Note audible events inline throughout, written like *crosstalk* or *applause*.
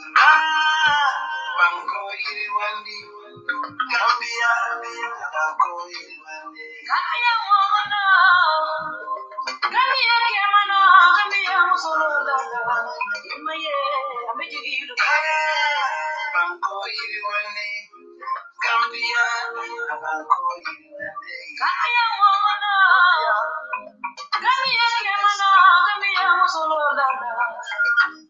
Thank you. Gambia, Gambia, Gambia, Gambia, Gambia, Gambia, Gambia, Gambia,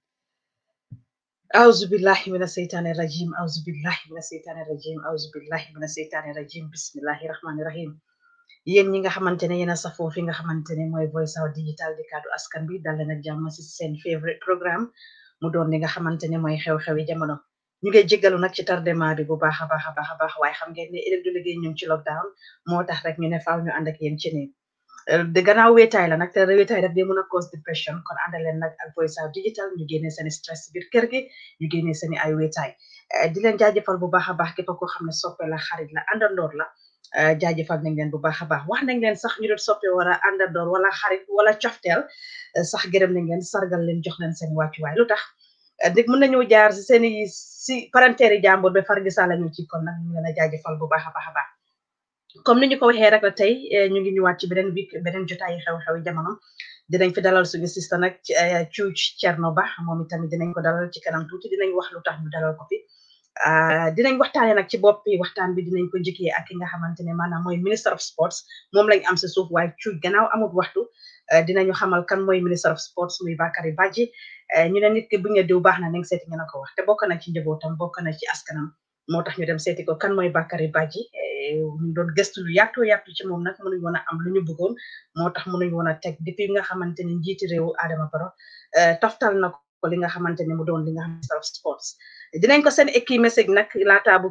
أعوذ بالله من الشيطان الرجيم أعوذ بالله من الشيطان الرجيم أعوذ بالله من الشيطان الرجيم بسم الله الرحمن الرحيم yéen ñi nga xamante ne yéen a safoo fi nga xamante ne mooy Voice Out Digital di kaddu askan bi dal leen ak jàmm si seen favorite programme mu doon li nga xamante ne mooy xew-xewi jamono ñu ngi jéggalu nag ci tardement bi bu baax a baax a baax a baax waaye xam ngeen ne élève du liggéey ñu ngi ci lockdown moo tax rek ñu ne faaw ñu ànd ak yéen ci gannaaw wéetaay la nag te wéetaay daf dee mën a cause dépression kon àndaleen nag ak Voice Out Digital ñu génne seeni stress biir kër gi ñu génne seeni ay wéetaay eh, di leen jaajëfal bu baax a baax képp koo xam ne soppe la xarit la àndandoor la eh, jaajëfal nañ leen bu baax a baax wax nañ leen sax ñu doon soppe war a àndandoor wala xarit wala cofteel eh, sax gërëm nañ leen sargal leen jox leen seen wàccuwaay lu tax dégg mën nañu jaar si seeni si parenteeri jàmbur ba far gisaa la ñu ci kon nag ñu leen a jaajëfal bu baax a baax a baax comme ni ñu ko waxee rek la tey eh, ñu ngi ci beneen week beneen jotaayu xew-xew yi jamono dinañ fi dalal suñu sista nag eh, Cuuc Cerno baax moom itamit dinañ ko dalal ci kanam tuuti dinañ wax lu tax ñu dalal ko fi ah, dinañ waxtaanee nag ci boppi waxtaan bi dinañ ko njëkkee ak ki nga xamante ne maanaam mooy minister of sports moom lañ am si suuf waaye Cuuc gannaaw amut waxtu eh, dinañu xamal kan mooy minister of sports muy Bakary Badji ñu ne nit ki bu ñu diw baax na nañ seeti ñu na ko wax te bokk na ci njabootam bokk na ci askanam. moo tax ñu dem seeti ko kan mooy Bakary Badji ñu eh, doon gëstu lu yaatu yaatu ci moom nag mënuñ woon a am lu ñu bëggoon moo tax mënuñ woon a teg depuis nga xamante ni njiiti réewu Adama Barrow eh, toftal na ko li nga xamante ni mu doon li nga xam ne sports dinañ ko seen équipe message nag laataa bu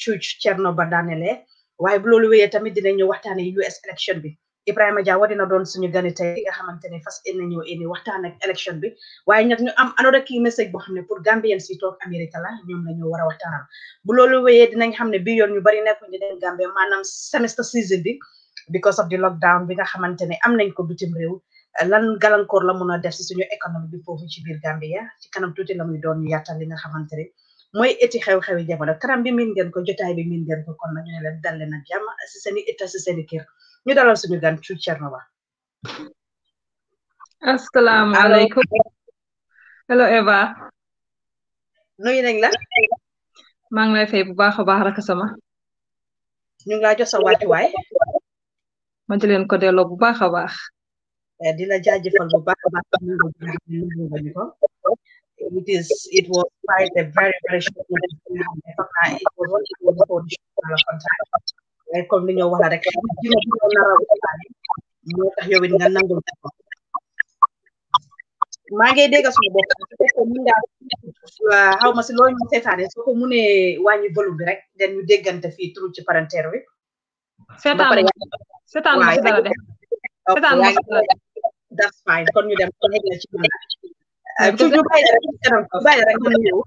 cuuc Cerno ba daanelee waaye bu loolu wéyee tamit dinañ ñu waxtaanee US election bi. Ibrahima Jawo dina doon suñu gani nga xamante ne fas yéene ñëw yéene waxtaan ak élection bi waaye nag ne pour Gambien si toog Amérique la ñoom la ñu war a waxtaanal bu loolu wéyee dinañ xam ne bi yoon ñu bari nekkuñ di dem Gambie maanaam semester season bi because of the lockdown bi nga xamante ne am nañ ko bitim réew lan gàllankoor la mun a def si suñu économie bi foofu ci biir Gambia ci kanam tuuti la muy doon ñu yaatal li nga xamante ne mooy eti xew-xewi jamono kanam bi ko jotaay bi miin ngeen ko kon nañu ne leen dal si seen kër ñu dalal suñu gan cu Thierno Ba asalaamu aleykum hello Eva nuyu nañ la maa ngi lay fay bu baax a baax rek sama ñu ngi laa jox sa wàccuwaay ma di leen ko delloo bu baax a baax di la jaajëfal bu baax baax it is it was quite a very very short it was, it was, it was, it was, comme li nga wax la rek jima jima nara waxtaane moo tax yow nga nangul ko maa ngi dégg mun ngaa xaw ma si loo ñu seetaane soo ko munee wàññi volume bi rek den ñu déggante fi turu ci parenteer bi seetaan seetaan ma seetaan ma si kon ñu dem kon ñu dem ci mën a. Euh, rek ñu bàyyi la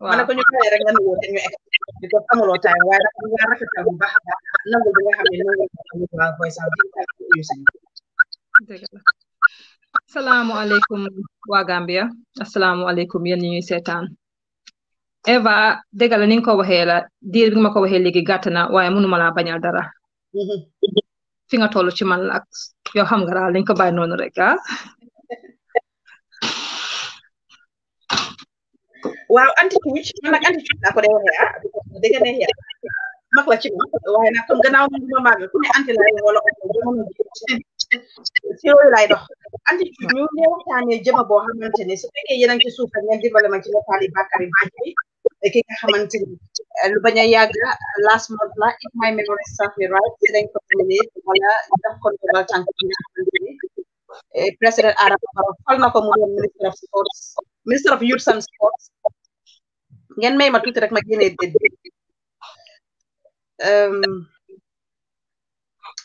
ma ne ko ñu xale a baax nangu bi waa Voice Out asalaamualeykum waa Gambia ñi seetaan Eva dégg la ni nga ko waxee la diir bi ma ko waxee léegi gàtt na waaye mënuma laa bañal dara mm-hmm. fi nga toll ci man la ak yoo xam nga daal dañ ko bàyyi noonu rek ah waaw anti cuuc man nag anti cuuc laa ko dee waxee ah dëgg neex yàlla ma waaye nag comme gannaaw moom duma màgg ku ne anti laay wala jamono si yooyu laay dox ngi waxtaanee jëma ne su fekkee yéen a ngi ci suuf rek ngeen dimbale ma ci nataali bàkkaari bàjj bi ki nga xamante eh, lu bañ a yàgg last month la if my memory serves me right si dañ wala daf ko dogal tànk bi eh, fal na ko mu doon ministre of sports Minister of youth and sports ngeen may ma tuuti rek ma génnee déet ehm,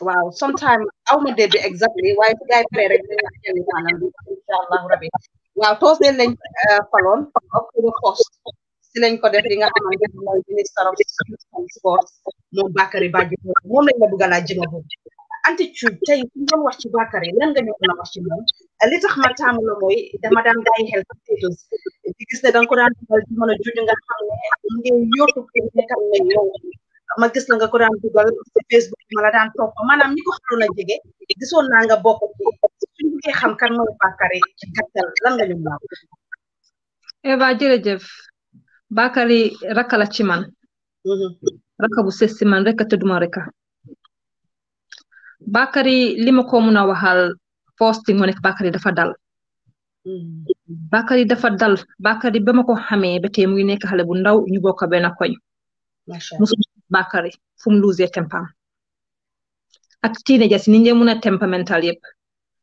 waaw sometime aw ma exactly waaye su gaay paree rek dina jëli bi waaw toos leen lañ octobre first si lañ ko def li nga xamante mooy of youth and sports moom Bakary Badji moom lañ la bëgg a laaj jëma boobu anti cuuj tey suñ doon wax ci Bakary yi lan nga ñu mën a ma taamu la mooy dama daan bàyyi xel potatoes di gis ne danga ko daan dugal xam ma gis la nga ko daan la daan topp maanaam ñi ko gisoon naa nga bokk xam kan mooy Bakary ci gàttal lan nga ñu mën a wax ci man mm-hmm. rakka bu sës si man rekka te duma Bakary li ma ko mun a waxal first thing moo nekk Bakary dafa dal mm-hmm. Bakary dafa dal Bakary ba ma ko xamee ba tey mu ngi nekk xale bu ndaw ñu bokk benn koñ musul Bakary fu mu luusee tempam ak teenagers ni ñu mun a temperamental yëpp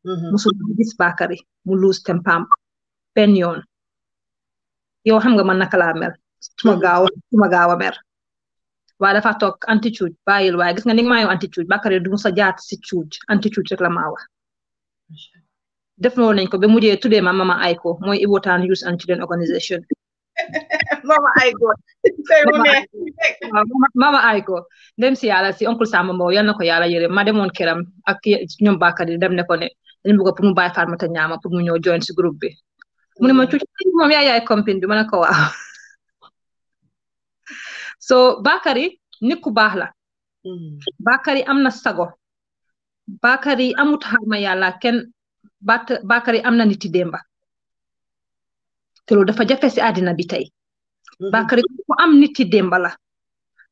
mm-hmm. musul gis Bakary mu luus tempam benn yoon yow xam nga man naka laa mel suma gaaw a mer waa dafa toog anti cuuj bàyyil waaye gis nga ni nga anti cuuj Bakary du musa jaat si cuuj anti cuuj rek la def noonu nañ ko ba mujjee tuddee ma mama Aiko mooy Ibo Town Youth and Children Organisation *laughs* mama Aiko mama dem si yàlla si oncle Samba Mbow yal na ko yàlla yërëm ma demoon këram ak ñoom Bakary dem ne ko ne dañu bëgg pour mu bàyyi Fatoumata Ñaama pour mu ñëw join si groupe bi mu ne ma mm. cuuj moom yaay yaay bi ma ne ko waaw so Bakary nit ku baax la. Mm. Bakary am na sago. Bakary amut xarma yàlla kenn bat Bakary am na niti démba te loolu dafa jafe si àddina bi tey. Mm-hmm. Bakary ku am niti démba la.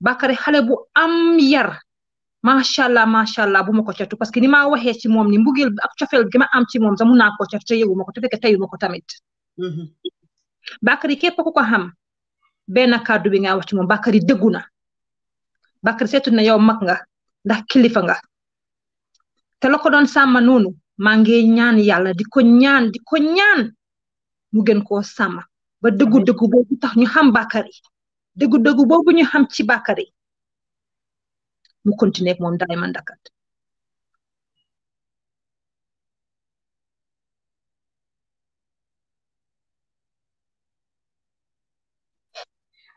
Bakary xale bu am yar macha allah macha allah bu ma ko catu parce que ni maa waxee ci moom ni mbugeel ak cofeel gi ma am ci moom sax mun naa ko catu te yëgu ma ko te fekk ko tamit. Mm-hmm. képp ku ko xam. benn kàddu bi nga wax ci moom Bakary déggu na Bakary seetu na yow mag nga ndax kilifa nga te la ko doon sàmma noonu maa ngi ñaan yàlla di ko ñaan di ko ñaan mu gën koo sàmma ba dëggu-dëggu boobu tax ñu xam Bakary dëggu-dëggu boobu ñu xam ci Bakary mu continuer ak moom Diamond Dakar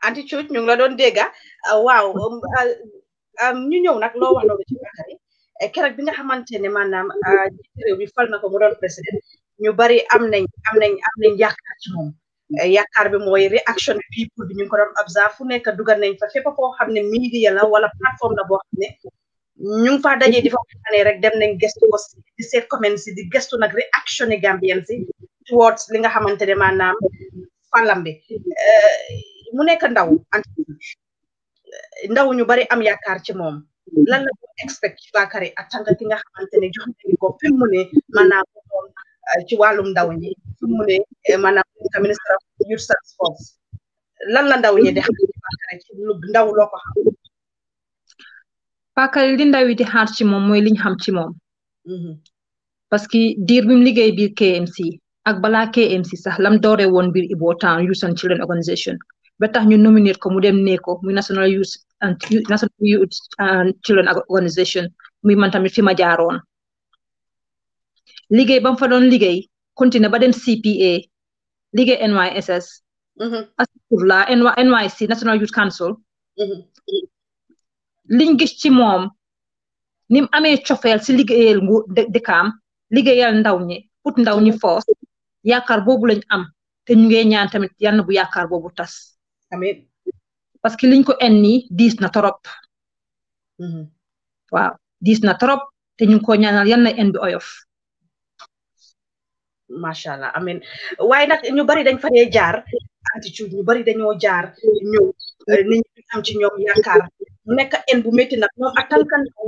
anti cuuc la doon a ah, waaw um, a ah, um, ñu ñëw nag loo wax noonu ci Bakary eh, keroog bi nga xamante ne maanaam ah, jiite na ko mu doon président ñu bari am nañ am nañ am nañ yaakaar ci moom eh, yaakaar bi mooy réaction people bi ñu ko doon observe fu nekk dugal nañ fa fépp koo xam ne media la wala plateforme la boo xam ne ñu rek dem nañ gëstu seet comment si di gëstu nag réaction yi Gambien si towards li nga xamante ne maanaam falam mu nekk ndaw ndaw ñu bari am yaakaar ci moom lan la doon expect ci Bakary Atanga ki nga xamante ko fi euh, ci wàllum ndaw ñi fi mu ne eh, maanaam ministre of lan la ndaw ñi di xam ndaw loo ko xam. ndaw yi di xaar ci moom mooy liñ xam ci moom. Mm-hmm. parce que diir bi liggéey biir KMC ak balaa KMC sax lam doore woon biir Ibo Town Youth and Children Organisation. ba tax ñu nominate ko mu dem neeko muy national youth and national youth and children organisation muy man tamit fi ma jaaroon liggéey ba mu fa doon liggéey continué ba dem CPA liggéey NYSS mm-hmm. astafurlah NYC National Youth Council mm-hmm. liñ gis ci moom ni mu amee cofeel si liggéeyal ngu dëkkaam liggéeyal ndaw ñi put ndaw ñi mm-hmm. foos yaakaar boobu lañ am te ñu ngee ñaan tamit yàlla bu yaakaar boobu tas amiin parce que liñ ko en nii diis na torop mm-hmm. waaw diis na torop te ñu ngi ko ñaanal yan na en bi oyof macha allah amiin waaye nag ñu bari dañ fa dee jaar attitude ñu bari dañoo jaar ñëw euh, nit ñi am ci ñoom yaakaar mu nekk bu métti nag moom ak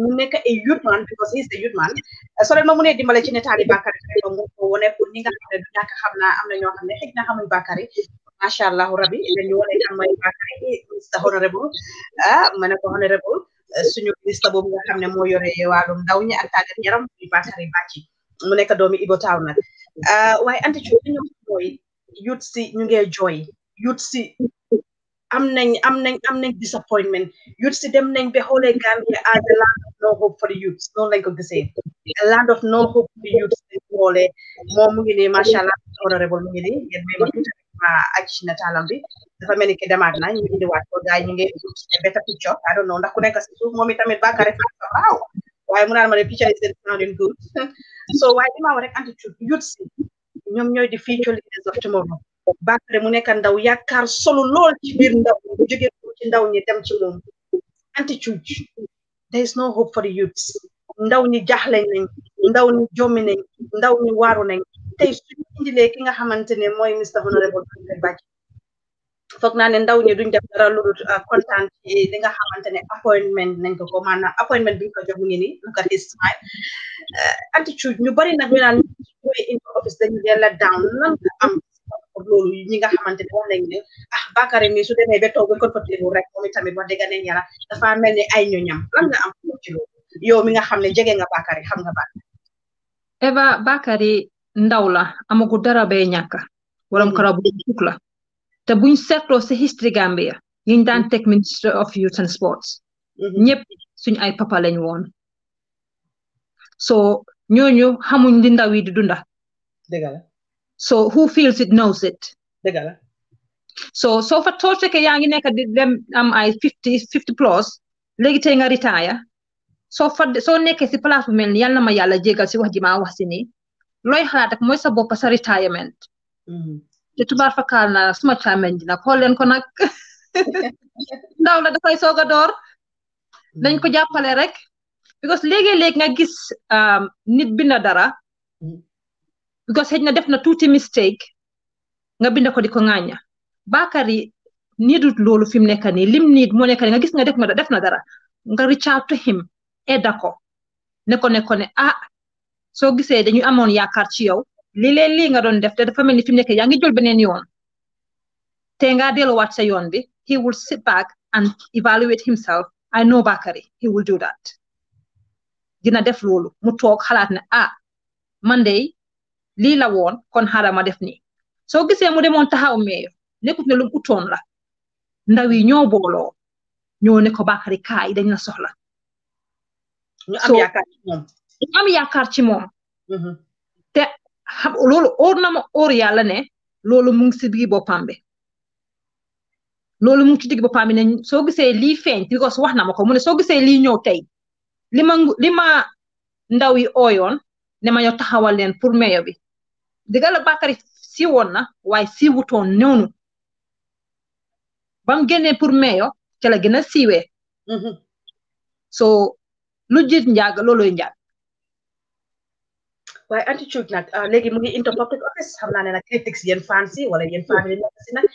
mu nekk ay youth man because he a youth man euh, soo leen ci ne yi mu wone pour xam naa am na ñoo xam ne xëj na xamuñ bàkkaar yi macha allah rabi dañu wane kan mooy Bakary ministre ma ne ko honorable nga xam ne moo yore wàllum ndaw ñi ak tàggat yaram muy mu nekk doomi Ibo Town nag waaye anti ci ñu si ñu ngee jooy youth si am nañ am nañ am nañ disappointment youth si dem nañ ba xoolee Gambia as a land of no hope for the youth noonu lañ ko gisee a of no hope for the youth xoolee moom mu ngi nii macha allah honorable mu ngi nii ngeen may ma tuuti a aj nataalam bi dafa mel ni ki demaat na ñu indiwaat ko gars yi ñu ngi beta picture I don't know ndax ku nekk si suuf moom itamit Bakary Fatou waaw waaye mu naan ma ne picture is sounding good *laughs* so waaye li ma wax rek attitude youth si ñoom ñooy di future leaders of tomorrow Bakary mu nekk ndaw yaakaar solo lool ci biir ndaw bu jógee ci ndaw ñi dem ci moom attitude there is no hope for the youths ndaw ñi jaxlañ nañ ndaw ñi jommi nañ ndaw ñi waaru nañ tey suñu indilee ki nga xamante ne mooy Mr Honorable Bakary Badjie foog naa ne ndaw ñi duñ def dara lu dut euh, kontaan ci li nga xamante ne appointment nañ ko ko maanaam appointment bi ñu ko jox ngi nii lu ko xis maay attitude ñu bari nag ñu naan ñooy into office dañu leen la down nan nga am loolu ñi nga xamante ne wax nañ ne ah Bakary mi su demee ba toog ba ko rek moom itamit wax dëgg ne yàlla dafa mel ni ay ñoñam lan nga am ci loolu yow mi nga xam ne jege nga Bakary xam nga Bakary. Eva Bakary ndaw la amagu dara bay ñàkk waram mm. karaw bu suk la te buñ seetloo si history Gambia yiñ daan mm. teg ministry of youth and sports. Mm-hmm. ñëpp suñ ay papa lañ woon. so ñooñu xamuñ li ndaw yi di dunda dëgg la so who feels it knows it dëgg la so soo fa tool fekkee yaa ngi nekk di am ay fifty léegi tey nga retire soo fad soo nekkee si place bu mel ni yal na ma yàlla jégal si wax ji maa wax si nii looy xalaat rek mooy sa bopp sa retirement mm-hmm. te tubaar fakkaal na suma càmmeñ ji nag xool leen ko nag *laughs* ndaw la dafay soog a door dañ mm-hmm. ko jàppale rek because léegi-léegi nga gis um, nit bind dara mm-hmm. because xëj na def na tuuti mistake nga bind ko di ko ŋaaña baakar yi niidut loolu fi mu nekk nii lim niit moo nekk nga gis nga def nga def na dara nga reach out edda eh, ko ne ko ne ko ne ah soo gisee dañu amoon yaakaar ci yow li leen lii nga doon def te dafa mel ni fi mu nekk yaa ngi jël beneen yoon te nga delluwaat sa yoon bi he will sit back and evaluate himself I know Bakary he will do that dina def loolu mu toog xalaat ne a ah, man de lii la woon kon xaaral ma def nii soo gisee mu demoon taxaw meeyo nekkut ne lu mu utoon la ndaw yi ñoo booloo ñoo ne ko Bakary kaay dañ na soxla ñu am yaakaar ci moom am yaakaar ci moom mhm. te xam loolu óor na ma óor yàlla ne loolu mu ngi si digg boppam bi loolu mu ngi ci digg boppam bi ne soo gisee lii feeñ because wax na ma ko mu ne soo gisee lii ñëw tey li ma li ma ndaw yi ooyoon ne ma ñoo taxawal leen pour meyo bi diga la Bakary si woon na waaye si wutoon noonu bam e. mhm. génnee pour meyo ca la gën a so lu jiit njaag looloy njaag waaye attitude uh, nak léegi mu ngi into public office xam naa ne nag critics yeen fans yi wala yeen family nak ci nak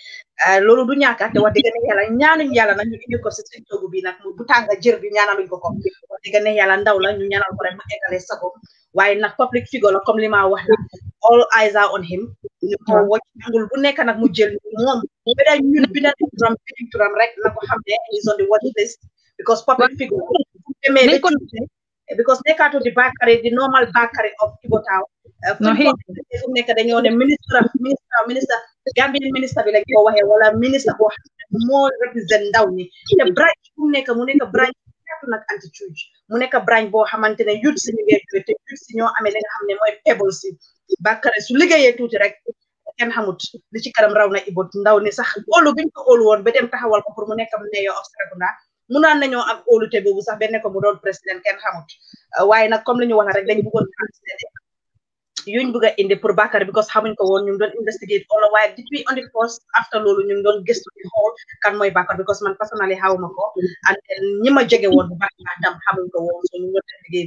lolu du ñàkk te wax dëgg ne ñaanu ñaanuñ yàlla nag ñu indi ko ci suñ togu bi mu bu tanga jër bi ñaanaluñ ko ko wax ne ndaw la ñu ñaanal ko rek ma égalé sako oh. waye nak public figure la comme li ma wax all eyes are on him ñu ko wax ngul bu nekk nak mu jël mom bu day ñun bi ne turam bi turam rek na ko xam ne eh, is on the watch list because public figure made it eh, because Nekato the bakery, the normal bakery of Ibotao. Uh, eh, no, he nekk dañoo ne ministre ministre ministre Gambian ministre bi la ko waxee wala ministre boo xam ne moo ndaw ñi te branche nekk mu nekk branche Nekato nag anti cuuj mu nekk branche boo xamante ne yut si ñu ñoo amee ne nga xam ne mooy pebble si bakery su liggéeyee tuuti rek kenn xamut li ci kanam raw na Ibot ndaw ni sax óolu biñ ko óolu woon ba dem taxawal ko pour mu nekk mayor of Serekunda mënaan nañoo am óolute boobu sax benn ko mu doon président kenn xamut waaye nag comme li ñu wax rek dañu bëggoon yuñ bëgg a indi pour Bakary because xamuñ ko woon ñu ngi doon investigate waaye depuis on the post after loolu ñu ngi doon gëstu di xool kan mooy Bakary because man personnally xawma ko and ñi ma jege woon bu baax a ko woon so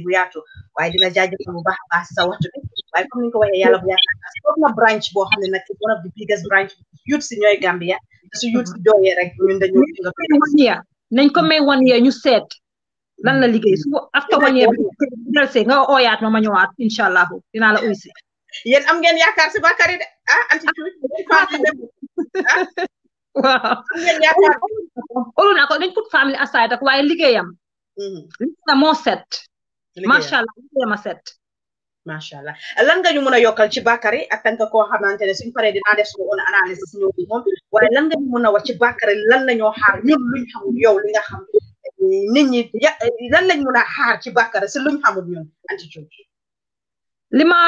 bu yaatu waaye dina na bu baax a baax sa waxtu bi ko waxee yàlla bu yaakaar foog na branch boo xam ne nag one of the biggest branch youth si ñooy Gambia nañ ko may one year ñu seet lan la mm. liggéey su after one year bi nga ooyaat ma ma ñëwaat incha allah dinaa la uy yéen am ngeen yaakaar si Bakary de ah anti ah, ah. waaw ngeen yaakaar olu naa ko dañ put family aside ak waaye liggéeyam mm. liggéeyam moo set macha allah liggéeyam set macha allah lan nga ñu mën a yokkal ci Bakary ak tant ko xamante ne suñ paree dinaa def suñu own analysis ñëw a moom waaye lan ñu mën a wax ci Bakary lan la ñoo xaar ñun luñ yow li nga xam nit ñi lan lañ mu a xaar ci Bakary si luñ xamul ñun anti coog li ma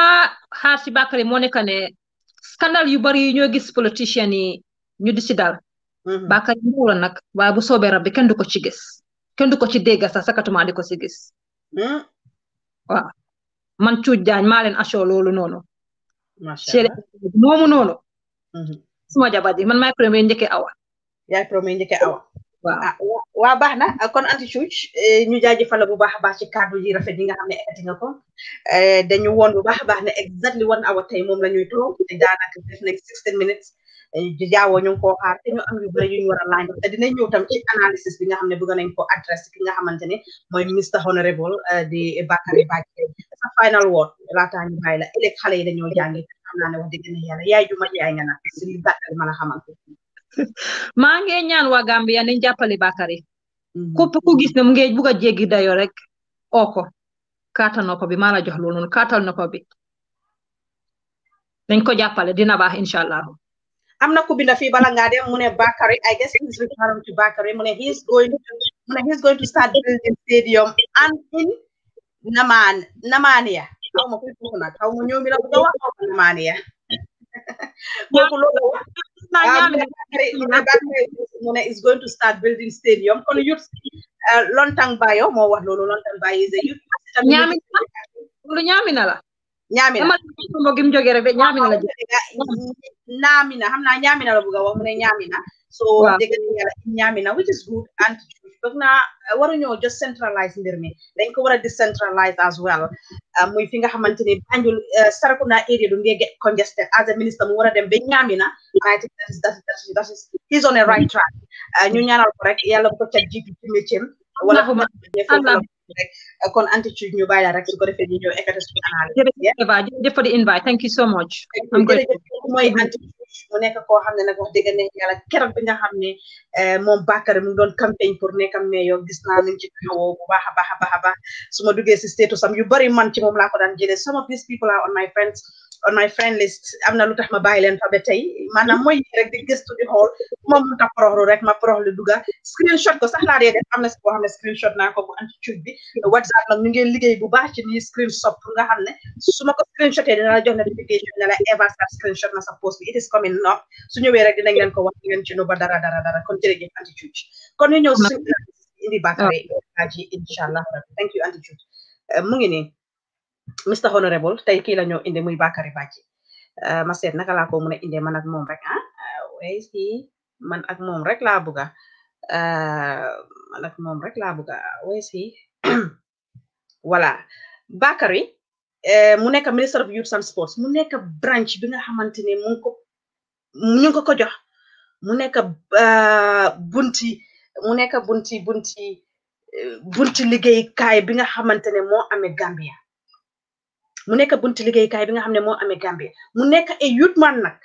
xaar ci Bakary moo nekk ne scandale yu bari yi ñoo gis politiciens yi ñu di si dal mhm. Bakary mu la nag waaye bu soobee rab bi kenn du ko ci gis kenn du ko ci dégg sax sakatuma di ko si gis mhm. waaw man cuuj jaañ maa leen asoo loolu noonu macha allah moomu noonu mm-hmm. suma jabar ji man maay premier njëkkee awa yaay premier njëkkee awa waaw ah, waa baax na kon anti cuuj eh, ñu jaajëfal la bu baax a baax ci kàddu yi rafet yi nga xam ne ekkati nga ko eh, dañu woon bu baax a baax ne exactly one hour tey moom la ñuy toog daanaka def nañ sixteen jaawoo ñu ngi koo xaar ñu am yu bëri yu ñu war a dinañ ñëw tam analysis bi nga xam ne bëgg nañ ko adresse ki nga xamante ne mooy ministre honorable euh, di Bakary Badji sa final word laataa xale yi dañoo jàngi xam naa ne wax dëgg ma yaay maa ngi ñaan waa Gambia nañ jàppale Bakary mm-hmm. képp ku gis ne mu ngi bugg a jéggi dayoo rek oo ko kaatal na ko bi maa la jox loolu noonu kaatal na ko dañ ko jàppale dina baax incha allahu amna ko binda fi bala nga dem mune bakari I guess he's referring to bakari. Mune he's going to mune he's going to start building stadium and in Naman Namania taw ma ko ko na taw mo ñoom la bëgg a wax xaw ma Namania bakari mune bakari mune is going to start building stadium kon youth uh, lontang bayo mo wax loolu lontang bayo is a youth ñaami lu ñaami na la ñaami na ma gim joge rebe ñaami na la Namina. I'm not Yamina Buga, I'm Yamina. So wow. they get Yamina, which is good. And but now, what you just centralize in there, then go decentralize as well. Um, we think I'm Antony and you start on that area, don't get congested as a minister. More than being Yamina, and I on the right track. And you know, correct, yellow protect GP to meet him. rek kon Antitude ñu bàyyi rek su ko defee ñu ñëw ekkati suñu analyse. jërëjëf Eva jërëjëf for the invite thank you so much. mooy Antitude mu nekk koo xam ne nag wax dëgg ne yàlla keroog bi nga xam ne eh, moom Bakary mu ngi doon campagne pour nekkam ne yow gis naa luñ ci taxawoo bu baax a baax a baax su ma duggee si sam yu bari man ci moom laa ko daan jëlee some of these people are on my friends. on my friend list am na lu tax ma bàyyi leen fa ba tey maanaam mooy rek di gëstu di xool moom mënut a poroxlu rek ma poroxlu dugga screenshot ko sax laa dee am na si boo xam ne screenshot naa ko bu antitude bi WhatsApp a ñu ngi liggéey bu baax ci nii screenshot pour nga xam ne su ma ko screenshotee dina la jox notification ne la Eva Sarr screenshot na sa post bi it su ñëwee rek dinañ leen ko wax ngeen ci nu ba dara dara dara kon jërëjëf antitude kon ñu ñëw si indi bàkkare ji incha allah rabbi thank you antitude mu ngi nii Mr Honorable tey kii la ñoo indi muy Bakary Badji euh, ma seet naka laa ko mën a indee man ak moom rek ah ways euh, i man ak moom rek laa buga euh, man ak moom rek laa buga ways i voilà Bakary mu nekk minister of youth and sports mu nekk branch bi nga xamante ne mu ngi ko ñu ngi ko ko jox mu nekk bunti mu nekk bunti bunti bunti liggéeykaay bi nga xamante ne moo amee Gambia mu nekk bunti liggéeykaay bi nga xam ne moo amee Gambie mu nekk a youth man nag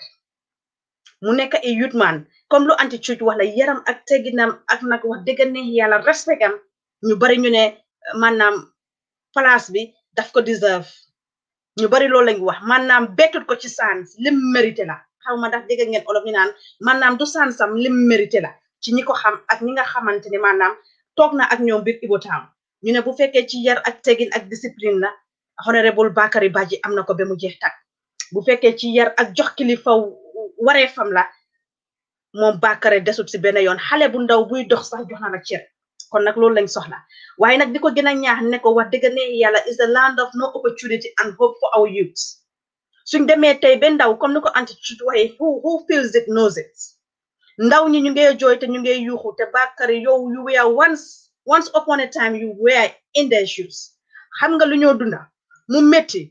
mu nekk a youth man comme lu anti cuuc wala yaram ak tegginam ak nag wax dëgg ne yàlla respectam ñu bari ñu ne maanaam place bi daf ko deserve ñu bari loolu lañu wax maanaam bettut ko ci sans lim mérité la xaw ma ndax dégg ngeen olof ñu naan naam du sansam lim mérité la ci ñi ko xam ak ñi nga xamante ne maanaam toog na ak ñoom biir Ibo Town ñu ne bu fekkee ci yar ak teggin ak discipline la honorable Bakary Badji am ko ba jeex tàkk bu fekkee ci yar ak jox kilifa waree fam la moom Bakary desut si benn yoon xale bu ndaw buy dox sax jox na la kon nag loolu lañ soxla waaye nag di ko ñaax ne ko wax dëgg yàlla is the land of no opportunity and hope for our youths suñ demee tey ba ndaw comme ni ko anti tuuti waxee who who feels it knows it ndaw ñi ñu ngee joy, te ñu ngee yuuxu te Bakary yow you were once once upon a time you were in their shoes xam nga lu ñoo dunda mu métti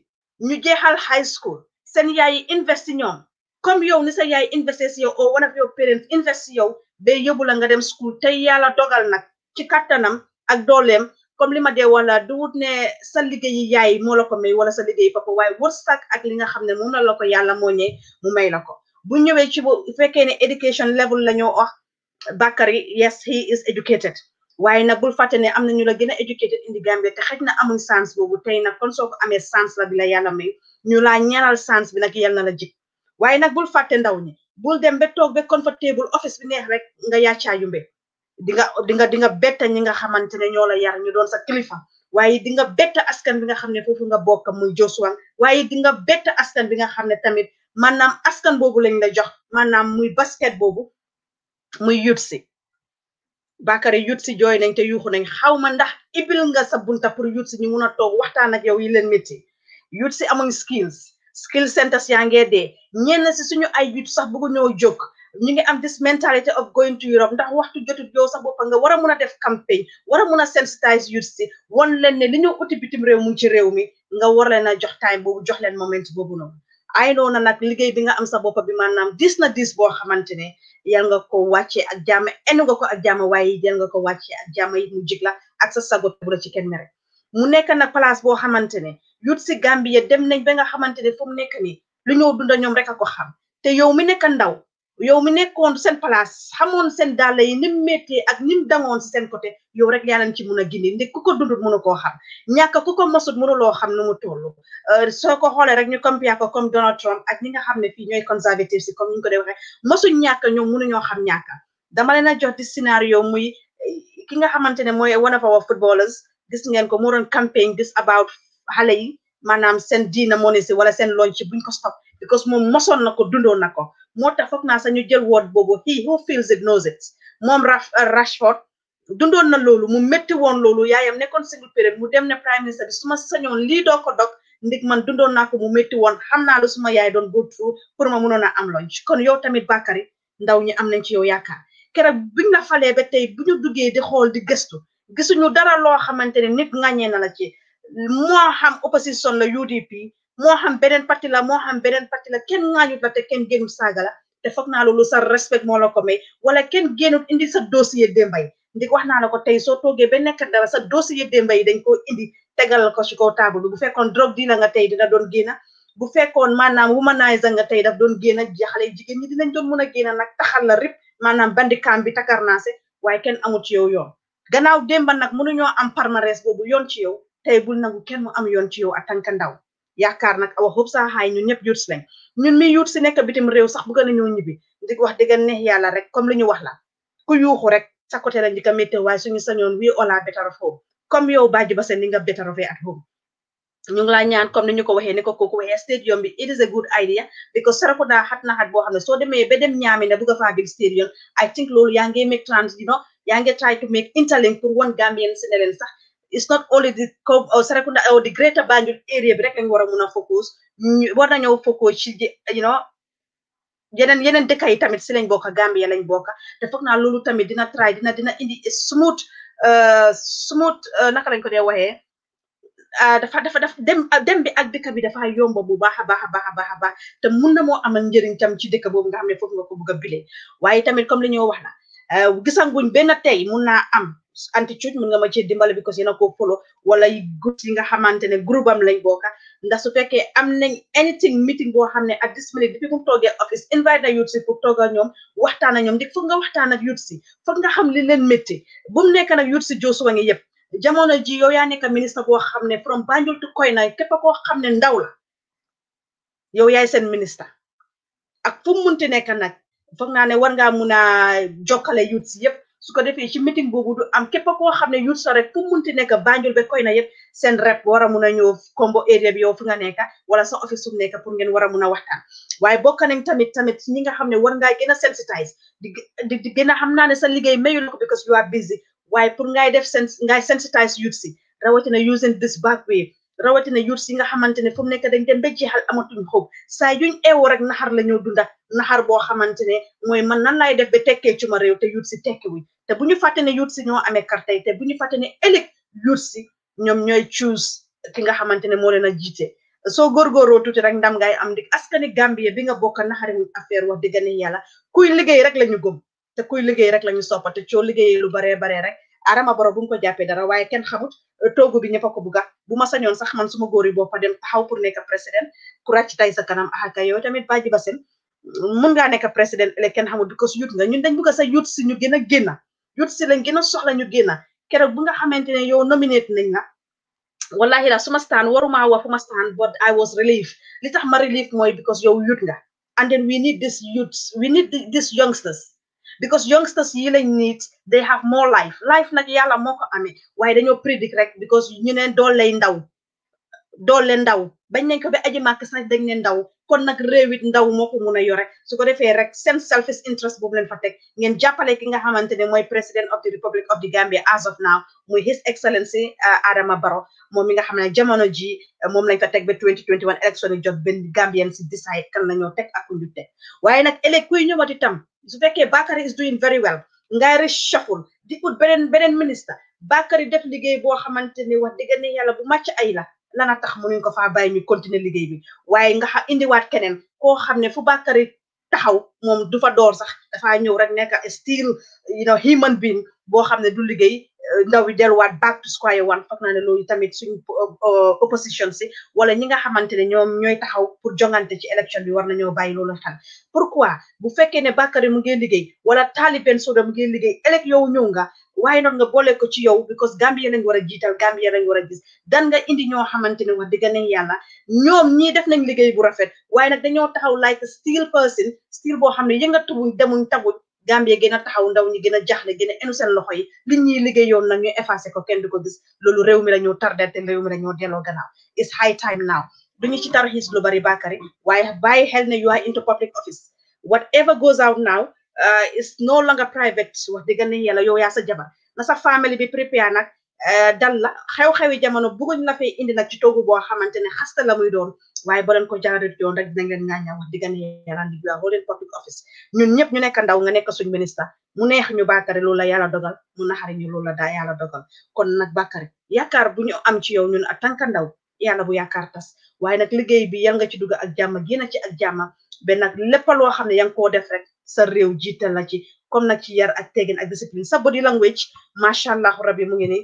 ñu jeexal high school seen yaay investi ñoom comme yow ni sa yaay investi si yow or one of your parents investi yow ba yóbbu la nga dem school tey yàlla dogal nag ci kattanam ak dooleem comme li ma dee wala duwut ne sa liggéeyi yaay moo la ko may wala sa liggéeyi papa waaye wërsëg ak li nga xam ne moom la la ko yàlla moo ñëw mu may la ko bu ñëwee ci bu fekkee ne education level la ñoo wax Bakary yes he is educated waaye nag bul fàtte ne am na ñu la gën a educated indi Gambia te xëj na amul sans boobu tey na kon soo ko amee sans la bi la yàlla may ñu laa ñaanal sans bi nag yàlla na la jik waaye nag bul fàtte ndaw ñi bul dem ba toog ba comfortable office bi neex rek nga yaacaa yumbe di nga di nga di nga betta ñi nga xamante ne ñoo la yar ñu doon sa kilifa waaye di nga betta askan bi nga xam ne foofu nga bokk muy Josuang waaye di nga betta askan bi nga xam ne tamit maanaam askan boobu lañ la jox maanaam muy basket boobu muy yut si Bakary yut si jooy nañ te yuuxu nañ xaw ma ndax ibil nga sa bunta pour yut si ñu mun a toog waxtaan ak yow yi leen métti yut si amuñ skills skill centers yaa ngee dee ñenn si suñu ay yut sax bëggu ñoo jóg ñu ngi am this mentality of going to Europe ndax waxtu jotut yow sax boppa nga war a mun a def campagne war a mun a sensitize youth si won leen ne li ñu uti bitim réew mu ci réew mi nga war leen a jox time boobu jox leen moment boobu noonu ay na nag liggéey bi nga am sa bopp bi naam diis na dis boo xamante ne yal nga ko wàccee ak jàmm en nga ko ak jàmm waaye yal nga ko wàccee ak jàmm it mu jig la ak sa sago bu la ci kenn mere mu nekk na place boo xamante ne yut si Gambie dem nañ ba nga xamante ne fu mu nekk nii lu ñëw dunda ñoom rek a ko xam te yow mi nekk ndaw yow mi nekkoon seen place xamoon seen dàll yi ni mu méttee ak ni mu dangoon seen côté yow rek yaa leen ci mun a gindi ndi ku ko dundut mënu koo xam ñàkk ku ko mosut mënuloo xam nu mu toll euh, soo ko xoolee rek ñu compare ko comme Donald Trump ak ñi nga xam ne fii ñooy conservative si comme ni ñu ko dee waxee mosuñ ñàkk ñoom mënuñoo xam ñàkk dama leen a jox di scénario muy eh, ki nga xamante ne mooy one of our footballers gis ngeen ko moo doon campagne a about xale yi maanaam seen diina moo ne si wala seen lonc buñ ko stop because moom mosoon na ko dundoon na ko moo tax foog naa sax ñu jël word boobu he who feels it knows it moom uh, Rashford dundoon na loolu mu métti woon loolu yaayam nekkoon single période mu dem ne prime minister bi su ma sañoon lii doo ko dog ndik man dundoon na ko mu métti woon xam naa lu suma yaay doon go through pour ma mënoon a am lunch kon yow tamit Bakary ndaw ñi am nañ ci yow yaakaar keroog bi la falee ba tey bu duggee di xool di gëstu gisuñu dara loo xamante ne nit ŋàññee na la ci moo xam opposition la UDP moo xam beneen parti la moo xam beneen parti la kenn ŋaañut la te kenn génnut saaga la te foog naa loolu sa respect moo la ko may wala kenn génnut indi sa dossier démbay ndik wax naa la ko tey soo toogee ba nekk dara sa dossier démbay dañ ko indi tegal ko ci ko taabul bu fekkoon drogue di la nga tey dina doon génna bu fekkoon maanaam womanizer nga tey daf doon génna jaxale jigéen ñi dinañ doon mun a génna nag taxal a rip maanaam bandikaam bi takarnaase waaye kenn amul ci yow yoon gannaaw démba nag am palmarès boobu yoon ci yow tey bul nangu kenn mu am yoon ci yow ndaw yaakaar nag a xub saa xaay ñun ñëpp yuut si lañ ñun mi yuut si nekk bitim réew sax bëgg nañoo ñibbi di wax dëgg neex yàlla rek comme li ñu wax la ku yuuxu rek sa côté la njëkk a métti waaye suñu sañoon wii ola better off comme yow bàjji ba seen ni nga better off at ñu ngi laa ñaan comme ni ñu ko waxee ni ko kooku waxee stadium bi it is a good idea because Serekunda xat na xat boo xam ne soo demee ba dem ñaami ne dugga faa gis stadium I think loolu yaa ngi make trans you yaa ngi try to make interlink pour one Gambian si ne leen sax it's not only the uh, Serekunda or uh, the greater Banjul area bi rek lañ war a mun a focus war nañoo focus ci you yeneen yeneen yi tamit si lañ bokk Gambia lañ bokk te foog naa loolu tamit dina try dina dina indi smooth uh, smooth naka lañ ko dee waxee dafa dafa daf dem dem bi ak dëkk bi dafa yomba bu baax ba baax a baax a baax te mun na moo amal njëriñ tam ci dëkk boobu nga xam ne foofu nga ko bëgg bile waaye tamit comme li ñoo wax na gisanguñ benn tey mun naa am. attitude mun nga ma ci dimbale because yéen a ko follow wala group yi nga xamante ne groupam am lañ bokka ndax su fekkee am nañ anything meeting boo xam ne at this minute depuis bu mu toogee office invite na youth si pour toog ñoom waxtaan a ñoom di foog nga waxtaan ak youth si foog nga xam li leen métti bu mu nekk nag youth si joo ngi yëpp jamono ji yow yaa nekk ministre boo xam ne from Banjul to Koina képp koo xam ne ndaw la yow yaay seen ministre ak fu mu munti nekk nag foog naa ne war ngaa mun a jokkale youth si yëpp su ko defee ci meeting boobu du am képp koo xam ne yu sore fu munti nekk Banjul be koy na yëpp seen rep war a mun a ñëw combo area bi yow fi nga wala sa office su nekk pour ngeen war a a waxtaan waaye bokk nañ tamit tamit ñi nga xam ne war ngaa gën a sensitise di di gën a xam naa ne sa liggéey mayu la ko because you are busy waaye pour ngay def sen ngay sensitise youth si rawatina using this back way rawatina youth si nga xamante ne fu mu nekk dañ dem ba jeexal amatuñ xóob saa yuñ eewoo rek naxar la ñoo dunda naxar boo xamante ne mooy man nan laay def ba tekkee ci ma réew te youth si tekkiwuñ te bu ñu fàtte ne yuut si ñoo amee carte yi te bu ñu fàtte ne ëllëg yuut si ñoom ñooy choose ki nga xamante ne moo leen a jiite soo góorgóoroo tuuti rek ndam ngay am dik askani Gambie bi nga bokk naxari wuñ affaire wax digga ne yàlla kuy liggéey rek la ñu gëm te kuy liggéey rek la ñu soppa te coo liggéey lu baree bare rek Adama Barrow bu ko jàppee dara waaye kenn xamut eh, toogu bi ñëpp a ko bugga bu ma sañoon sax man suma góor yi boppa dem taxaw pour nekk président courage tay sa kanam axaka yow tamit bàjji seen mun ngaa nekk président ele kenn xamut because yuut nga ñun dañ bugga sa yuut si ñu gën a génna youth si lañ gën a soxla ñu génn keroog bu nga xamante ne yow nominate nañ la wallahi la suma staan waruma wax suma staan but I was relieved li tax ma relief mooy because yow youth nga and then we need this youths we need this youngsters because youngsters yi lañ need they have more life life nag yàlla moo ko amee waaye dañoo predict rek because ñu neen dool lay ndaw doole ndaw bañ nañ ko ba aji màkk sax dañ ne ndaw kon nag réew it ndaw moo ko mun a yore su ko defee rek seen selfish interest boobu leen fa teg ngeen jàppale ki nga xamante ne mooy president of the republic of the Gambia as of now muy his excellency uh, Adama Barrow moom mi nga xam ne jamono ji uh, moom lañ fa teg ba 2021 élection yi jot benn Gambien si decide kan la ñoo teg a lu teg waaye nag ëllëg kuy ñëwaat itam su fekkee Bakary is doing very well ngay reshuffle di ut beneen beneen ministre Bakary def liggéey boo xamante ne wax dëgg ne yàlla bu màcc ay la. lana tax mënuñ ko faa bàyyi ñu continuer liggéey bi waaye nga xam indiwaat keneen koo xam ne fu bàkkari taxaw moom du fa door sax dafaa ñëw rek nekk still you know human biin boo xam ne du liggéey euh, ndaw yi delluwaat back to square one foog naa ne loolu tamit suñ euh, opposition si wala ñi nga xamante ne ñoom ñooy taxaw pour jongante ci élection bi war nañoo bàyyi loolu pour pourquoi bu fekkee ne Bakary mu ngi liggéey wala Talibé Soda mu ngi liggéey éleg yow ñëw nga Why not nga boole ko ci yow because Gambia lañ war a Gambia lañ war gis dan nga indi ñoo xamante wax dëgg nañ yàlla ñoom ñii def nañ liggéey bu rafet waaye nag dañoo taxaw like a steel person steel boo xam ne yëngatuwuñ demuñ taguñ Gambia gën taxaw ndaw ñi gën a jaaxle a enu seen loxo yi li ñuy liggéeyoon nag ñu effacé ko kenn du gis loolu réew mi la ñoo te réew mi la ñoo delloo gannaaw it's high time now duñu ci tarxiis lu bari Bakary waaye bàyyi xel you are into public office whatever goes out now Uh, is no longer private wax dëgg ne yàlla yow yaa sa jabar na sa family bi prépare nag uh, dal la xew xew yi jamono bëgguñ na fay indi nag ci toogu boo xamante ne xasta la muy doon waaye ba leen ko jaarale yoon rek dina ngeen ŋaañaa wax dëgg di bi woo leen ñun ñëpp ñu nekk ndaw nga nekk suñ ministre mu neex ñu Bakary loolu la yàlla dogal mu naxari ñu loolu la daa yàlla dogal kon nag Bakary yaakaar bu ñu am ci yow ñun a tant que ndaw yàlla bu yaakaar tas waaye nag liggéey bi yal nga ci dugg ak jàmm génn ci ak jàmm ba nag lépp loo xam ne yaa ngi koo def rek sa réew jiital la ci comme nag ci yar ak teggin ak discipline sa body language macha allah rabi mu ngi ni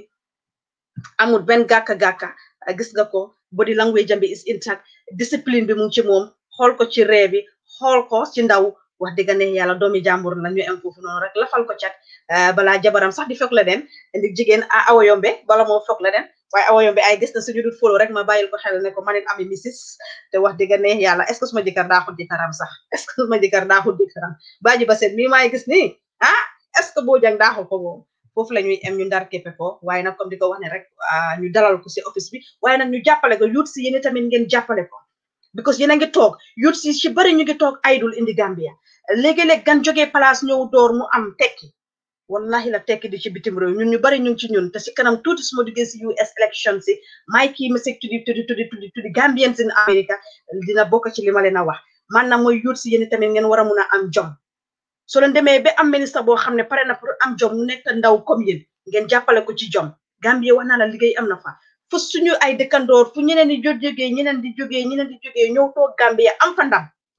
amul benn gàkka gàkka gis nga ko body language am bi is intact discipline bi mu ngi ci moom xool ko ci ree bi xool ko ci ndaw wax dëgg ne yàlla doomi jàmbur la ñu am foofu noonu rek lafal ko cat balaa jabaram sax di fekk la den ndi jigéen awa yombe bala moo fekk la den waye awoyom be ay gis na suñu dut follow rek ma bayil ko xel ne ko manit ami misis te wax diga ne yalla est ce que suma jëkkër daa xuddi karam sax est ce que suma xuddi karam baaji ba seet mi gis ni ah est ce que boo jàng xul ko moom foofu la ñuy em ñu ndar képpe ko waye nak comme di ko wax ne rek ñu dalal ko si office bi waye nak ñu jàppale ko yuut si yene tamit ngeen jàppale ko because yene a ngi toog si si bëri ñu ngi tok idol indi Gambia léegi-léeg gan jógee place door mu am tekki wallahi la tekki di ci bitim réew ñun ñu bari ñu ngi ci ñun te si kanam tuuti su ma duggee si US election si may kii ma seg tuddi tuddi tuddi tuddi tuddi Gambians in America dina bokk ci li ma leen a wax maanaam mooy yuut si yéen tamit ngeen war a mun a am jom soo leen demee ba am ministre boo xam ne pare na pour am jom mu nekk ndaw comme yéen ngeen jàppale ko ci jom Gambie wax naa la liggéey am na fa fu ñu ay dëkkandoor fu ñeneen di jógee ñeneen di jógee ñeneen di jógee ñëw toog Gambie am fa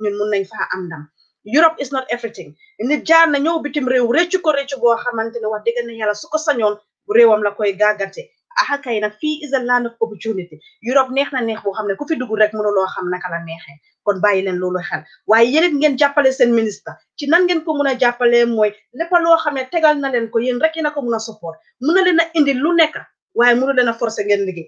ñun mun nañ faa am ndam Europe is not everything nit jaar na ñëw bitim réew réccu ko réccu boo xamante ne wax dëgg na yàlla su ko sañoon réewam la koy a gàggate axakay nag fii is a land of opportunity Europe neex na neex boo xam ne ku fi dugg rek mënuloo xam naka la neexee kon bàyyi leen loolu xel waaye yéen ngeen jàppale seen ministre ci nan ko mun a jàppalee mooy lépp loo xam ne tegal na leen ko yéen rek yéen a ko mun a support mun na leen a indi lu nekk waaye mënu leen a forcer ngeen liggéey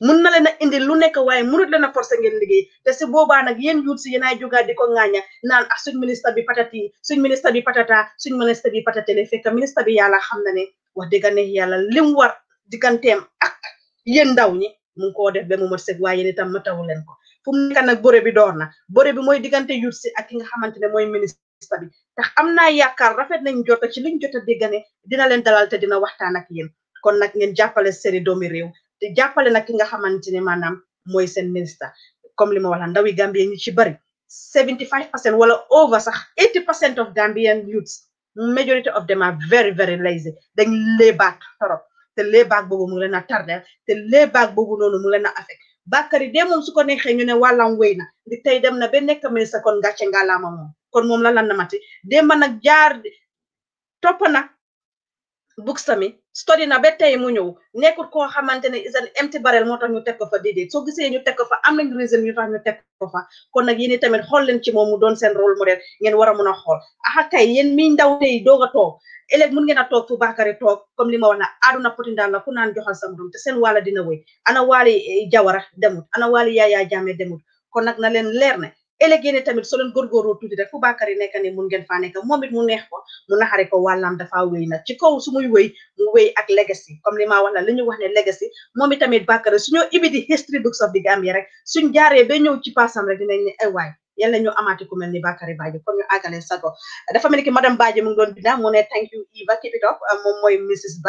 mun na leen a indi lu nekk waaye munut leen a forcé ngeen liggéey te si boobaa nag yéen yuut si yéenaay jógaa di ko ŋaaña naan a ah, suñ ministre bi patati suñ ministre bi patata suñ ministre bi patatele fekk ministre bi yàlla xam na ne wax dëgg ne yàlla lim war digganteem ak yéen ndaw ñi mu ngi koo def ba mu mat sëg waaye yéen itam matawu leen ko fu mu nekk nag bëre bi door na bëre bi mooy diggante yuut si ak ki nga xamante ne mooy ministre bi tax am naa yaakaar rafet nañ jota ci liñ jota dégg ne dina leen dalal te dina waxtaan ak kon nag ngeen jàppale seeni doomi réew jàppale nag ki nga xamante ne maanaam mooy seen ministre comme li ma wax la ndawi Gambien ñu ci bari 75 percent wala over sax 80 percent of Gambian youths majority of them are very very da dañ léebaak torop te léebaak boobu mu ngi leen a tardel te léebaak boobu noonu mu ngi leen a affect Bakary de moom su ko neexee ñu ne wàllam wéy na di tey dem na ba nekk ministre kon gàcce ngalaama moom kon moom la lan na mati de mën a jaar toppa na buksami sori na ba tey mu ñëw nekkul koo xamante ne is an empty barrel moo tax ñu teg ko fa déedéet soo gisee ñu teg ko fa am nañ raison ñu tax ñu teg ko fa kon nag yéen tamit xool leen ci moom mu doon seen rôle modèle ngeen war a mun a xool a kay yéen mi ndaw tey doog a toog ëllëg mun ngeen a toog fu Bakary toog comme li ma wax na aduna poti ndaan la ku naan joxal sa morom te seen wàlla dina wéy ana waali eh, jawara demut ana waali yaayaa jaame demut kon nag na leen leer ne ëllëg yéen tamit soo leen góorgóorloo tuuti rek fu Bakary nekk ne mun ngeen faa nekk moom it mu neex ko mu naxare ko dafa wéy nag ci kaw su muy wéy mu wéy ak legacy comme li ma wax la li wax ne legacy moom it tamit Bakary suñoo ibi di history books of the Gambia rek jaaree ba ñëw ci passam rek dinañ ne ay waay yàlla ñu amaati ku mel ni Bakary Badjie kon ñu àggale sago dafa mel ni ki madame Badjie mu ngi doon binda mu ne thank you Eva keep it up ah, moom mooy Mrs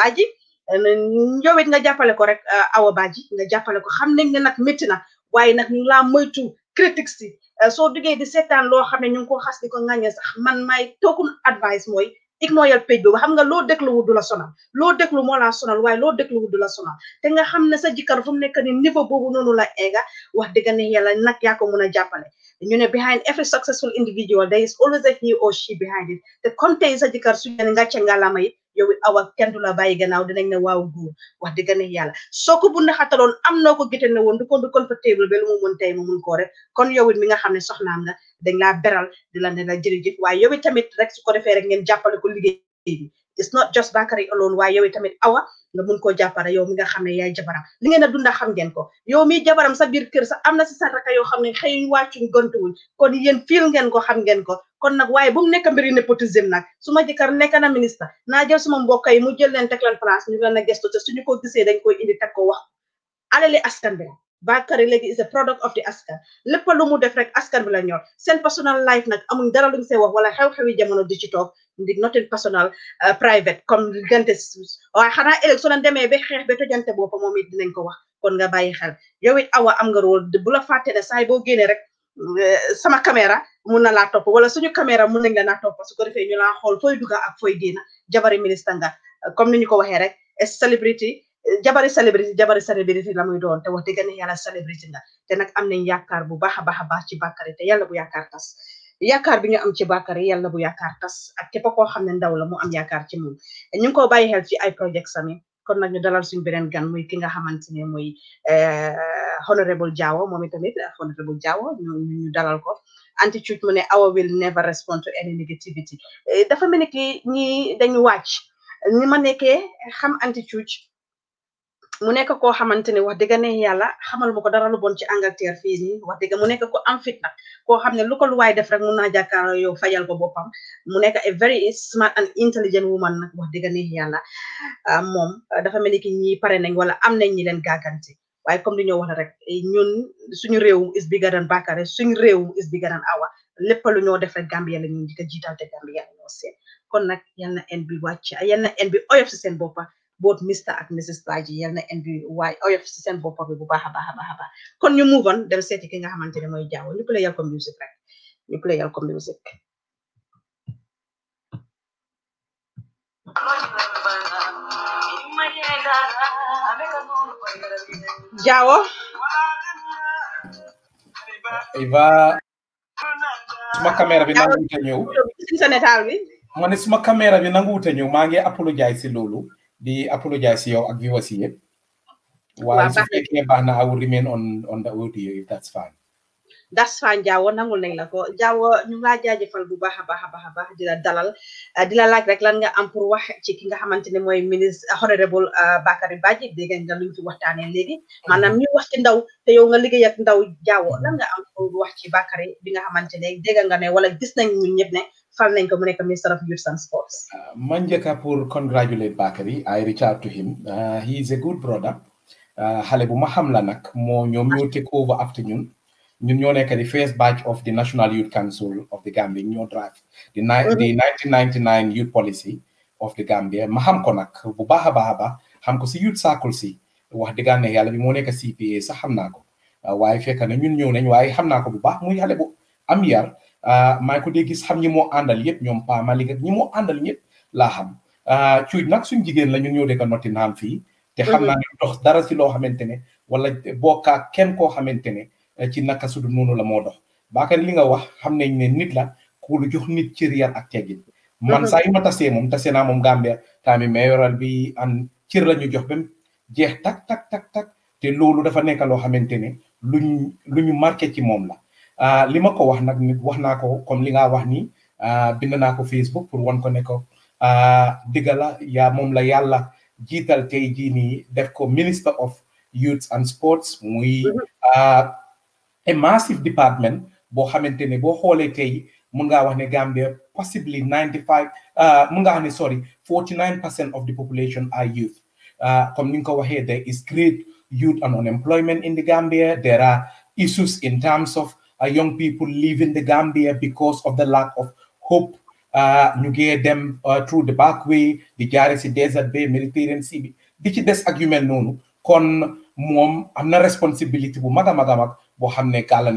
nga jàppale ko rek ah, Awa Badjie nga jàppale ko xam nañ ne nag métti na waaye nag ñu laa moytu critiques yi eh, soo diggee di seetaan loo xam ne ñu ngi ko xas di ko ŋàññee sax man may tookul advice mooy ignoyal page boobu xam nga loo dégluwu du la sonal loo déglu moo la sonal waaye loo dégluwu du la sonal te nga xam ne sa jikkar fu mu nekk ni niveau boobu noonu la eega wax dëgg ne yàlla nag yaa ko mën a jàppale You know, behind every successful individual there is always a he or she behind it The content yi sa jëkkër su ñu ne ngàcce ngàllaama yi yow it awa kenn du la bàyyi what dinañ ne waaw So, wax dëgg ne yàlla soo ko bu naxataloon am noo ko gite ne woon du ko du comfortable ba lu mu mun tey mu mun koo rek kon yow it mi nga xam ne soxnaam nga dañ laa beral di la ne la jërëjëf waaye yow it tamit rek su ko defee rek ngeen it's not just Bakary loon waaye yow tamit awa nga mun koo jàppale yow mi nga xam ne yaay jabaram li ngeen a dunda xam ngeen ko yow mi jabaram sa biir kër sa am na si sa raka yoo xam ne xëyuñ wàccuñ gontuwuñ kon yéen fiil ngeen ko xam ngeen ko kon nag waaye bu mu nekk mbiri népotisme nag su ma jëkkër nekk na ministre naa jël suma mbokk yi mu jël leen teg leen place ñu leen a gestu te suñu ko gisee dañ koy indi teg ko wax alali askan bi Bakary léegi is a product of the askan lépp lu mu def rek askan bi la ñor seen personal life nag amuñ dara luñ see wax wala xew-xewi jamono di ci toog ndig nothing personal uh, private comme diggante waaye xanaa ëllëg soo leen demee ba xeex ba tojante boppa moom it dinañ ko wax kon nga bàyyi xel yow it awa am nga rôle bu la fàtte ne saay boo génnee rek uh, sama caméra mun na laa topp wala suñu caméra mun nañ la naa topp su ko defee ñu la xool fooy dugga ak fooy diina jabari ministre nga comme ni ñu ko waxee rek jabari célébrité jabari célébrité la muy doon te wax dëgg ne yàlla célébrité nga te nag am nañ yaakaar bu baax a baax a baax ci bàkkari te yàlla bu yaakaar tas yaakaar bi nga am ci bàkkari yàlla bu yaakaar tas ak képp xam ne ndaw la mu am yaakaar ci moom ñu ngi ko bàyyi ci ay projet sami kon nag ñu dalal suñu beneen gan muy ki nga xamante ne eh, honorable Jawo moom itamit eh, honorable Jawo ñu dalal ko attitude mu ne our will never respond to any negativity eh, dafa mu nekk koo xamante ne wax dëgg ne yàlla xamal ma ko dara lu bon ci Angleterre fii nii mu nekk ko am fit nag koo xam ne lu ko lu waay def rek mun naa jàkkaarloo yow fajal ko boppam mu nekk a very smart and intelligent woman nag wax dëgg ne yàlla ah, moom ah, dafa mel ni ki ñi pare nañ wala am nañ ñi leen gàggante waaye comme li ñoo wax rek eh, ñun suñu réew is bigger than Bakary suñu réew is bigger than awa lépp lu ñoo def rek Gambia la ñun di ko jiital te Gambia la seen kon both Mr. and Mrs. Taji yelna na indi way oyof oh, ci sen bop bi bu baax kon ñu move on dem seeti ki nga xamante moy jaaw ñu play yal ko music rek ñu play yal ko music Jauh. Iba. suma caméra bi nanguwute ñëw si sa netal bi Mané suma caméra bi ñew. Ma ngi apologize si lolu. di apologize yow ak viewers yi yëpp. waaye su fekkee baax na I will remain on on the audio if that's fine. that's fine Jawo nangul nañ la ko Jawo ñu ngi laa jaajëfal bu baax a baax a baax di la dalal ah, di la laaj rek lan nga am pour wax ci ki nga xamante ne mooy ministre ah, honorable ah, Bakary Badji dégg nga luñ ci waxtaanee léegi maanaam ñu wax ci ndaw te yow nga liggéey ak ndaw Jawo lan nga am pour wax ci Bakary bi nga xamante ne dégg nga ne wala gis nañ ñun ñëpp ne. fal nañ ko mu nekk minister of youth and sports. Uh, Manjaka pour congratulate Bakary I reach out to him uh, he is a good brother uh, xale bu ma xam la nag moo ñoom ñoo take over after ñun ñun ñoo nekk di first batch of the National Youth Council of the Gambia ñoo draft the 1999 mm-hmm. youth policy of the Gambia ma xam ko nag bu baax a baax a baax xam ko si youth circle si wax dëgg ne yàlla bi moo nekk CPA sax xam naa ko waaye fekk na ñun ñëw nañ waaye xam naa ko bu baax muy xale bu am yar. Ah, may ko dee gis xam ñi moo àndal yépp ñoom Pa Malick ak ñi moo àndal ñëpp laa xam ah, cuuj nag suñ jigéen la ñun ñoo noti Nottingham fii te xam naa mhm. ne dox dara si loo xamante ne wala bokkaa kenn koo xamante ne eh, ci naka sudu noonu la moo dox li nga wax xam nañ ne nit la jox nit ci riyar ak teggin man mhm. saa yu ma tasee moom tasee naa moom Gambia mayoral bi an cër la ñu jox bam jeex tak tak tak tak te loolu dafa nekk loo xamante ne luñ marqué ci moom la Ah, Lima ma ko wax nag nit wax naa comme li nga wax ni ah, bind naa Facebook pour wan ko ne ko ah, digga la yaa moom la yàlla jiital tey jii nii def ko minister of youth and sports muy mm-hmm. a massive department boo xamante ne boo xoolee tey mun wax ne Gambia possibly ninety five mun ngaa wax ne sorry forty nine percent of the population are youth comme ni ko waxee there is great youth and unemployment in the Gambia there are issues in terms of uh, young people leaving the Gambia because of the lack of hope. Uh, ñu gee dem uh, through the back way The jaare desert bay Mediterranean Sea bi di ci argument ak yu mel noonu kon am not responsibility bu madam, a mag a mag boo xam ne gàll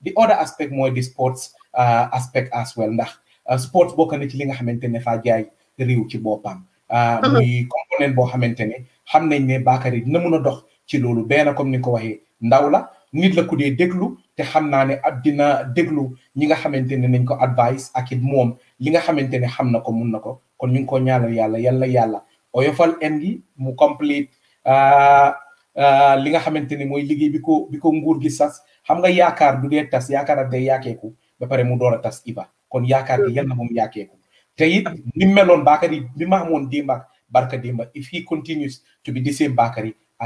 the other aspect more the sports aspect as well ndax sports bokk na ci li nga xamante ne faa jaay réew ci boppam. Mhm. muy component boo xamante ne xam nañ ne Bakary dina mun a dox ci loolu benn comme ni ko waxee ndaw la. nit la ku dee déglu te xam naa ne ab dina déglu ñi nga xamante ne nañ ko advice ak it moom li nga xamante ne xam na ko mun na ko kon ñu ngi ko ñaanal yàlla yàlla yàlla oyofal en gi mu complete ah, ah, li nga xamante ne mooy liggéey bi ko ko nguur gi sas xam nga yaakaar du dee tas yaakaar ak day yaakeeku ba pare mu door a tas iba kon yaakaar gi yal na moom yaakeeku te it ni meloon Bakary bi ma amoon démb ak barka démb if he continues to be the same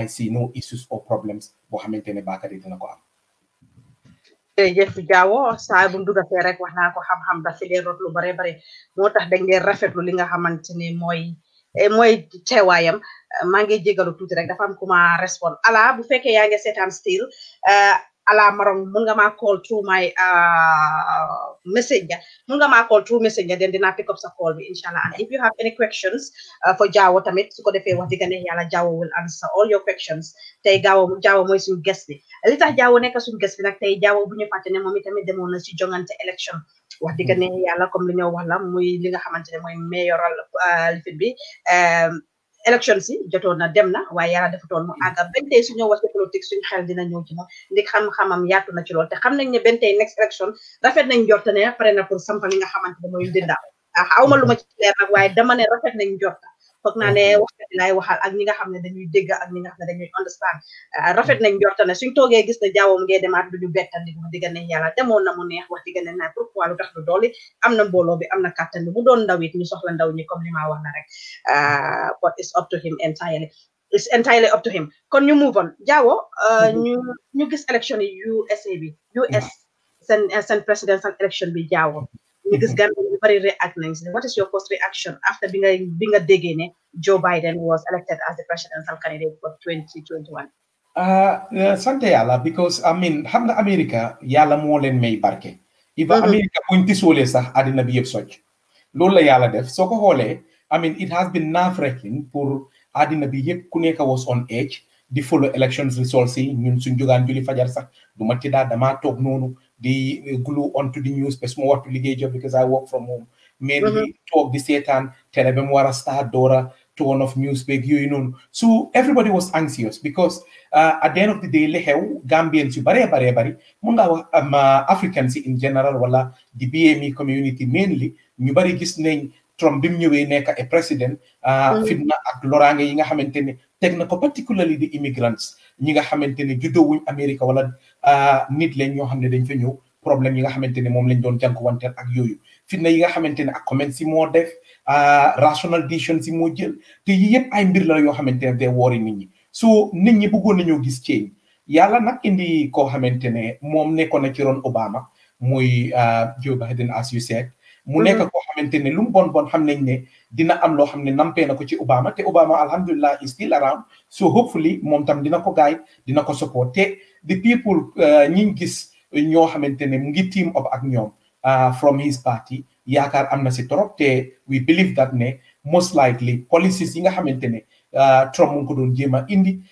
I see no issues o problems boo xamante ne Bakary dina ko am. jërëjëf Jawo saa bu dugatee rek wax naa ko xam-xam dafa leen rot lu bare bare moo tax dañ leen rafetlu li nga xamante ne mooy eh, mooy teewaayam maa ngi jégalu tuuti rek dafa am kuma respond ala bu fekkee yaa ngi seetaan still eh, ala maron mun nga maa call through my uh, messenger mun nga maa call through messenger den dinaa pick up sa call bi inshallah and if you have any questions uh, for Jawo tamit su ko defee wax dëgg a yàlla Jawo will answer all your questions tey gaaw Jawo mooy suñu guest bi li tax Jawo nekk suñu guest bi nag tey Jawo bu ñu fàtte ne moom itamit demoon na si jongante élection wax dëgg ne yàlla comme li ñoo wax la muy li nga xamante ne mooy mayoral uh, lifin bi um, élection si jotoon na dem na waaye yàlla defutoon mu àgga mm-hmm. benn tey su ñëw wax ci politique suñu xel xam-xamam yaatu na ci lool te xam nañ next election rafet nañ jot ne pare na pour a li nga xamante ne mooy ndindaal mm-hmm. a ah, ma lu ma ci waaye dama ne rafet nañ jot na foog naa ne mhm. waxkat laay waxal ak ñi nga xam ne dañuy dégg ak ñi nga xam ne dañuy understand euh, rafet nañ jorta ne suñ toogee gis ne jaawoom ngee demaat duñu bettandi wax digga ne na mu neex wax digga ne naa pourquoi lu tax lu dooli am na mbooloo bi am na kàttan bi mu doon ndaw ñu soxla ndaw ñi comme li maa wax na rek euh, but it's up to him entirely it's entirely up to him kon ñu move on jaawo euh, mhm. ñu ñu gis élection yi USA bi US mhm. seen seen presidential election bi jaawo ñu gis Gambia ñu bari react nañ what is your first reaction after bi nga bi nga déggee ne Joe Biden was elected as the presidential candidate for ah, 2021. Eh, sant yàlla because I mean xam nga America yàlla moo leen may barke. iba mm-hmm. America buñ tisoolee sax àddina bi yëpp socc loolu la yàlla def soo ko xoolee I mean it has been nerve wracking pour àddina bi yëpp ku nekk was on edge di follow elections results ñun suñ jógaan julli fajar sax du ma tiddaa damaa toog noonu. di eh, glue onto the newspaper su ma waxtu liggéey job because I work from home mais mm-hmm. di toog di seetaan télé ba mu war a start doora turn off newspaper yooyu noonu so everybody was anxious because uh, at the end of the day li xew Gambians yu baree baree bari mun ngaa wax um, uh, Africans in general wala the BME community mainly ñu bari gis nañ Trump bi mu ñëwee nekk a président uh, mm-hmm. fitna ak loraange yi nga xamante ne teg na ko particularly di immigrants ñi nga xamante ne juddoo wuñ Amérique wala ah, nit leen ñoo xam ne dañ fa ñëw problème yi nga xamante ne moom lañ doon jànkuwanteel ak yooyu fitna yi nga xamante ne ak comment si moo def ah, rational decision si moo jël te yi yëpp ay mbir la yoo xamante ne day woori nit ñi so nit ñi bëggoon nañoo gis change yàlla nag indi koo xamante ne moom nekkoon na ci ron Obama muy ah, Joe Biden as you said mu nekk mhm. koo xamante ne lu mu bon bon xam nañ ne dina am loo xam ne nampee na ko ci Obama te Obama alhamdulillah is still around so hopefully moom tam dina ko gaay dina ko support te the people uh, ñi ngi gis ñoo xamante ne mu ngi team up ak ñoom uh, from his party yaakaar am na si trop te we believe that ne most likely policies yi nga xamante ne uh, Trump mu ngi ko doon jéem a indi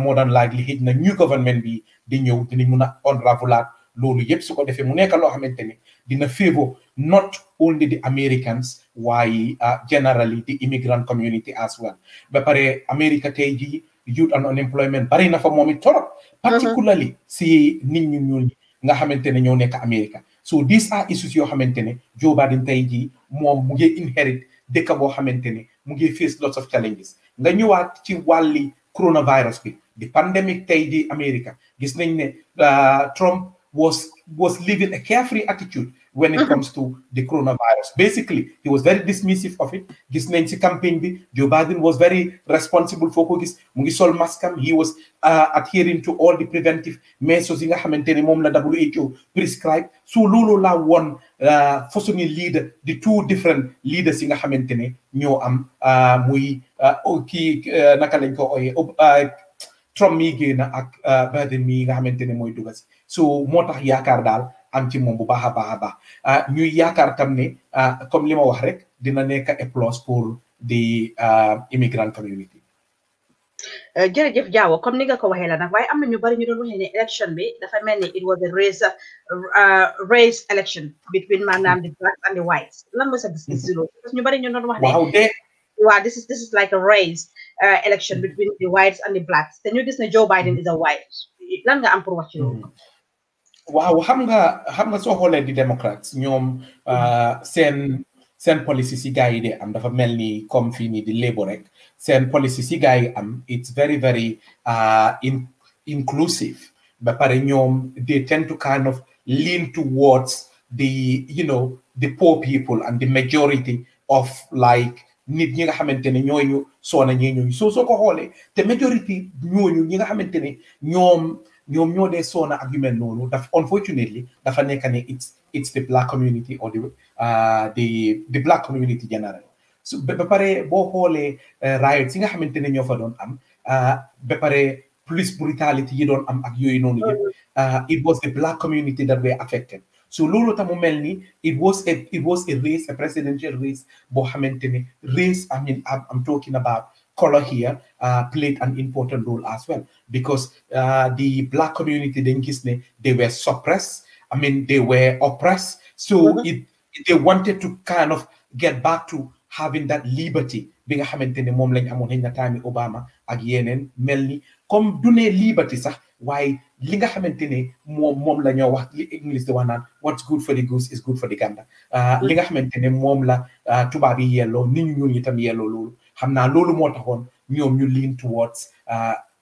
more than likely xëj na new government bi di ñëw dinañ mun a unravelaat loolu yëpp su ko defee mu nekk loo xamante ne dina favor not only the Americans waaye uh, generally the immigrant community as well But for America tey youth and unemployment bari na fa moom mhm. particularly si nit ñu ñuul ñi nga xamante ne ñoo nekk America so these are issues yoo xamante ne Joe Biden tey jii moom mu ngi inherit dëkk boo xamante ne mu ngi face lots of challenges nga ñëwaat ci wàlli coronavirus bi the pandemic tey jii America gis nañ ne uh, Trump was was living a carefree attitude when it mm -hmm. comes to the coronavirus. Basically, he was very dismissive of it. This nañ campaign, campagne Joe Biden was very responsible for this. gis sol maskam he was uh, adhering to all the preventive measures yi nga xamante WHO prescribed. so lulu la woon uh, façon leader the two different leaders in the xamante ne ñoo am uh, muy uh, kii uh, naka lañ ko ooyee uh, Trump mi ak uh, Biden mi nga xamante dugas so mota tax am ci moom bu baax a baax a baax ah, ñuy yaakaar tam ne ah, comme li ma wax rek dina nekk a plus pour the ah, immigrant community. Eh, jërëjëf Jawo comme ni nga ko waxee la nag waaye am na ñu bari ñu doon waxee ne election bi dafa mel it was a race race election between maanaam the blacks and the whites lan mooy sa gis ñu bari ñu doon wax ne waaw this is this a race eh, election between the whites and the blacks te Joe Biden is a white lan nga am pour wax ci loolu hmm. Wow, xam nga xam nga soo xoolee di Democrats, ñoom uh, seen seen policies policy gars yi de am dafa mel ni comme fii nii di labour rek seen policies yi gars am it's very very uh, inclusive ba pare ñoom they tend to kind of lean towards the you know the poor people and the majority of like nit ñi nga xamante ne ñooñu soona ñi ñooñu soo soo ko xoolee te majority ñooñu ñi nga xamante ne ñoom ñoom ñoo dee soona ak yu mel noonu daf unfortunately dafa nekk ne it's it's the black community or the uh, the the black community general so ba pare boo xoolee uh, riots yi nga xamante ne ñoo fa doon am uh, ba pare police brutality yi doon am ak yooyu noonu yëpp it was the black community that were affected so loolu tamu mel ni it was a it was a race a presidential race boo xamante ne race I mean I'm talking about color here uh, played an important role as well because uh, the black community Dengisne they were suppressed. I mean, they were oppressed. So mm -hmm. it, they wanted to kind of get back to having that liberty. bi nga xamante ne moom lañ Obama again. yeneen mel ni ne liberty sax Why li nga Momla, ne moom moom la English the one what's good for the goose is good for the gander uh, li nga Momla, ne moom la uh, tubaab yi yelloo xam naa loolu moo taxoon ñoom ñu lean towards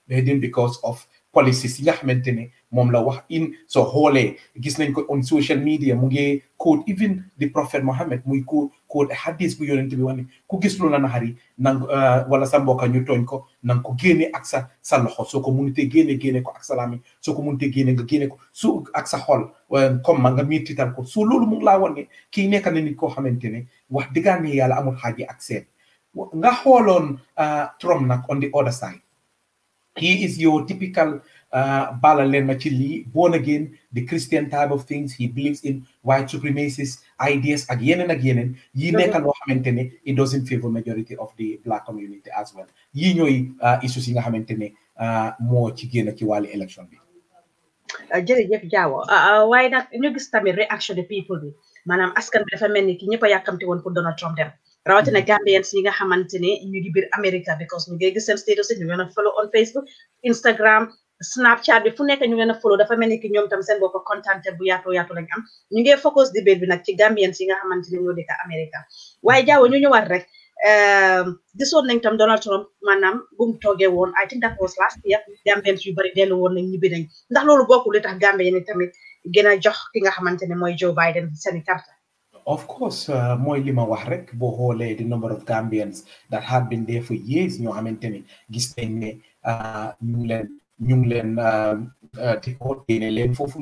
heading uh, because of policies yi nga xamante ne moom la wax in soo xoolee gis nañ ko on social media mu ngi quote even the prophet Muhammad muy quote quote hadis bu yonent bi wax ne ku gis lu la naxari nan uh, wala sa mbokka ñu tooñ ko nang ko génne ak sa sa loxo soo ko munutee génne génne ko ak sa laami soo ko munutee génne nga génne ko su ak sa xol um, comme man nga miitital ko soo loolu mu ngi laa wan ne kii nekk na nit koo xamante ne wax dëgg yàlla amul xaaji ak seen nga xooloon uh, Trump nag on the other side he is your typical uh, bala leen na born again the Christian type of things he believes in white supremacist ideas again and again. And yi nekka loo xamante ne it doesn't favor majority of the black community as well yii ñooy uh, issues yi nga xamante ne moo ci génn ci wàllu élection bi jërëjëf Jawo waaye nag ñu gis tamit réaction the people bi maanaam askan bi dafa mel ni ki ñëpp a yàkkamti woon Donald Trump dem rawatina Gambians ñi nga xamante ne ñu di biir America because ñu ngi gis seen a follow on ñu ngi leen a dafa mel ni ki ñoom tam seen bopp kontaan bu yaatu yaatu lañ am ñu ngi focus di biir bi nag ci Gambians yi nga xamante ne ñoo dëkk ñu ñëwaat rek. Ehm, gisoon nañ tam Donald Trump maanaam bu mu toogee woon I think that was last year Gambians yu bari dellu woon nañ ñibbi nañ ndax loolu bokkul li tax Gambien yi tamit a jox ki nga xamante ne mooy Joe Biden seen i carte. Of course, uh, mooy li ma wax the number of Gambians that have been there for years You have ni gis nañ newland, newland, ngi leen ñu ngi leen di ko génne leen foofu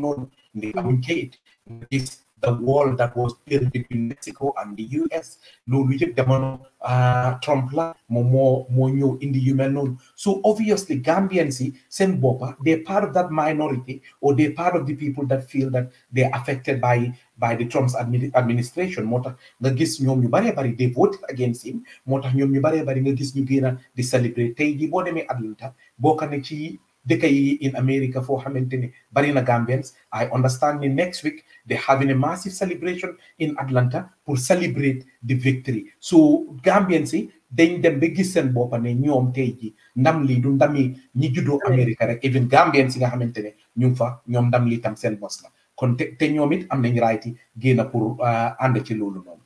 the wall that was built between Mexico and the US. No, we took them on Trump la Momo Monyo in the human known. So obviously Gambians, Sembopa, they're part of that minority or they're part of the people that feel that they're affected by by the Trump's administration. Mota nga gis ñoom ñu bare bari they voted against him. Moo tax ñoom ñu bare bari nga gis ñu gën a di celebrate tey jii boo demee Atlanta bokk na ci dëkk in America for xamante but in na Gambians I understand ni next week they are having a massive celebration in Atlanta to celebrate the victory so Gambians yi eh, dañ dem ba gis seen boppa ne ñoom tey ji ndam lii ñi judo America even Gambians in nga xamante nyom damli fa ñoom ndam lii tam seen bos la kon te te ñoom it am nañ rayti génn pour ah, ànd ci loolu noonu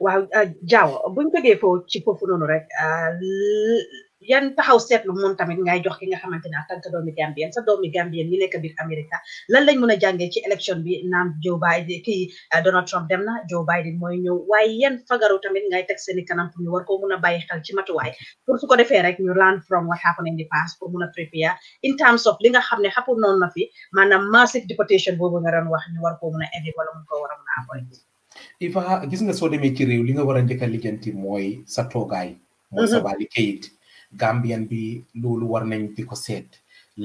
waaw ah, Jawo buñ ko defoo ci yan taxaw seetlu moom tamit ngay jox ki nga xamante ne tant que doomi Gambien sa doomi Gambien ñi nekk biir Amérique lan lañ mën a jàngee ci élection bi naam Joe Biden kii eh, Donald Trump dem na Joe Biden mooy ñëw waaye yan fagaru tamit ngay teg seeni kanam pour ñu war koo mun a bàyyi xel ci matuwaay pour su ko defee rek ñu learn from what happened in the past pour mun a prepare in terms li nga xam ne xapu noonu na fi maanaam massive deportation boobu nga doon wax ñu war koo mun a indi wala mun koo war a mun a avoid Ifa gis nga soo demee ci réew li nga war a njëkk a lijjanti mooy sa toogaay. sa wàllu mhm. Gambien bi loolu war nañ di ko seet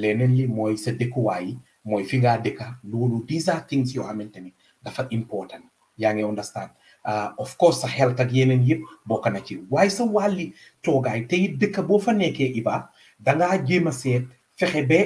leneen li mooy sa dëkkuwaay mooy fi nga dëkka loolu these are things yoo xamante ni dafa important yaa ngi understand uh, of course sa health ak yeneen yëpp bokk na ci waaye sa wàlli toogaay te it dëkk boo fa nekkee ibaa dangaa jéem a seet fexe ba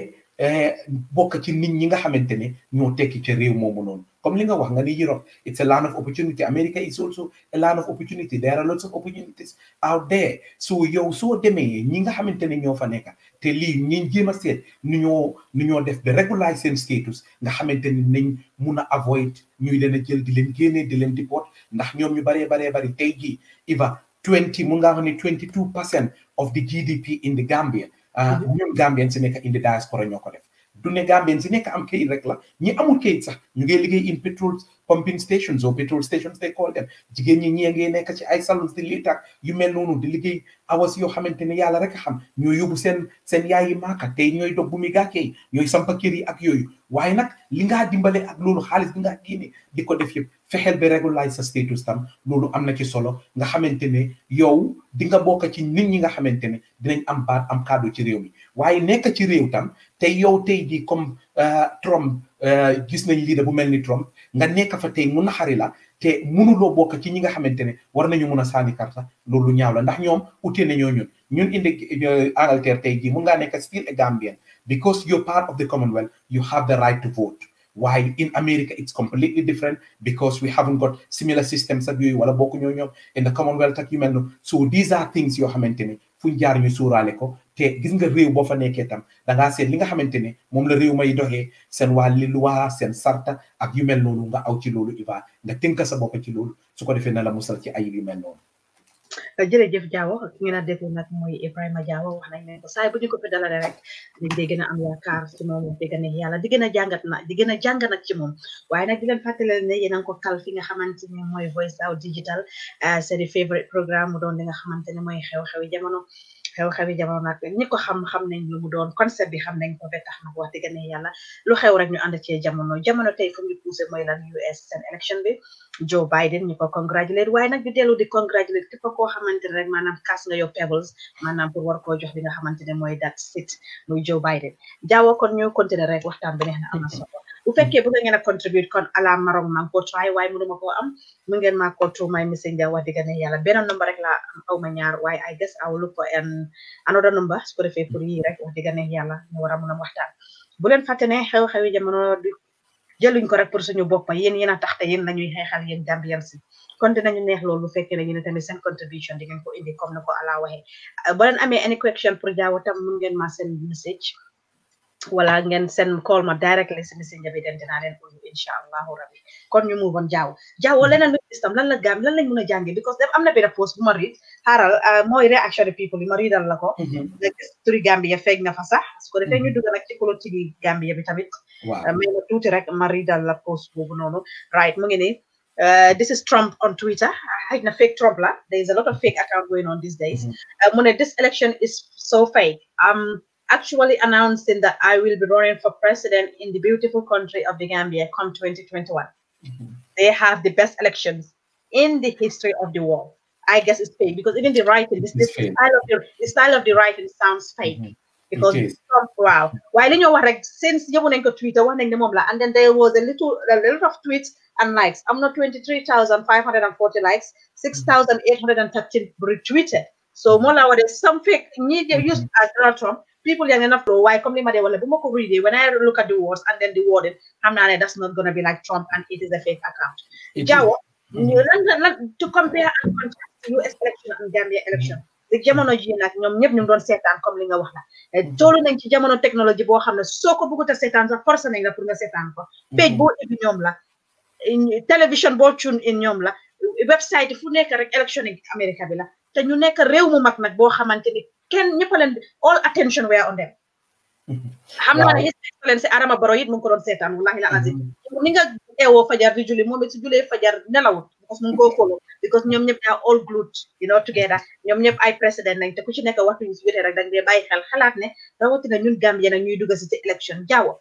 eh, bokk ci nit ñi nga xamante ne ñoo tekki ci réew moomu noonu comme li nga wax nga ni Europe it's a land of opportunity America is also a land of opportunity there are lots of opportunities out there so yow soo demee ñi nga xamante ne ñoo fa nekk te lii ñi jéem a seet nu ñoo nu ñoo def ba régulariser seen status nga xamante ni nañ mun a avoid ñuy leen a jël di leen génnee di leen deport ndax ñoom ñu baree baree bari tey jii iva twenty mu nga xam ne twenty two percent of the GDP in the Gambia ah, mm-hmm. ñun Gambians si nekk in the diaspora ñoo ko def du ne Gambien si nekk am kayit rek la ñi amul kayit sax ñu ngi liggéey in petrol pumping stations or petrol stations they call them jigéen ñi ñi ngi nekk ci ay salons di liitaak yu mel noonu di liggéey awas yoo xamante ne yàlla rek xam ñoo yóbbu seen seen yaayi maaka tey ñooy dog mi gàkkee yi ñooy sampa kër yi ak yooyu waaye nag li ngaa dimbale ak loolu xaalis bi ngaa génne di ko def yëpp fexeel ba régulariser sa status tam loolu am na ci solo nga xamante ne yow di nga bokk ci nit ñi nga xamante ne dinañ am baat am kàddu ci réew mi waaye nekk ci réew tam te yow tey jii comme euh, Trump euh, gis nañ leader bu mel Trump nga nekk fa tey mu naxari la te mënuloo bokk ci ñi nga xamante ne war nañu mun a saani karta loolu ñaaw la ndax ñoom utee nañoo ñun ñun indi Angleterre tey jii mun ngaa nekk still a Gambian because you're part of the Commonwealth you have the right to vote. Why in America it's completely different because we haven't got similar systems that you wala bokku ñoo in the commonwealth ak yu mel so these are things yoo xamante ne fuñ jaar ñu suuraale ko te gis nga réew boo fa nekkee tam da ngaa seet li nga xamante ne moom la réew may doxee seen wàlli luwaa seen sarta ak yu mel noonu nga aw ci loolu i ba nga tënka sa bopp ci loolu su ko defee na la musal ci ayib yu mel noonu. jërëjëf Jawo ki ngeen a defee nag mooy Ibrahima Jawo wax nañ leen ko ñu ko fi gën a am yaakaar ci moom yàlla di gën a jàngat na di gën a jàngat nag ci moom waaye nag di leen fàttale ne yéen a ngi ko kal fi nga xamante ne mooy Voice Out Digital euh, seen favorite programme mu doon li nga xamante ne mooy xew-xewi jamono. xew-xewi jamono nag ñi ko xam-xam nañ lu mu doon concept bi xam nañ ko ba tax nag wax dëgg ne yàlla lu xew rek ñu ànd cee jamono jamono tey fu ñu poussé mooy lan US seen élection bi Joe Biden ñu ko congratulate waaye nag di dellu di congratulate képp koo xamante ne rek maanaam kaas nga yow pebbles maanaam pour war koo jox li nga xamante ne mooy dat sit muy Joe Biden jaawoo kon ñu continuer rek waxtaan bi neex na am na bu fekkee bëgg ngeen a contribute kon ala marong maa ngi ko try waaye mënuma koo am mu ngeen maa ko to my messenger wax dëgg number rek laa am ñaar waaye I guess I will look for an number su ko defee yi rek wax dëgg ne yàlla ñu war a mën a waxtaan bu leen fàtte ne xew-xewi jamono di jëluñ ko rek pour suñu bopp yéen tax te yéen lañuy xeexal neex loolu bu fekkee ne yéen tamit seen contribution di ngeen ko indi comme ni ko ala waxee bu leen amee any question pour jaaw tam ngeen maa seen message wala ngeen send call ma directly si messenger bi den dinaa leen uyu insha allahu rabbi kon ñu muuvoon jaaw jaawo leneen lu system lan la gaam lan lañ mën a jànge because def am na benn post bu ma riid xaaral euh, mooy reaction de people yi ma riidal la ko mhm. nga gis turi Gambia feeg na fa sax su ko defee ñu mhm. dugg nag ci kolo ci Gambia bi tamit euh, mais na tuuti rek ma riidal la post boobu noonu right mu ngi nii Uh, this is Trump on Twitter. Hiding a fake Trump. There is a lot of fake account going on these days. Mm -hmm. um, this election is so fake. Um, actually announcing that I will be running for president in the beautiful country of the Gambia come 2021. Mm-hmm. They have the best elections in the history of the world. I guess it's fake because even the writing, this, this style of the, the, style of the writing sounds fake. Mm-hmm. Because it wow, while in your what, since you want to Twitter, one thing the mom and then there was a little, a little of tweets and likes. I'm not 23,540 likes, 6,813 retweeted. So mm-hmm. more like there's some fake media mm-hmm. used as Donald Trump people yang enough to why come they were like read it. when I look at the words and then the wording, I'm not that's not gonna be like Trump and it is a fake account. It Jawa, mm -hmm. to compare and contrast US election and Gambia election. Mm -hmm. jamono ji nag ñoom ñëpp ñu ngi doon seetaan comme li nga wax la eh, mm-hmm. toolu nañ ci jamono technologie boo xam ne soo ko bëggut a seetaan sax forcé nañ la pour nga seetaan ko mm-hmm. page boo ubbi ñoom la télévision boo tune in ñoom la website fu nekk rek élection Amérique bi la te ñu nekk réew mu mag nag boo xamante kenn ñëpp a leen all attention were on them. *laughs* xam naa ne his excellence Adama Barrow it ko doon seetaan wallahi la azim mm-hmm. ni nga fajar di julli moom it su julee fajar nelawut because mu ngi koo xooloo ñoom ñëpp daa all glued you know together ñoom ñëpp ay président nañ te ku ci nekk waxtu ñu si wétee rek dañ dee bàyyi xel xalaat ne rawatina ñun Gambia nag ñuy dugg si ci élection jaawo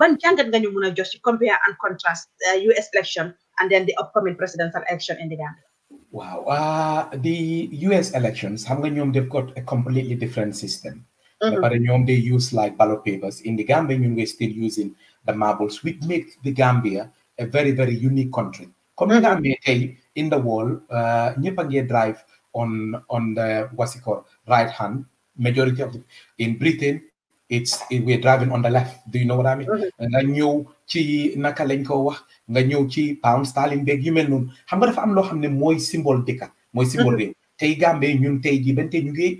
ban jàngat nga ñu mun a jox ci compare and contrast US uh, election and then the upcoming presidential election in the Gambia Wow. Uh, the US elections, they've got a completely different system. Mm-hmm. But they use like ballot papers. In the Gambia, we're still using the marbles, which make the Gambia a very, very unique country. Come mm-hmm. Gambia in the world, uh, drive on on the what's it called, right hand. Majority of the, in Britain, it's it, we're driving on the left do you know what I mean mm-hmm. nga ñëw ci naka lañ ko wax nga pound sterling beeg yu mel noonu xam nga hamne am symbol xam ne mooy symbole dëkka mooy symbole mm-hmm. réew tey Gambie ñun tey jii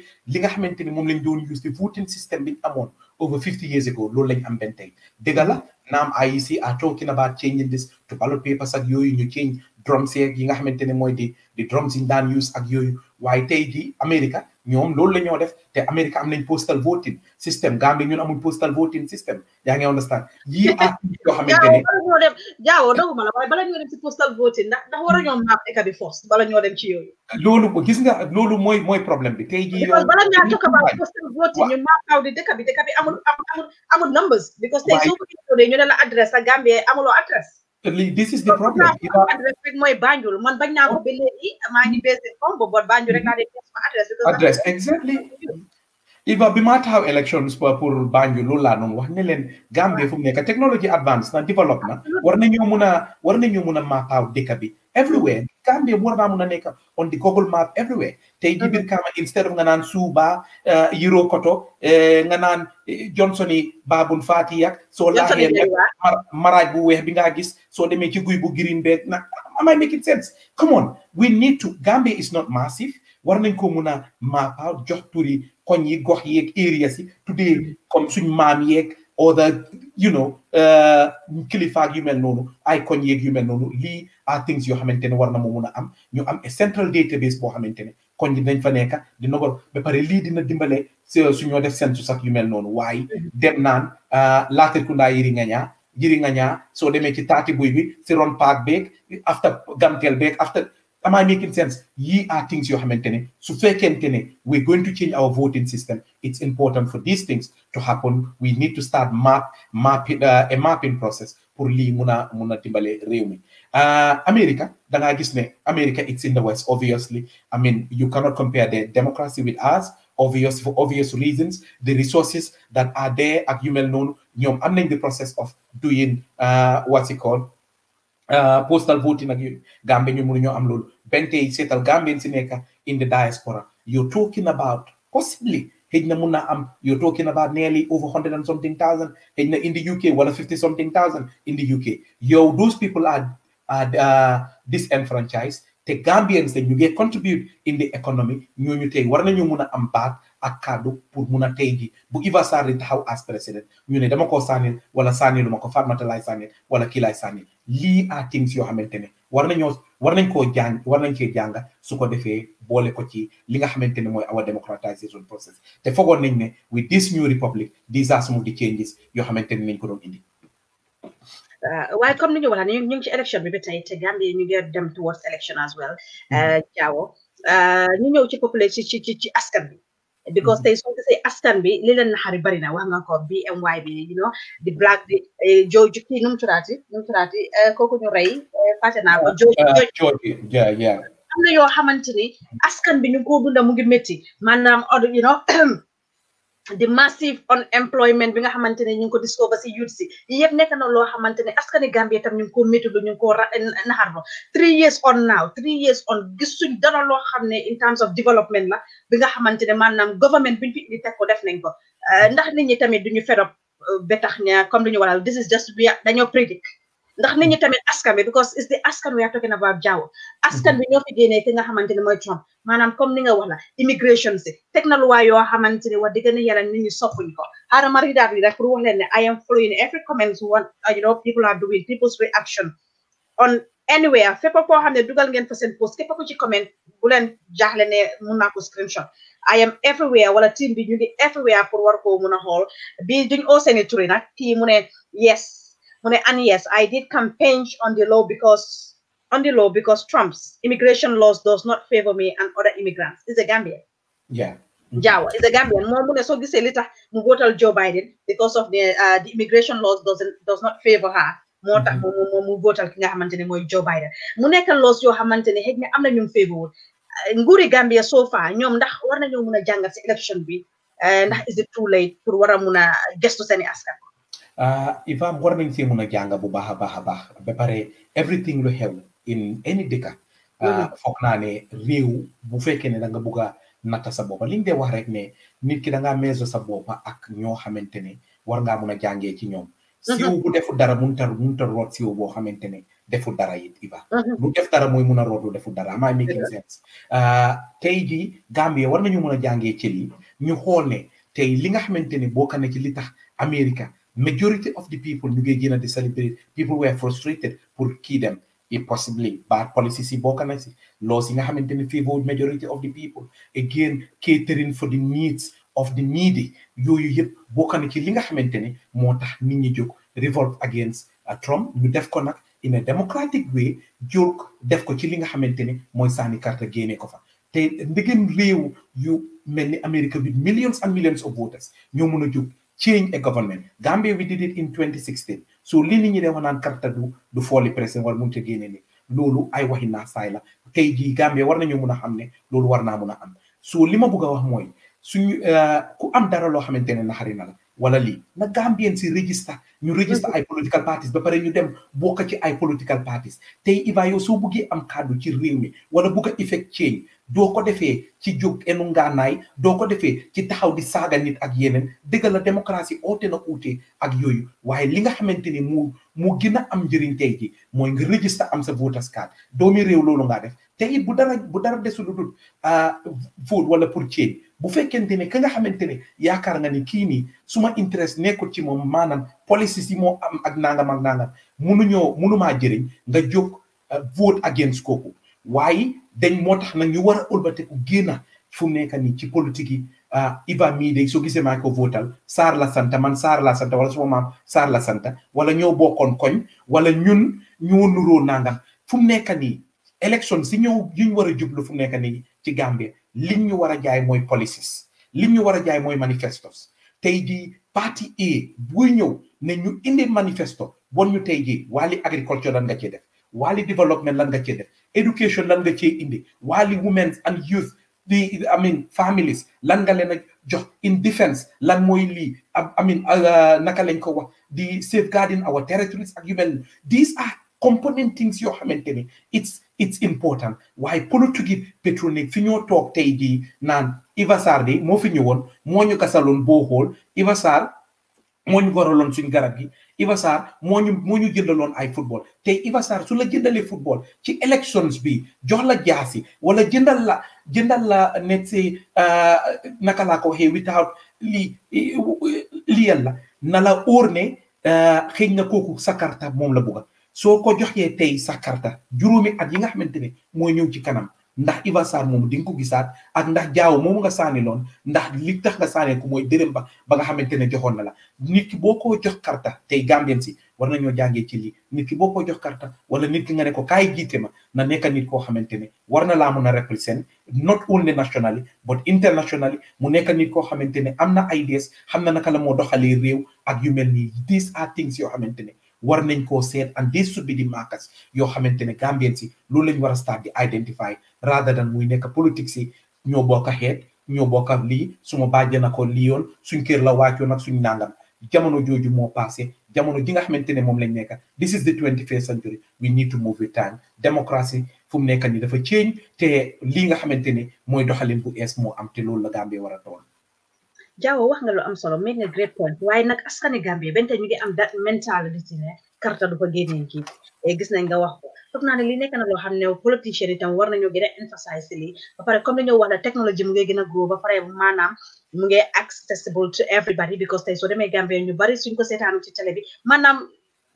ni moom lañ use te voting system bi amon over 50 years ago loolu lañ am bente. Degala nam IEC are talking about changing this to ballot papers ak yooyu ñu change drums here. Linga hamente xamante ne the di drums in Dan use ak yooyu waaye tey America ñoom loolu la ñoo def te Amérique am nañ postal voting system Gambie ñun amuñ postal voting system yaa ngi understand yii ak yoo xamante ne ñoo dem jaawo daguma la waaye bala ñoo dem ci postal voting ndax ndax war a ñoo naam ñoo dem ci yooyu loolu gis nga loolu mooy mooy problème bi tey jii yow bala ngaa tokka ba postal voting ñu maakaaw di dëkk bi dëkk bi amul amul amul numbers because tey soo ko ñu ne la adresse a Gambie amuloo adresse lii this is the problem. adresse rek mooy Banjul man bañ naa ko ba léegi maa ngi basé foofu ba boot Banjul rek laa dee gis ma adresse. adresse exactly. Iba bi maa taxaw elections pour Banjul loolu laa doon wax ne leen Gambie fu mu nekk technologie advance na développe na war nañoo mun a war nañoo mun a map out dëkk bi. everywhere Gambia war naa mun a on the Google map everywhere they give biir instead of nga suba Suuba Yiro uh, Koto uh, nga naan uh, Johnson yi Babun Fati yak soo laaxee maraaj bu weex bi ngaa green beeg am I making sense come on we need to Gambia is not massive war kumuna map out jox turi koñ yi gox yeeg areas yi tuddee mm-hmm. comme suñ o the you know uh, kilifa ak yu mel noonu icon yeeg yu mel noonu lii are things yoo xamante ne war na moo mun a am ñu am central database boo xamante ne kon ñi dañ fa nekk dina ko ba pare lii dina dimbale suñoo def census ak yu mel noonu waaye dem naan uh, laatir ku ndaa yiri nga ñaa yiri nga ñaa soo demee ci taati buy bi si ron paak beeg after gamteel beeg after am I making sense Ye are things you are maintaining. su fekkente we're going to change our voting system it's important for these things to happen we need to start map mapping uh, a mapping process for lii muna a mun a America Then I gis America it's in the west obviously I mean you cannot compare the democracy with us. obvious for obvious reasons the resources that are there ak yu mel noonu ñoom am the process of doing uh, what's it called uh, postal voting ak ñu am nekk in the diaspora you're talking about possibly xëy na am you're talking about nearly over hundred and something thousand in the UK wala fifty something thousand in the UK Yo, those people are are uh, disenfranchised The Gambians that you get contribute in the economy ñooñu tey war nañu you a am baat. ak kaddu pour mun a tey ji bu Iva Sarr di taxaw as président ñu ne dama koo sànnil wala sànnilu ma ko Fatmata laay sànnil wala kii laay sànnil lii à things yoo xamante ne war nañoo war nañ koo jàng war nañ cee jàng su ko defee boole ko ci li nga xamante ne mooy our democratization process te foogoon nañ ne with this new republic these are some of the changes yoo xamante ne nañ ko doon indi. Uh, waaye comme ni ñu waxee ñu ngi ci élection bi ba tey te Gambie ñu ngi dem towards election as well. Jaawo mm-hmm. uh, uh, ñu ñëw ci population ci ci ci askan bi. because tey soo gisee askan bi li leen naxari bari na wax nga ko BMY bi you know di black di joo eh, jukki nu mu turaati nu mu turaati eh, kooku ñu rey eh, fàtte naa ko joo ah, ah, joo am na yoo xamante ni askan bi ñu ko dunda mu ngi métti maanaam you know *clears throat* di massive unemployment bi nga xamante ne ñu ngi ko discover si youth si yi yëpp nekk na loo xamante ne askani Gambie tam ñu ngi ko méttilu ñu ngi ko naxarlo three years on now three years on gisuñ dara loo xam ne in terms of development la bi nga xamante ne maanaam government bi ñu fi indi teg ko def nañ ko ndax nit ñi tamit du fed up uh, ba tax na comme li ñu waral this is just dañoo predict ndax ni ñi tamit askan bi because it's the askan we are talking about jaaw askan mm-hmm. bi ñoo fi génnee ki nga xamante ne mooy Trump maanaam comme ni nga wax la immigration si teg na luwaa yoo xamante ne wax dëgg na yàlla nit ñi soppuñ ko aadama ridaat yi rek pour wax leen I am following every comments what you uh, on anywhere fépp koo xam ne dugal ngeen fa seen post képp ku ci comment bu leen jaaxle ne mun naa ko screenshot I am everywhere wala team bi ñu ngi everywhere pour war koo mun a xool bi duñ oo seeni turi nag kii mu ne yes And yes, I did campaign on the law because on the law because Trump's immigration laws does not favor me and other immigrants. It's a Gambian. Yeah. Jawa mm-hmm. is a Gambian. More so this later Mugotal Joe Biden because of the uh, the immigration laws doesn't does not favor her. More tax moom mm-hmm. moom mu votal ki nga xamante ne mooy Joe Biden mu nekk loos yoo xamante ne xëy na am na ñu féegowul uh, nguuri Gambia so far ñoom ndax war nañoo mun a jàngat si élection bi uh, ndax is it too late pour war a mun a gestu seeni ivam war nañ see mun a jàng bu baax a baax a baax ba pare everything lu xew in any dëkka foog naa ne réew bu fekkee ne da nga bugg a natta sa boppa li ñu dee wax rek ne nit ki da ngaa meeso sa boppa ak ñoo xamante ne war ngaa mun a jàngee ci ñoom mm-hmm. bu defu dara munuta munuta root siw boo xamante ne defu dara it iba mm-hmm. def dara mooy mun a root lu defu dara am I making mm-hmm. sense ah, tey jii Gambie war nañu mun a jàngee ci lii ñu xool ne tey li nga xamante ne boo bokk na ci li tax américa majority of the people ñu ngee génn di celebrate people were frustrated for key them, it possibly bad policies yi bokk laws in nga xamante ne favored majority of the people again catering for the needs of the needy You you bokk na ci li nga xamante ne moo tax revolt against uh, Trump you def in a democratic way joke def ko ci hamenteni nga xamante ne mooy sànni carte génne ko fa te ndegem réew yu mel America with millions and millions of voters ñoo mun a jóg change a government Gambia we did it in 2016 so lii nit ñi de wax naan karta du du fooli président wala mënut a génne ni loolu ay waxi naa saay la tey jii Gambia war nañoo mun a xam ne loolu war naa mun a am so li ma bëgg a wax mooy suñu uh, ku am dara loo xamante ne naxari na la wala lii na Gambien si register ñu register ay political parties ba pare ñu dem bokk ci ay political parties tey Iba yow soo bëggee am kàddu ci réew mi wala bëgg a effect change doo ko defee ci jóg enu doo ko defee ci taxaw di saaga nit ak yeneen dëgg la démocratie oote na uute ak yooyu waaye li nga xamante ni mu mu gën a am njëriñ tey ji mooy nga register am sa voters card doomi réew loolu ngaa def te it bu dara bu dara desul lu dul ah, vote wala pour change bu fekkente ne ka nga xamante ne yaakaar nga ni kii nii suma interest nekkul ci moom maanaam policies yi moo am ak nangam ak nangam munuñoo maa jëriñ nga jóg ah, vote against kooku waaye dañ moo tax nag ñu war a ëlbateku génn fu mu nekk nii ci politique yi ah, Iba mii de soo gisee maa ko votal Saar la sant man Saar la sant wala suma maam Saar la santa wala ñëw bokkoon koñ wala ñun ñoo nuroo nangam fu mu nekk nii élection si ñëw yi ñu war a jublu fu mu nekk nii ci Gambie liñ ñu war a jaay mooy policies liñ ñu war a jaay mooy manifestos tey jii parti A buy ñëw ne ñu indi manifesto bon ñu tey jii wàlli agriculture lan nga cee def wàlli développement lan nga cee def education lan nga in indi wali women and youth the I mean families lan nga jox in defense lan I mean uh, naka lañ ko wax safeguarding our territories ak given. these are component things You're ni it's it's important waaye politique Petronet fi ñoo toog tey to naan Eva Sarr de mo fi ñëwoon moo ñu kasaloon boo xool Eva moo ñu loon suñ garab gi Iba moo ñu moo ñu jëndaloon ay football tey Iba su la jëndalee football ci elections bi jox la jaasi wala jëndal la jëndal la net si euh, naka laa ko waxee without lii liyal la na la óor ne euh, xëy nga kooku sa moom la bëgg soo ko joxee tey sa karta juróomi at yi nga xamante ne mooy ñëw ci kanam. ndax Iba Sarr moomu di nga ko gisaat ak ndax jaaw moomu nga saani loon ndax li tax nga saanee ko mooy dërëm ba nga xamante ne joxoon na la nit ki boo ko jox karta tey gambien si war nañoo jàngee ci lii nit ki boo ko jox karta wala nit ki nga ne ko kaay jiite ma na nekk nit koo xamante ne war na laa mun a represent not only nationally but internationally mu nekk nit koo xamante ne am na ideas xam na naka la moo doxalee réew ak yu mel nii these are things yoo xamante ne war nañ koo seet and this should be the markers yoo xamante ne Gambien si loolu lañ war a start di identify rather than muy nekk politique si ñoo bokk a xeet ñoo bokk a lii suma bàjjee na ko lii yoon suñ kër la wàccoon ak suñ nangam jamono jooju moo passé jamono ji nga xamante ne moom lañ nekk this is the twenty first century we need to move with time démocratie fu mu nekk nii dafa change te lii nga xamante ne mooy doxalin bu ees moo am te loolu la Gambie war a doon. Jawo wax nga lu am solo make nga great point waaye nag askani Gambie bente ñu ngi am da mentality karta du ko génnee kii eh, gis nga wax ko foog naa ne li nekk na loo xam ne politicien itam war nañoo gën a emphasize lii ba pare comme dañoo wax ne technologie mu a grow ba pare maanaam mu ngi accessible to everybody because tey soo demee Gambie ñu bari suñ ko seetaanu ci télé bi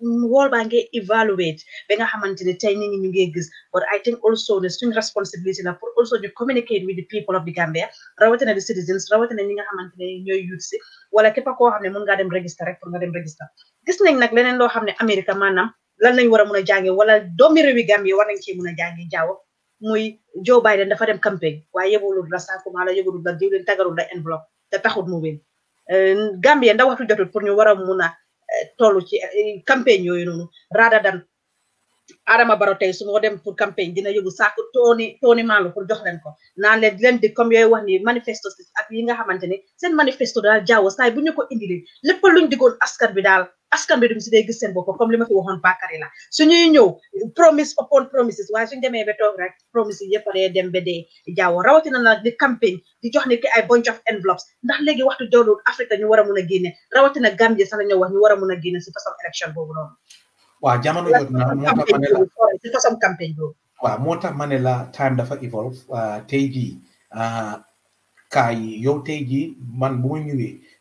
Mm, world baa ngee evaluate ba nga xamante ne tey nit ñi ñu ngee gis but I think also ne suñ responsibility la pour also ñu communicate with the people of the Gambia rawatina the citizens rawatina ñi nga xamante ñooy youth si wala képp xam ne mun ngaa dem register rek gis nañ nag leneen xam ne Amérique maanaam lan lañ war a mun a jànge wala doomi réewi Gambie war nañ mun a jànge jaawo muy Joe Biden dafa dem campagne waaye yëbalul la la yëbalul la diwleen la enveloppe mu win euh, a toll ci eh, campagne yooyu noonu rather than Adama Barrow tey su moo dem pour campagne dina yóbbu saako tooni tooni maalo pour jox leen ko naan leen leen di comme yooyu wax ni manifesto ak yi nga xamante ne seen manifesto daal jaawo saay bu ñu ko indilee lépp luñ digoon askan bi daal askan bi duñ si dee gis seen bopp comme li ma fi waxoon Bakary la suñuy ñëw promise demee ba toog rek promise yi a dem ba dee rawatina nag di di jox nit ay bunch of envelopes ndax léegi waxtu jawlu Afrique ñu war a mun a génne rawatina Gambie sax la wax ñu war a mun a génne si façon élection boobu waaw jamono jot na moo tax ma ne la si waaw moo tax ma ne la time dafa evolve tey jii ah, kaay yow tey jii man bu ma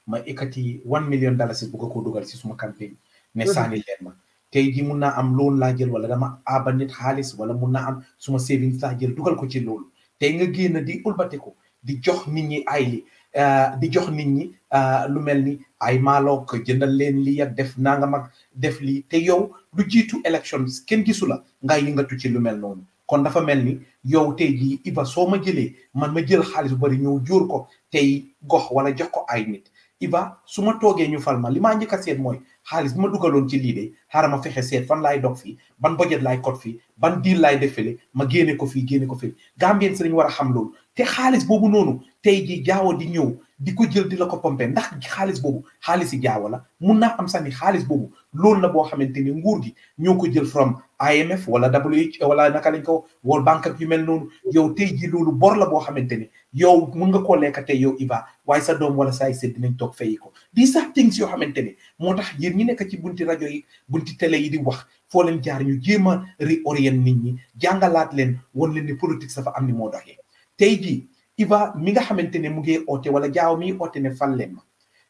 ma ekkati one million dollars bu bugga ko dugal si suma campagne ne saani leen ma tey jii mun naa am loolu laa jël wala dama aaba nit xaalis wala mun naa am suma savings sax jël dugal ko ci loolu tey nga génn di ulbatiku di jox nit ñi ay li euh, di jox nit ñi euh, lu mel ni ay maalook jëndal leen li ak def naa nga mag def lii te yow lu jiitu élections kenn gisu la nga yëngatu ci lu mel noonu kon dafa mel ni yow tey jii Iba soo ma jëlee man ma jël xaalis bu bari ñëw jur ko tey gox wala jox ko ay nit Iba su ma toogee ñu fal ma li maa njëkk a seet mooy xaalis bi ma dugaloon ci lii de xaaral ma fexe seet fan laay dog fii ban budget laay cot fii ban deal laay defele ma génne ko fii génne ko fii Gambien si lañu war a xam loolu te xaalis boobu noonu tey jii jaawo di ñëw di ko jël di la ko pompe ndax xaalis boobu xaalis yi jaawo la mun naa am sax ni xaalis boobu loolu la boo xamante ni nguur gi ñoo ko jël from IMF wala WHO wala naka lañ ko World Bank ak yu mel noonu yow tey jii loolu bor la boo xamante ni yow mën nga koo lekka tey yow Iba waaye sa doom wala sa ay seet dinañ toog fayi ko these are things yoo xamante ni moo tax yéen ñi nekk ci bunti rajo yi bunti télé yi di wax foo leen jaar ñu jéem a réorient nit ñi jàngalaat leen won leen ni politique dafa am ni moo doxee tey jii Iba mi nga xamante ne mu ngi ote wala jaaw mi oote ne fal leen ma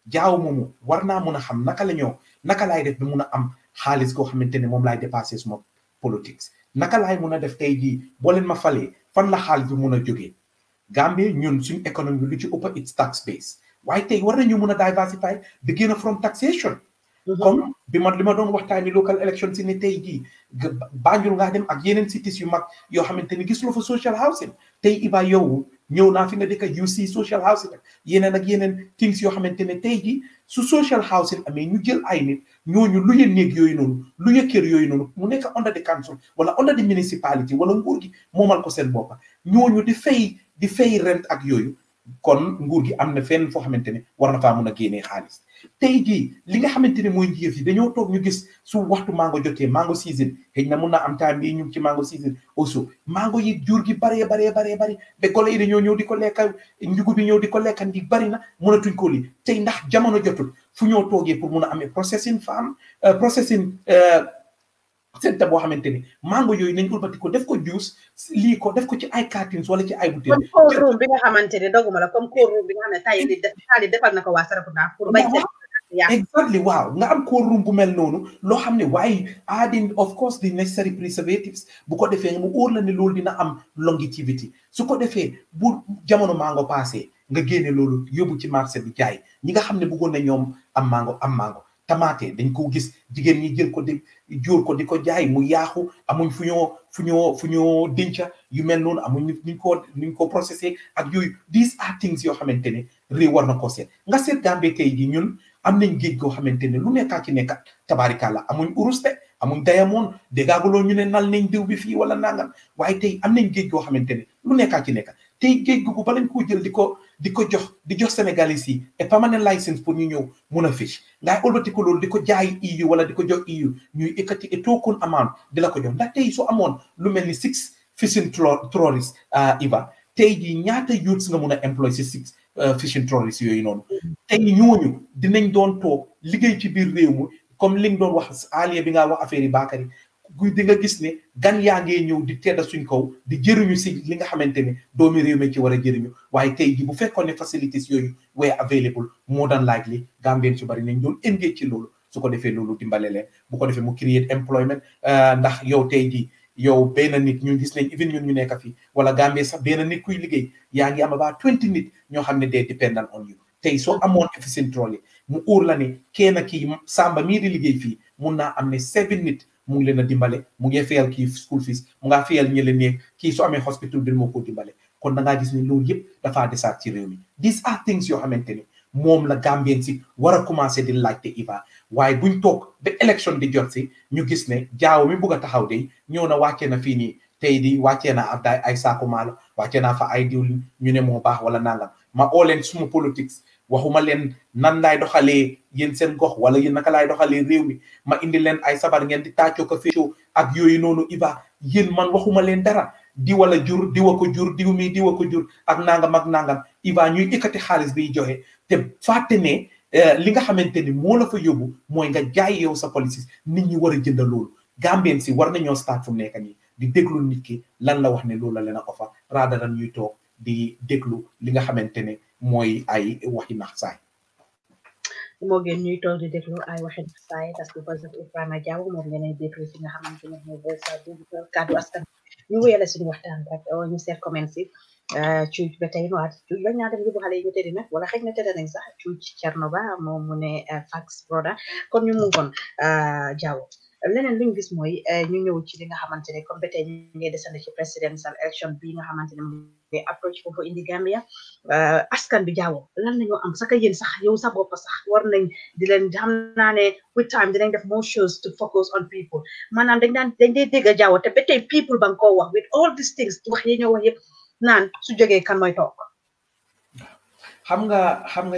jaaw moomu war naa mun a xam naka la ñoo naka laay def bi mun a am xaalis koo xamante ne moom laay dépassé suma politique naka laay mun a def tey jii boo leen ma falee fan la xaalis bi mun a jógee Gambie ñun suñu économie lu ci ëpp it's tax base waaye tey war nañu mun a diversify di génn from taxation mhm. comme bi ma li ma doon waxtaani local election si ne tey jii Banjul ngaa dem ak yeneen cities yu mag yoo xamante ni gisuloo fa social housing tey Iba yow ñëw naa fi nga dëkk ak you see social housing ak yeneen ak yeneen things yoo xamante ne tey jii su social housing amee ñu jël ay nit ñooñu lu ye néeg yooyu noonu lu ye kër yooyu noonu mu nekk under the council wala under the municipality wala nguur gi moomal ko seen bopp ñooñu di fay di fay rent ak yooyu kon nguur gi am na feneen foo xamante ne war na faa mun a génnee xaalis. tey jii li nga xamante ne mooy njiir yi dañoo toog ñu gis su waxtu mango jotee mango season xëy na mun naa am temps bii ñu ci mango season aussi mango yi jur gi baree baree baree bari ba golo yi dañoo ñëw di ko lekka njugu bi ñëw di ko lekkan di bari na mënatuñ ko li tey ndax jamono jotul fu ñoo toogee pour mun a amee processing farm euh, processing euh, senta boo xamante ni mango yooyu nañ ulbati ko def ko juice lii ko def ko ci ay cartons wala ci ay butéel comme cold bi nga xamante ne doguma la comme cold room bi nga xam ne tayi di taali defal na ko waa Sarakunda pour bay exactly waaw nga am cold room bu mel noonu loo xam ne waaye adding of course the necessary preservatives bu ko defee mu óor la ne loolu dina am longevity su ko defee bu jamono mango passé nga génne loolu yóbbu ci marché bi jaay ñi nga xam ne bëggoon na ñoom am mango am mango tamaate dañ ko gis jigéen ñi jël ko di jóor ko di ko jaay mu yaaxu amuñ fu ñoo fu ñoo fu ñoo denca yu mel noonu amuñ nuñ ko nuñ ko processé ak yooyu dis are things yoo xamante ne réew war na ko seet nga seet Gambie tey ji ñun am nañ géej goo xamante ne lu nekkaa ci nekkat tabaarikàlla amuñ urus de amuñ dayamoon déggaaguloo ñu ne nal nañ diw bi fii wala nangam waaye tey am nañ géej goo xamante ne lu nekkaa ci nekkat tey géej googu ba lañ koo jël di ko di ko jox di jox sénégalais yi et permanent license pour ñu ñëw mun a fish ngay olbati ko loolu di ko jaay EU wala di ko jox EU ñuy ekkati et tookun amount di la ko jox ndax tey soo amoon lu mel ni six fishing trawlers euh, Iba tey jii ñaata youths nga mun a employ si six euh, fishing trawlers yooyu noonu tey ñooñu dinañ doon toog liggéey ci biir réew mi comme li nga doon wax alia bi nga wax affaire yi Bakary guy di nga gis ne gan yaa ngee ñëw di tedda suñ kow di jëriñu si li nga xamante ne doomi réew mi ci war a jëriñu waaye tey ji bu fekkoon ne facilities yooyu were available moo daan laaj li Gambien su bari nañ doon engage ci loolu su ko defee loolu dimbale leen bu ko defee mu create employment uh, ndax yow tey ji yow benn nit ñu gis nañ even ñun ñu nekk fii wala Gambie sax benn nit kuy liggéey yaa ngi am about twenty nit ñoo xam ne day dependent on you tey soo amoon efficient role mu óor la ne kenn kii Samba mii di liggéey fii mun naa am ne seven nit mu ngi leen a dimbale mu ngi fayal kii school fees mu ngaa fayal ñële ne kii su amee hospital bi moo ko dimbale kon da ngaa gis ne loolu yëpp dafaa desaat ci réew mi these are things yoo xamante ni moom la Gambien si war a commencé di laajte IVA waaye buñ toog ba élection di jot si ñu gis ne jaaw mi bugg a taxaw de ñëw na wàccee na fii nii tey di wàccee naa ab ay saako maalo wàccee naa fa ay diwlin ñu ne moo baax wala nangam ma oo leen suma politics waxuma leen nan laay doxalee yéen seen gox wala yéen naka laay doxalee réew mi ma indi leen ay sabar ngeen di tàccoo ko féccoo ak yooyu noonu Iba yéen man waxuma leen dara di wala jur di wa ko jur diw mi di wa ko jur ak nangam ak nangam Iba ñuy ikkati xaalis biy joxe te fàtte ne eh, li nga xamante ni moo la fa yóbbu mooy nga jaay yow sa policies nit ñi war a jënd loolu Gambien si war nañoo start fu mu nekk nii di déglu nit ki lan la wax ne loolu la leen a offer rather toog di déglu li nga xamante ne mooy ay waxi nax saay moo ngeen ñuy toog di déglu ay waxi nax saay parce que parce que Ibrahima Jawo moom ngeen déglu fi nga xamante ne mooy voice sa kàddu askan ñu wéyale suñu waxtaan rek euh, ñu seet commencé cuuj euh, ba tey waat cuuj bañ naa dem yóbbu xale yi ñu tëddi nag wala xëy na tëdda nañ sax cuuj Cerno Ba moom mu ne euh, fax broda kon ñu mu ngoon Jawo leneen luñu gis mooy eh, ñu ñëw ci li nga xamante ne comme ba tey ñu ngi desandi ci presidential election bi nga xamante ne mu approach foofu indi Gambia eh, askan bi jaawo lan nañoo am saka yéen sax yow sax bopp sax war nañ di leen xam naa ne with time dinañ def more shows to focus on maanaam dañ daan dañ dee dégg jaawo te ba tey people ba koo wax with all these things wax yi ñoo wax yëpp naan su jógee kan mooy toog xam nga xam nga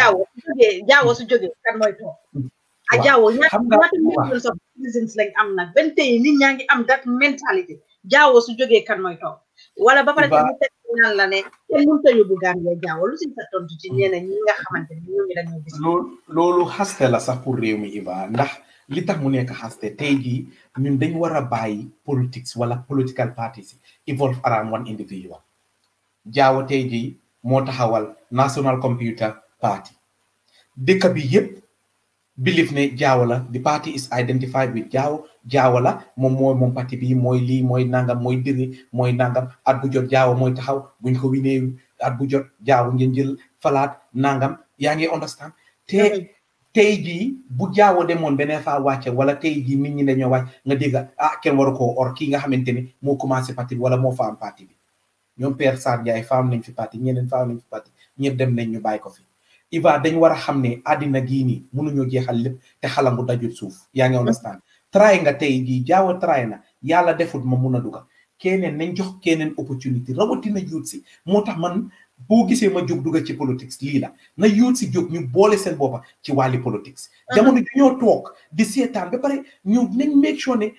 a su jógee jaawo *laughs* Ajaawo ñaata ñaata millions of citizens am nag benn tey nit ñaa ngi am that mentality Jaawo su jógee kan mooy toog wala ba pare te ñu la ne a yóbbu Gambia Jaawo lu si sa tontu ci ñeneen ñi nga xamante loolu loolu xaste la sax pour réew mi Iba ndax li tax mu nekk xaste tey jii ñun dañ war a bàyyi politics wala political parties evolve around one individual Jaawo tey jii moo taxawal National Computer Party dëkk bi yëpp. believe ne Jawara the party is identified with Jaw Jawara moom mooy moom parti bi mooy lii mooy nangam mooy diri mooy nangam at bu jot Jawo mooy taxaw buñ ko winee at bu jot Jawo ngeen jël falaat nangam yaa ngi understand te tey jii bu Jawo demoon bene faa wàcce wala tey jii nit ñi dañoo wàcc nga jega ah kenn waru ko or kii nga xamante ni moo commencé parti wala moo faam parti bi ñoom Père Sarr Ndiaye faam nañ fi parti ñeneen faam nañ fi dem nañ ñu bàyyi ko fi. Iva dañ war a xam ne àddina gii nii mënuñoo jeexal lépp te xalangu dajul suuf yaa ngi understand try nga tey jii jaaw a try na yàlla defut ma mun a dugal keneen nañ jox keneen opportunité rawatina yuut si moo tax man boo gisee ma jóg dugal ci politique lii la na yuut si jóg ñu boole seen boppa ci wàlli politique jamono ju ñoo toog di seetaan ba pare ñu nañ make sure ne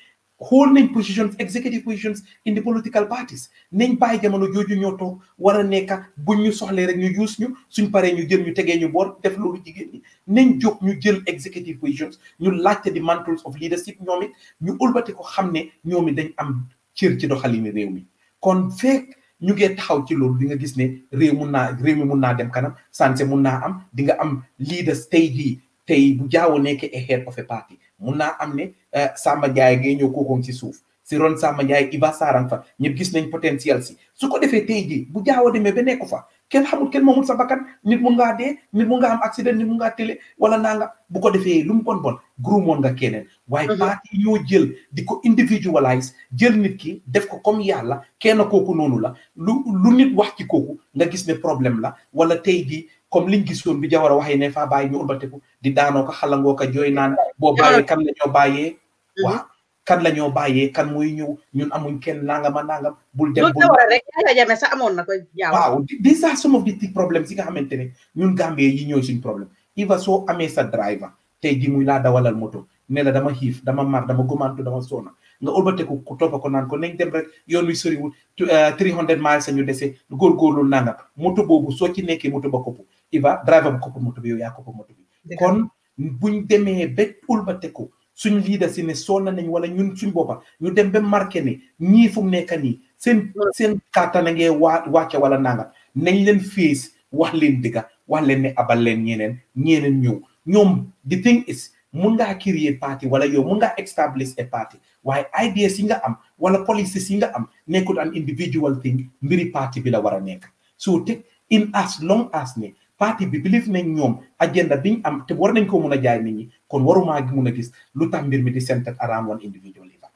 xool nañ positions executive positions in the political parties nañ bàyyi jamono jooju ñoo toog war a nekk buñ ñu soxlee rek ñu use ñu suñ paree ñu jël ñu tegee ñu boor def loolu jigéen ñi nañ jóg ñu jël executive positions ñu laajte the mantles of leadership ñoom it ñu ulbati ko xam ne ñoom it dañ am cër ci doxalini réew mi kon fekk ñu ngee taxaw ci loolu di nga gis ne réew mun naa mi mun dem kanam sanse mun naa am Dinga am leaders tey jii tey bu jaawo nekkee a of a party mun naa am ne eh, Samba Ndiaye ngay ñëw kookoon ci suuf si ron Samba Ndiaye Iba Sarang fa ñëpp gis nañ potentiel si su ko defee tey jii bu jaawa demee ba nekku fa kenn xamul kenn moomul sa bakkan nit mu ngaa dee nit mu nga am accident nit mu ngaa télé wala naa nga bu ko defee lu mu bon bon grumoon nga keneen waaye mhm. parti ñoo jël di ko individualize jël nit ki def ko comme yàlla kenn kooku noonu la lu lu nit wax ci kooku nga gis ne problème la wala tey jii comme liñ gisoon bi Jawara waxee ne faa bàyyi ñu ulbateku di daanoo ko xalangoo ko jooy naan boo bàyyee kan la bàyyee mm-hmm. waaw kan la ñoo bàyyee kan muy ñëw ñun amuñ kenn nangama nangam bul dem bul rek Yaya Jammeh sax amoon na ko waaw dèjà some of the problème si nga xamante ne ñun Gambie yi ñooy suñ problème iva soo amee sa driver te ji muy laa dawalal moto ne dama xiif dama mar dama gomantu dama soona nga ulbateku ku toppa ko naan ko nañ dem rek yoon wi soriwul 300 eh, miles ñu dese góorgóorlu nangam moto boobu soo ci nekkee moto ba kopp Iba driver bu koppa moto bi yow yaa koppa moto bi kon buñ demee be ba ulbateku suñ leader si ne sonn nañ wala ñun suñ boppa ñu dem be marqué ne ñii fu nekk nii seen hmm. seen kàttan a ngee waa wàcce wala nangam nañ leen fiis wax leen dëgga wax leen ne abal leen ñeneen ñeeneen ñëw ñoom the thing is mun ngaa créer parti wala yow mun ngaa establish a parti waaye ideas yi nga am wala policies yi nga am nekkul an individual thing mbiri parti bi la war a nekk so te in as as ne parti bi believe nañ ñoom agenda biñ am te war nañ ko mun a jaay nit ñi kon warumaa mun a gis lu tax mbir mi di centered around one individual leader.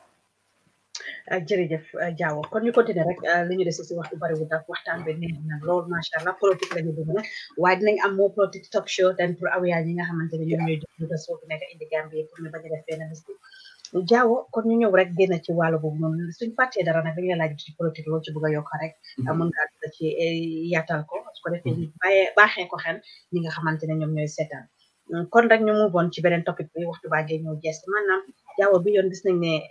Ah, jërëjëf Jawo ah, kon ñu continuer rek ah, li ñu dese si waxtu bari wu daf waxtaan bi neex na lool macha allah politique la ñu dugg nag am moo politique talk show dan pour awyaa ñi nga xamante ne ñoom ñooy déglu soo ko nekk pour ñu bañ a def benn mistake jaawo kon ñu ñëw rek génn ci wàll boobu noonu suñ fàttee dara nag dañu la laaj ci politique loolu ci bëgg a yokk rek mm-hmm. mën ngaa ci eh, yaatal ko su ko defee ñu bàyyee baaxee ko xel ñi nga xamante ne ñoom ñooy seetaan kon rek ñu muuboon ci beneen topic bi waxtu baa ngee ñëw jees maanaam jaawo bi yoon gis nañ ne eh,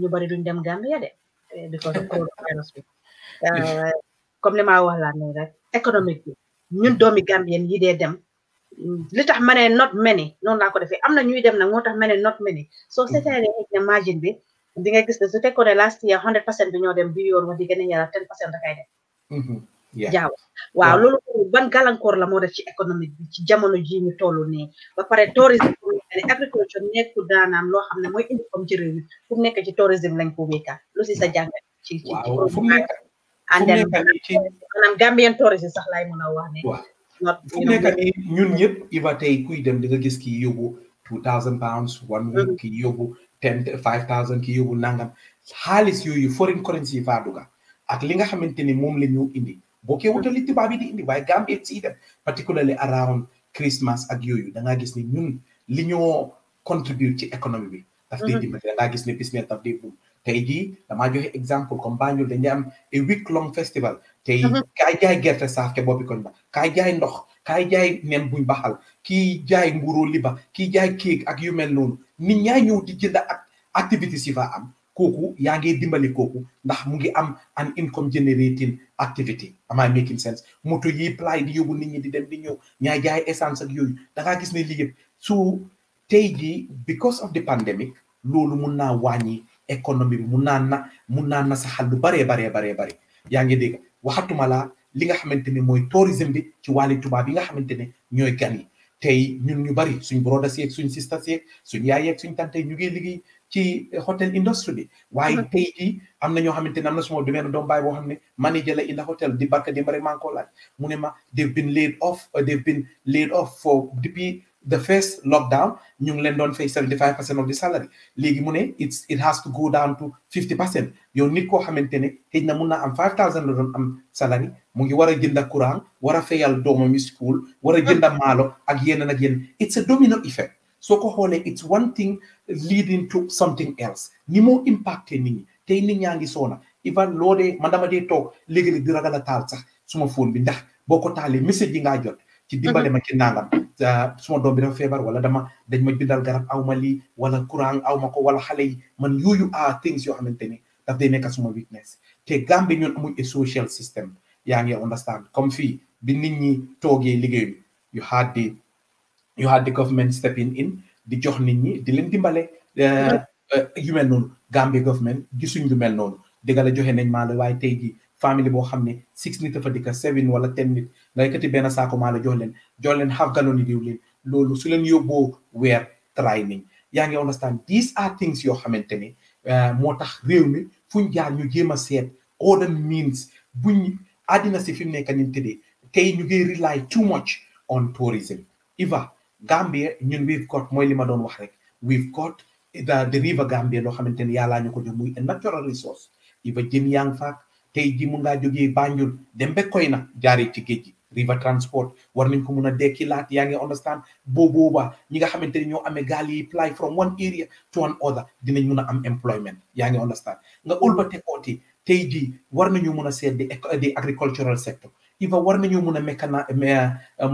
ñu bari duñ dem Gambia de eh, because of coronavirus bi *laughs* euh, comme li maa wax laa nii rek économique bi ñun doomi Gambien yi dee dem li tax ma ne not many noonu laa ko defee am na ñuy dem na moo tax ma ne not many soo mm. seetaanee xëy na margin bi di nga gis ne su fekkoon ne last year hundred percent bi ñoo dem bi yoon wax di gën a yàlla ten percent dakay dem mm-hmm. jaaw waaw loolu ban gàllankoor la moo def ci économique bi ci jamono ji ñu toll nii ba pare tourisme ne agriculture nekku daanaam loo xam ne mooy indi comme ci réew mi fu mu nekk ci tourisme lañ ko wéykaat lu si sa jàngat ci ci ci maanaam Gambian tourisme sax laay mën a wax ne fu nekk nii ñun ñëpp iva tey kuy dem di nga gis kii yóbbu two thousand pounds one week mm-hmm. kii yóbbu ten five thousand kii yóbbu nangam xaalis yooyu foreign currency faa duga ak li nga xamante ni moom la ñu indi bokkee wuta li mm-hmm. tubaab yi di indi waaye Gambie si dem particularly around Christmas ak yooyu da ngaa gis ni ñun li ñoo contribute ci économie bi daf dee mm-hmm. dimbali da ngaa gis ne business daf dee boom tey jii damaa joxe exemple comme Banjul dañuy am a week long festival tey mhm. kaay jaay gerte saaf ca boppi koñ ba kaay jaay ndox kaay jaay nen buñ baxal ki jaay mburu liba kii jaay kéeg ak yu mel noonu nit ñaa ñëw di jënd ak activité si fa am kooku yaa ngi dimbali kooku ndax mu ngi am an income generating activity am I making sense moto yi play di yóbbu nit ñi di dem di ñëw ñaay jaay essence ak yooyu da gis ne lii yëpp su tey jii because of the pandemic loolu mun naa wàññi économie bi mun naa na mun naa na saxal lu baree baree baree bare yaa ngi dégg waxatuma laa li nga xamante ne mooy tourisme bi ci wàlli tubaab yi nga xamante ne ñooy gan yi tey ñun ñu bari suñ brodas yeeg suñ sistas yeeg suñ yaay yeeg suñ tante ñu ngi liggéey ci hotel industry bi waaye tey jii am na ñoo xamante ne am na suma benn doom baay boo xam ne manager la in the hotel di barka di mbare maa laaj mu ne ma they've been laid off uh, they've been laid off for depuis the first lockdown ñu ngi leen doon fay seventy five percent of the salary léegi mu ne it's it has to go down to fifty percent yow nit koo xamante ne xëy na mun naa am five thousand la doon am salary mu ngi war a jënd courant war a fayal doomam yi school war a jënd maalo ak yeneen ak yeneen it's a domino effect soo ko xoolee it's one thing leading to something else ni moo impacté nit ñi tey nit ñaa ngi soona even loo dee man dama dee toog léegi-léegi di ragal a taal sax suma phone bi ndax boo ko taalee message yi ngaa jot ci dimbale ma ci nangam suma doom bi dafa feebar wala dama dañ ma bindal garab aw ma lii wala courant aw ma ko wala xale yi man yooyu a things yoo xamante ni daf day nekk suma weakness te Gambie ñun amuñ a social system yaa ngi understand comme fii bi nit ñi toogee liggéeyu you had the you had the government stepping in di jox nit ñi di leen dimbale. Eh, mm-hmm. eh, yu mel noonu Gambie government gisuñ yu mel noonu dëgg la joxe nañ maa la waaye tey jii. famille boo xam ne six nit dafa dikk seven wala ten nit nga yëkkati benn saako maalo jox leen jox leen half gallon diw leen loolu su leen yóbboo weer try nañ yaa ngi understand these are things yoo xamante ne eh, moo tax réew mi fu ñu jaar ñu jéem a seet other means buñ àddina si fi mu nekk nim tëddee tey ñu ngi rely too much on tourism iva Gambia ñun we've got mooy li ma doon wax rek we've got eh, the river Gambia loo xamante ne yàllaa ko jox muy tey ji mun ngaa jógee Banjul dem be koy na jaar jaaree ci géej gi river transport war nañ ko mun a dekki laat yaa ngi understand boo boobaa ñi nga xamante ne ñoo amee gaal yi ply from one area to one other dinañ mun a am employment yaa ngi understand nga ulba tekooti tey jii war ñu mun a seet di agricultural sector iva war nañu mun a mekana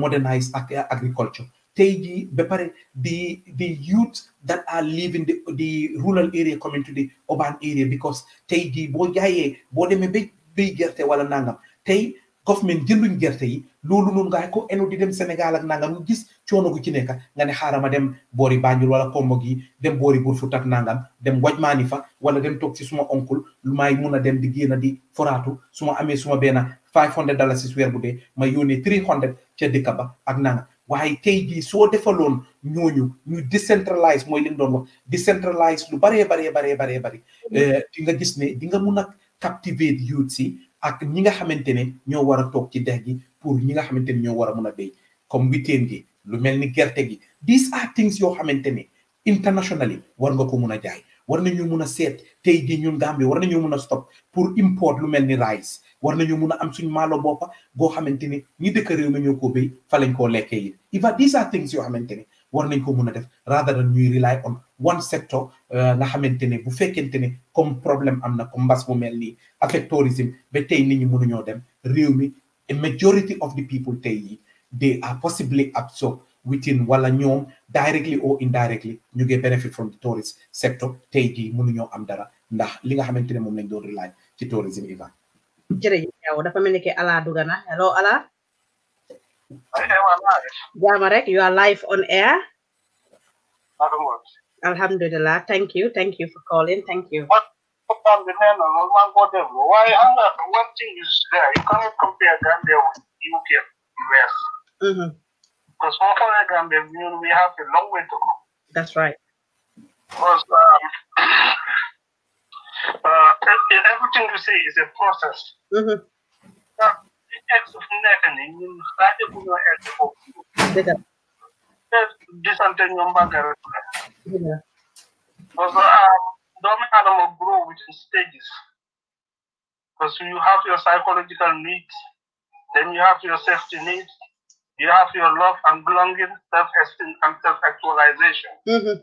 modernise ak agriculture tey jii ba pare di the youth that are living di the rural area coming to the urban area because tey jii boo jaayee boo demee ba bay gerte wala nangam tey government jënduñ gerte yi loolu noonu nga ko enu di dem Sénégal ak nangam ñu gis coono gu ci nekk nga ne xaaral ma dem boori Banjul wala Kombo gi dem boori Brufut ak nangam dem Wajmaani fa wala dem toog ci suma oncle lu may mun a dem di génn di foraatu su ma amee suma benn five hundred dollars weer bu dee ma yónnee three hundred ca dëkk ba ak nangam. waaye tey jii soo defaloon ñooñu ñu décentralise mooy leen nga doon wax décentralise lu baree baree baree baree bari eh, di nga gis ne di nga mun a captiver youth si ak ñi nga xamante ne ñoo war a toog ci dex gi pour ñi nga xamante ne ñoo war a mun a béy comme witeen gi lu mel ni gerte gi these are things yoo xamante ne internationally war nga ko mun a jaay war ñu mun a seet tey jii ñun Gambie war nañu mun a stop pour import lu mel ni rice war nañu mun am suñ maalo boppa goo xamante ni dëkk réew mi ñoo ko fa lañ koo lekkee yi il va these are things yoo xamante ni war nañ ko mun def rather than ñuy rely on one sector eh, nga xamante ne bu fekkente ne comme problème am comme mbas bu mel avec tourisme ba tey nit ñi mënuñoo dem réew mi a majority of the people tey yi they are possibly absorbed within wala ñoom directly or indirectly ñu ngi benefit from the tourist sector tey jii mënuñoo am dara ndax li nga xamante ne moom lañ doon rely ci tourisme ivan jërëjëf yow dafa mel ni ki Ala dugg na hello Ala. jaama rek you are live on air. alhamdulilah thank you thank you for calling thank you. one thing is there you cannot compare Gambia with UK US. hmm Because for Gambia, we have a long way to go. That's right. Because uh, everything you say is a process. Mm-hmm. Because um, uh, dormant animal grow within stages. Because you have your psychological needs, then you have your safety needs, you have your love and belonging, self-esteem and self-actualization. Mm-hmm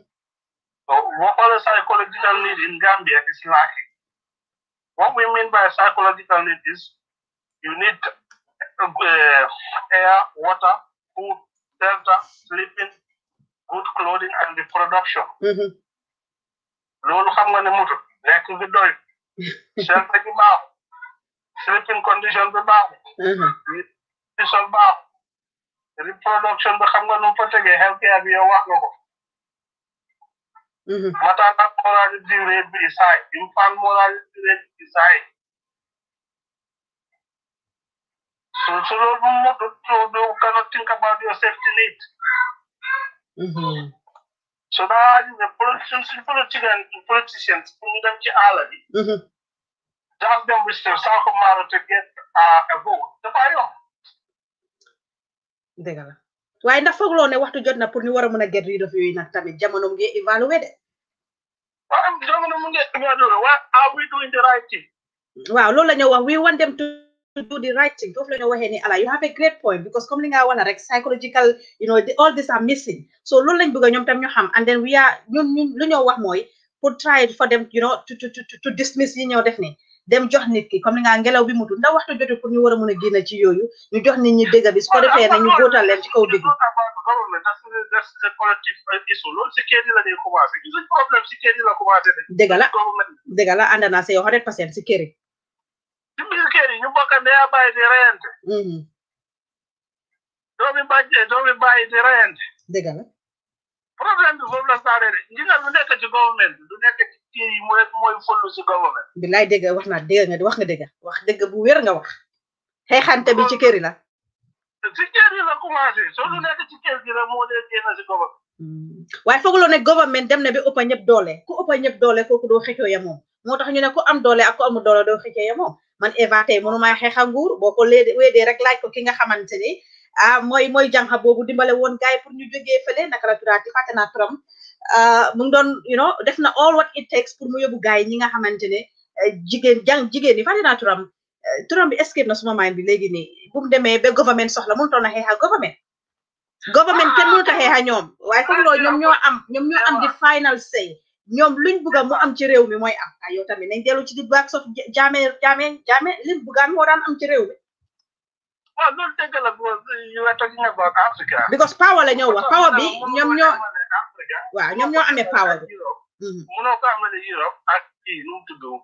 what a psychological needs in Gambia is lacking. What we mean by psychological need is you need uh, air, water, food, shelter, sleeping, good clothing, and the production. Mm-hmm. loolu xam *laughs* shelter sleeping condition bi baaxu mm-hmm. reproduction bi xam nga nu what mm-hmm. are the morality rate beside? Infant morality rate beside. So, so you cannot think about your safety net. Mm-hmm. So that is the politicians, politicians, politicians, them to already. Just them with the Sako Mara to get uh, a vote. The fire. Dégala waaye ne waxtu pour ñu get rid of tamit jamono mu ngi de. am jamono mu ngi are we doing the right thing. waaw loolu wax we want them to do the right thing foofu la ñu ni ala you have a great point because comme li nga wana rek psychological you know all these are missing so loolu lañ bëgg ñoom tam ñu xam and then we are ñun ñun we wax pour try for them you know to to to dismiss yi ñoo def dem jox nit ki comme nga ngelaw bi mutu ndax waxtu jotté pour ñu wara mëna mën ci yoyu ñu jox nit ñi dégg bi su ko défé nañu gotal leen ci kaw dégg dégg la dégg la ànd sa yow ci biir kër ñu bokk ndey bàyyi di reyante doomi bàjjee doomi bàyyi di reyante dégg la problème bi la de njigal du nekk ci government du nekk ci téere yi mooy mooy follu si government. bilaay dégg wax naa dégg nga wax nga dégg wax dëgg bu wér nga wax. xeexante bi ci kër yi la. ci kër yi la commencé hmm. loo ne government dem na bi ëpp ñëpp doole ku ëpp ñëpp doole kooku doo xëccoo ya moom moo tax ñu ne ku am doole ak ku amul doole doo xëccoo ya man Eva tey mënu maa xeexa nguur boo ko lee weedee rek laaj ko ki nga xamante ni ah mooy mooy jànxa boobu dimbale woon gars yi pour ñu jógee fële naka la tudaati Ah, mu ngi doon you know def na all what it takes pour mu yóbbu gaay ñi nga xamante ne eh, jigéen jàng jigéen ñi fàtte naa turam eh, turam bi escape na suma mind bi léegi nii bu mu demee ba government soxla mënu to a xeexa government government kenn mënut a xeexa ñoom waaye comme loolu ñoom ñoo am ñoom am di final say ñoom luñ bugga mu am ci réew mi mooy am ay ah, tamit nañ dellu ci di back sof jaame jaame jaame lim buggaan moo am ci réew mi you are talking about Africa. Because power la ñoo wax power bi ñoom ñoo waaw ñoom ñoo amee power bi. mënoo ko to Europe ak You know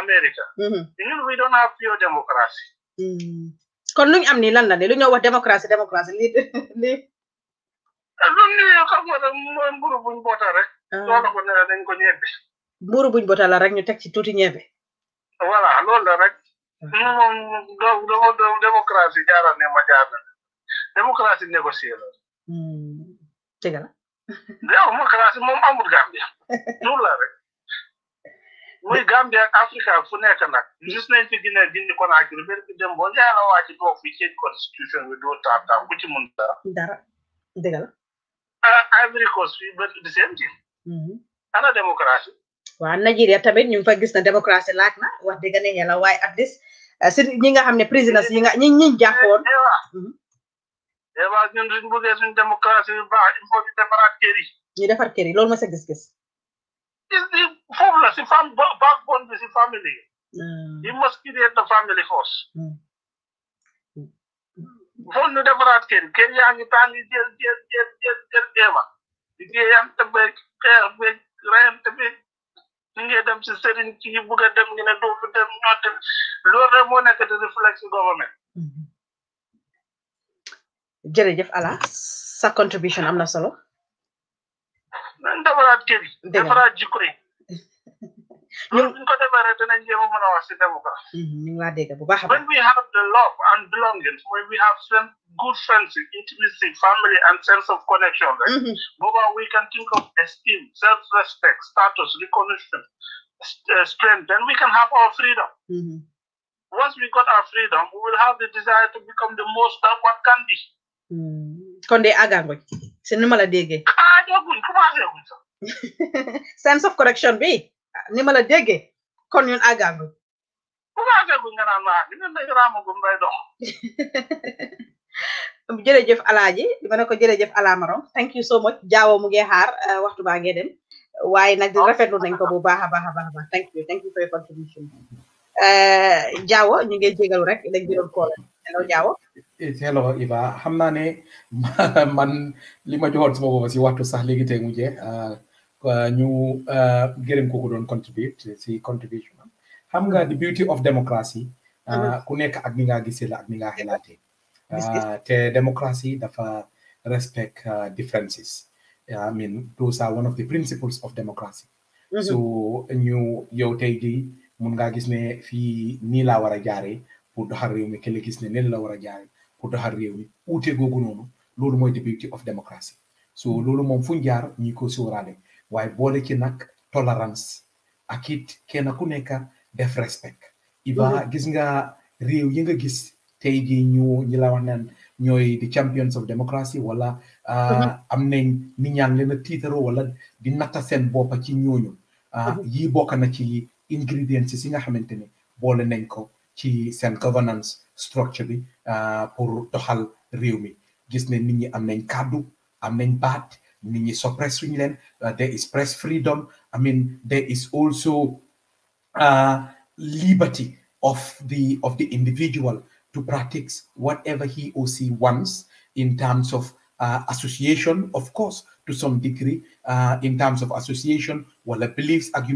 America. ñun we don't have pure democracy. kon luñ am nii lan la ne lu ñoo wax démocratie démocratie lii lii. lu ñu xam nga mooy mburu buñ boota rek. loolu ko ne dañ ko ñebe. mburu buñ boota la rek ñu teg ci tuuti ñebe. voilà loolu la rek. demokrasi jarang yang democracia né, demokrasi negosiasi né? hmm. cegal demokrasi moom amul Gambia loolu la rek muy Gambia ak Africa fu nekk nag gis nañ fi dina dindi Conakry bari dem boo njaay la waa fi change constitution bi doo taam taam ku ci mun dara dara dëgg la Ivory Coast fi the same thing ana democracia wa Nigeria tamit ñu fa gis na démocratie laaj na wax dëgg ne yàlla waaye at least si ñi nga xam ne président si nga ñi ñi jàppoon. waaw ñun suñ bëggee suñ démocratie bu baax il faut ñu defaraat kër yi. ñu defar kër yi loolu ma sa gis-gis. foofu la si fam backbone bi si family. you must create the family first. foog ñu defaraat kër kër yaa ngi tàng jël jël jël jël jël deema liggéeyam te beeg xeex beeg reyam li ngay dem si sëriñ ci yi bugg a dem ñu ne dootu dem ñoo dem loolu rek moo nekk di reflexe government mhm. jërëjëf Alla sa contribution am na solo nan defaraat kër yi defaraat jikko Mm-hmm, when we have the love and belonging, when we have some good friendship, intimacy, family and sense of connection, right? Eh? Mm -hmm. we can think of esteem, self-respect, status, recognition, eh, strength, then we can have our freedom. Mm -hmm. Once we got our freedom, we will have the desire to become the most that one can be. Mm. Konde agangoy. la dege. Ah, jogun, kumase *laughs* sense of correction be. ni ma la déggee kon ñun àggagul. bu ma àggagul nga naan maa ñun dañu raamagum day dox. *laughs* jërëjëf alaaji ma ne ko jërëjëf ala marom thank you so much jaawo mu ngi xaar eh, waxtu baa ngee dem waaye nag di oh. rafetlu nañ ko bu baax a baax a thank you thank you for your contribution eh, jaawo ñu ngi jégalu rek dañ di kool hello jaawo eh, hello Iba xam naa ne *laughs* man li ma joxoon sama si waxtu sax léegi tey mu Euh, ñu euh, gërëm ko ko doon contribute si contribution am xam nga the beauty of democracy mhm. euh, ku nekk ak ni nga gisee la ak ni nga xelaatee te democracy dafa respect differences I mean those are one of the principles of democracy mhm. so ñu yow tey di mun ngaa gis ne fii nii laa war a jaaree pour doxal réew mi kële gis ne nen la war a jaaree pour doxal réew mi uute googu noonu loolu mooy the beauty of democracy so loolu moom fuñ jaar ñi ko sóoraale waaye boole ci nag tolérance ak it kenn ku nekk def respect. Iba mm-hmm. gis nga réew yi nga gis tey jii ñu ñi la wax naan ñooy di champions of democracy wala ah, mm-hmm. am nañ nit ñaa ngi leen a tiitaroo wala di natta seen bopp ci ñooñu. Ah, mm-hmm. yii bokk na ci ingredients si nga xamante ni boole nañ ko ci seen governance structure bi ah, pour doxal réew mi gis ne nit ñi am nañ kàddu am nañ baat. nit suppress suñ uh, leen there is press freedom I mean there is also uh, liberty of the of the individual to practice whatever he or she wants in terms of uh, association of course to some degree in terms of association wala beliefs ak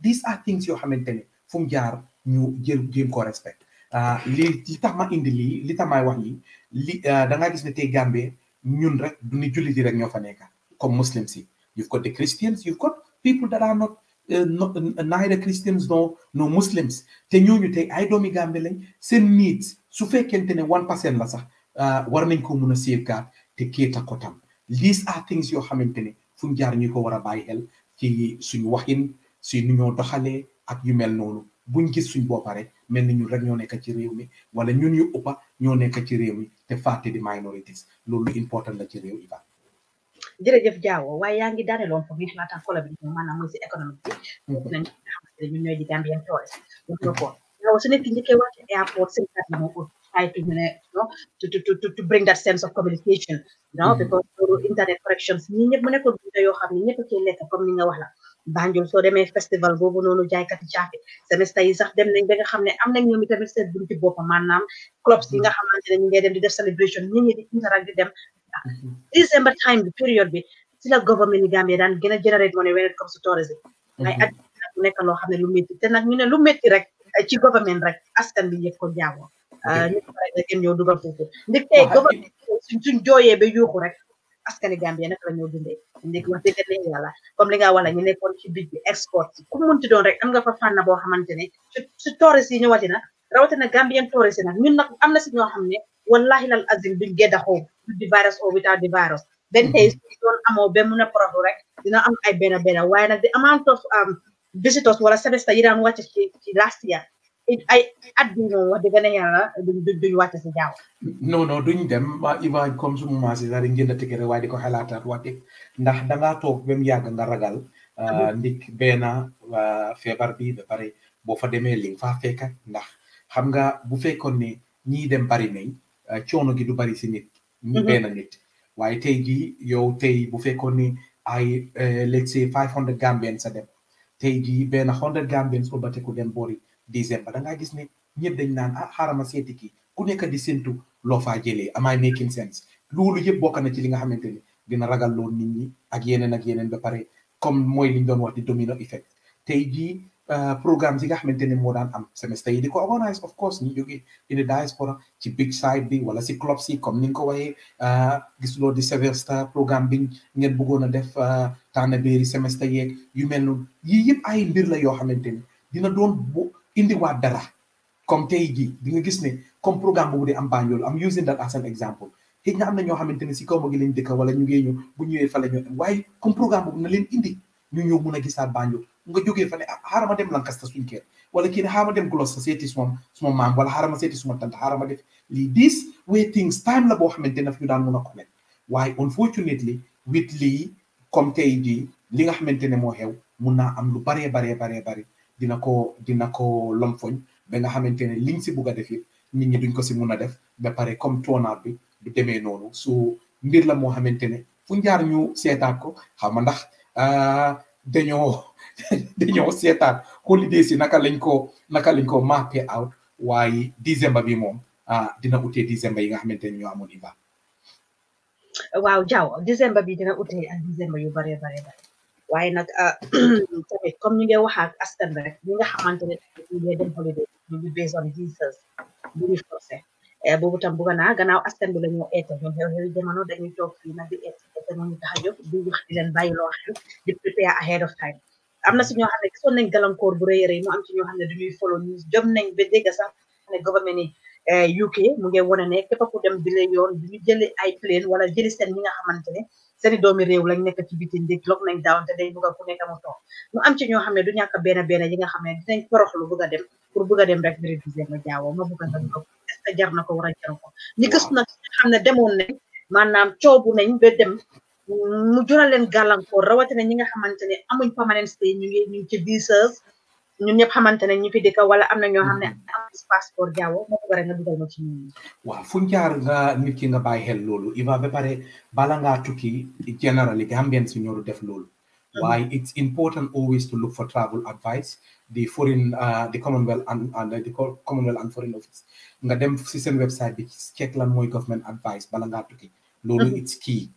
these are things you have ne From mu jaar ñu jël jéem respect li li tax ma indi lii li tax may wax lii li da ngaa gis ne tey Gambie ñun rek du ni jullit yi rek ñoo fa nekka come Muslims. You've got the Christians, you've got people that are not, uh, not neither Christians nor no Muslims. te ñooñu tey ay doomi Gàmbi lañ seen needs su fekkente one percent la sax uh, war nañ safeguard te kéeta ko these are things you have ne fu ñu you ñu ko war a bàyyi xel ci suñu waxin si nu ñoo doxalee ak yu mel noonu buñ gis suñ boppare mel ni ñun rek ñoo nekk ci réew mi wala ñun yu ëppa ñoo nekk ci réew mi te fàtte di minorities loolu important la ci réew Iba jërëjëf Diawo waaye yaa ngi daaneeloon foofu ñu xalaat kola bi ñu maanaam mooy bi dinañ mm-hmm. xamante di Gambian tourist ñu ko yow su nekk njëkkee wax airport seen kat na ko try to ñu ne to to to bring that sense of communication no mm-hmm. because internet corrections ñi ñëpp mu nekkoon bind yoo xam ne ñëpp a comme ni nga wax la Banjul soo demee festival boobu noonu jaaykati caafi semestre yi sax dem nañ ba nga xam am nañ ñoom itamit seen bunti clubs yi nga mm-hmm. ñu ngi dem di def celebration ñi ñi di interact di dem Mm-hmm. December time bi period bi si la government Gambia daan gën a generate money when it comes to tourism waaye mm-hmm. at nag loo xam ne lu métti te nag ñu ne lu métti rek ci government rek askan bi yëpp ko jaamoo ah, ñu pare na kenn ñëw dugal foofu ndik tey ba yuuxu rek askani Gambia nag la ñoo dundee ndik wax dëgg ne yàlla comme li wala ñu nekkoon ci bij bi export ku munti doon rek nga fa fànn boo xamante ne su touristes yi ñëwati na rawatina Gambian touristes yi nag ñun nag am na si ñoo xam ne wallahi lal azim duñ gedda with the virus or without the virus then mm-hmm. tey su doon amoo ba rek dina am ay benn benn waaye na the amount of um, visitors wala semester yi daan wàcc ci ci last ay at bi noonu wax dëgg ne yàlla duñ duñ wàcc si jaaw non non duñ dem Ivan comme su ma si daal di jënd ticket waaye di ko xalaataat wàcc ndax dangaa toog ba mu yàgg nga ragal uh, ndik benn uh, feebar bi ba pare boo fa demee li nga faa ndax xam nga bu fekkoon ne ñii dem bari nañ uh, coono gi du bari si nit ñu mm-hmm. benn nit waaye tey jii yow tey bu fekkoon ni ay eh, let's say five hundred gambians sa dem tey jii benn hundred gambians ëlbatiku dem boori décembre da ngaa gis ne ñëpp dañ naan a ah, xaaral ma seeti kii ku nekk di séntu loo faa jëlee am I making sense loolu yëpp bokk na ci li nga xamante ni dina ragal loon nit ñi ak yeneen ak yeneen ba pare comme mooy li ñu doon wax di domino effect tey jii Euh, programmes yi nga xamante ne moo daan am semestre yi di ko organise of course ñu jóge in the diaspora ci big side bi wala si club si comme ni nga ko waxee euh, gisuloo di semestre programme bi ngeen bëggoon a def euh, tànn biiri semestre yeeg yu mel noonu yii yëpp ay mbir la yoo xamante ni dina doon bu indi indiwaat dara comme tey jii di nga gis ne comme programme boobu di am Banjul am using that as an example xëy na am na ñoo xamante ne si kaw ma gi lañ dëkk wala ñu ngi ñëw bu ñëwee fa la waaye comme programme boobu na leen indi ñu ñëw mun a gisaat Banjul nga jógee fa ne ah xaaral ma dem Lancaster suñu kër wala kii ne xaaral ma dem Gloucester seeti suma suma maam wala xaaral ma seeti suma tante xaaral ma def lii this way things time la boo xamante ne fi ñu daan mun a connect waaye unfortunately with lii comme tey jii li nga xamante ne moo xew mun naa am lu baree baree baree bari dina ko dina ko lomfoñ ba nga xamante ne liñ si bugg a def nit ñi duñ ko si mun a def ba pare comme tonaat bi du demee noonu su mbir la moo xamante ne fu njaar ñu seetaat ko xaw ma ndax ah, dañoo *laughs* dañoo seetaan holidays yi naka lañ ko naka lañ ko mappé out waaye décembre bi moom a ah, dina utee décembre yi nga xamante ne ñoo amoon ba waaw jaaw décembre bi dina utee ak décembre yu bare bare bare waaye nag ah, *clears throat* tamit comme ni ngi wax ak askan rek nga xamante ne ñu ngi Eh, boobu tam bëgg naa gannaaw askan bi la ñu eete ñoom xew-xewi jamono dañuy toog fii tax a jóg di wax di leen bàyyi loo xew di prepare of time am na si ñoo xam ne gisoon nañ gàllankoor bu rëy a rëy mu am ci ñoo xam ne du ñuy follow ne government yi eh, UK mu ngi wane ne képp ku bi la yoon du ñu jëli ay plane wala jëli seen ñi nga xamante ne seeni doomi réew lañ nekk ci biti ndék lock nañ daaw te dañ bëgg a ku nekk mu toog mu am ci ñoo xam ne du ñàkk benn benn yi nga xam ne dinañ toroxlu bëgg a dem pour bëgg a rek biri dise nga jaawoo te jar na ko war a jar ko ñi gëstu nag xam ne demoon nañ maanaam coobu nañ ba dem mu jural leen gàllankoor rawatina ñi nga xamante ne amuñ permanent stay ñu ngi ñu ngi ci visas ñun ñëpp xamante ne ñu fi dëkk wala am na ñoo xam ne mm-hmm. am passeport jaawo ko ci waaw fu jaar nga nit ki nga bàyyi xel loolu il va ba pare bala ngaa tukki generally Gambians si ñooru def loolu mm-hmm. waaye it's important always to look for travel advice the foreign uh, the commonwealth and, and uh, the commonwealth and foreign office nga dem si seen website bi check lan mooy government advice bala ngaa tukki loolu mhm. it's key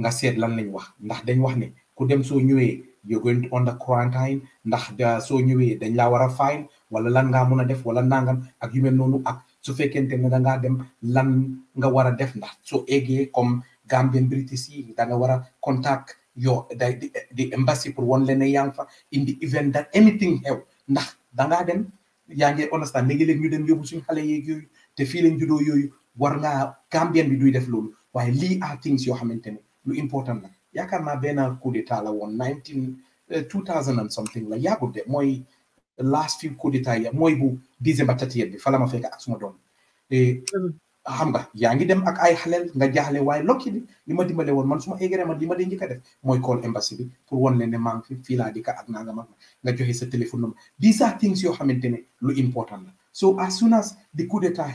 nga seet lan lañ wax ndax dañ wax ne ku dem soo ñëwee you're going under quarantine ndax da so ñëwee dañ laa war fine wala lan ngaa mën def wala nangam ak yu mel noonu ak su fekkente ne da dem lan nga war def ndax So eggee comme Gambian British yi da nga war contact your the, the embassy pour wan leen ne yaa fa in the event that anything help ndax dangaa dem yaa ngi understand léegi-léeg ñu dem yóbbu suñu xale yeeg yooyu te fii lañ juddoo yooyu war ngaa Gambien bi duy def loolu waaye lii are things yoo xamante ne lu important la yaakaar naa benn coup d'état la woon nineteen eh, two thousand and something la yàggut de mooy last few coup d'état ya mooy bu décembre tatiet bi fa la ma fekk ak suma doom xam nga yaa ngi dem ak ay xaleel nga jaaxle waaye lokki bi li ma dimbale woon man su ma égré man li ma dee njëkk def mooy call embassy bi pour wan leen ne maa ngi fi fii laa dikka ak naa nga mag nga joxe sa téléphone yoo xamante ne lu important la so as soon as the coup d'état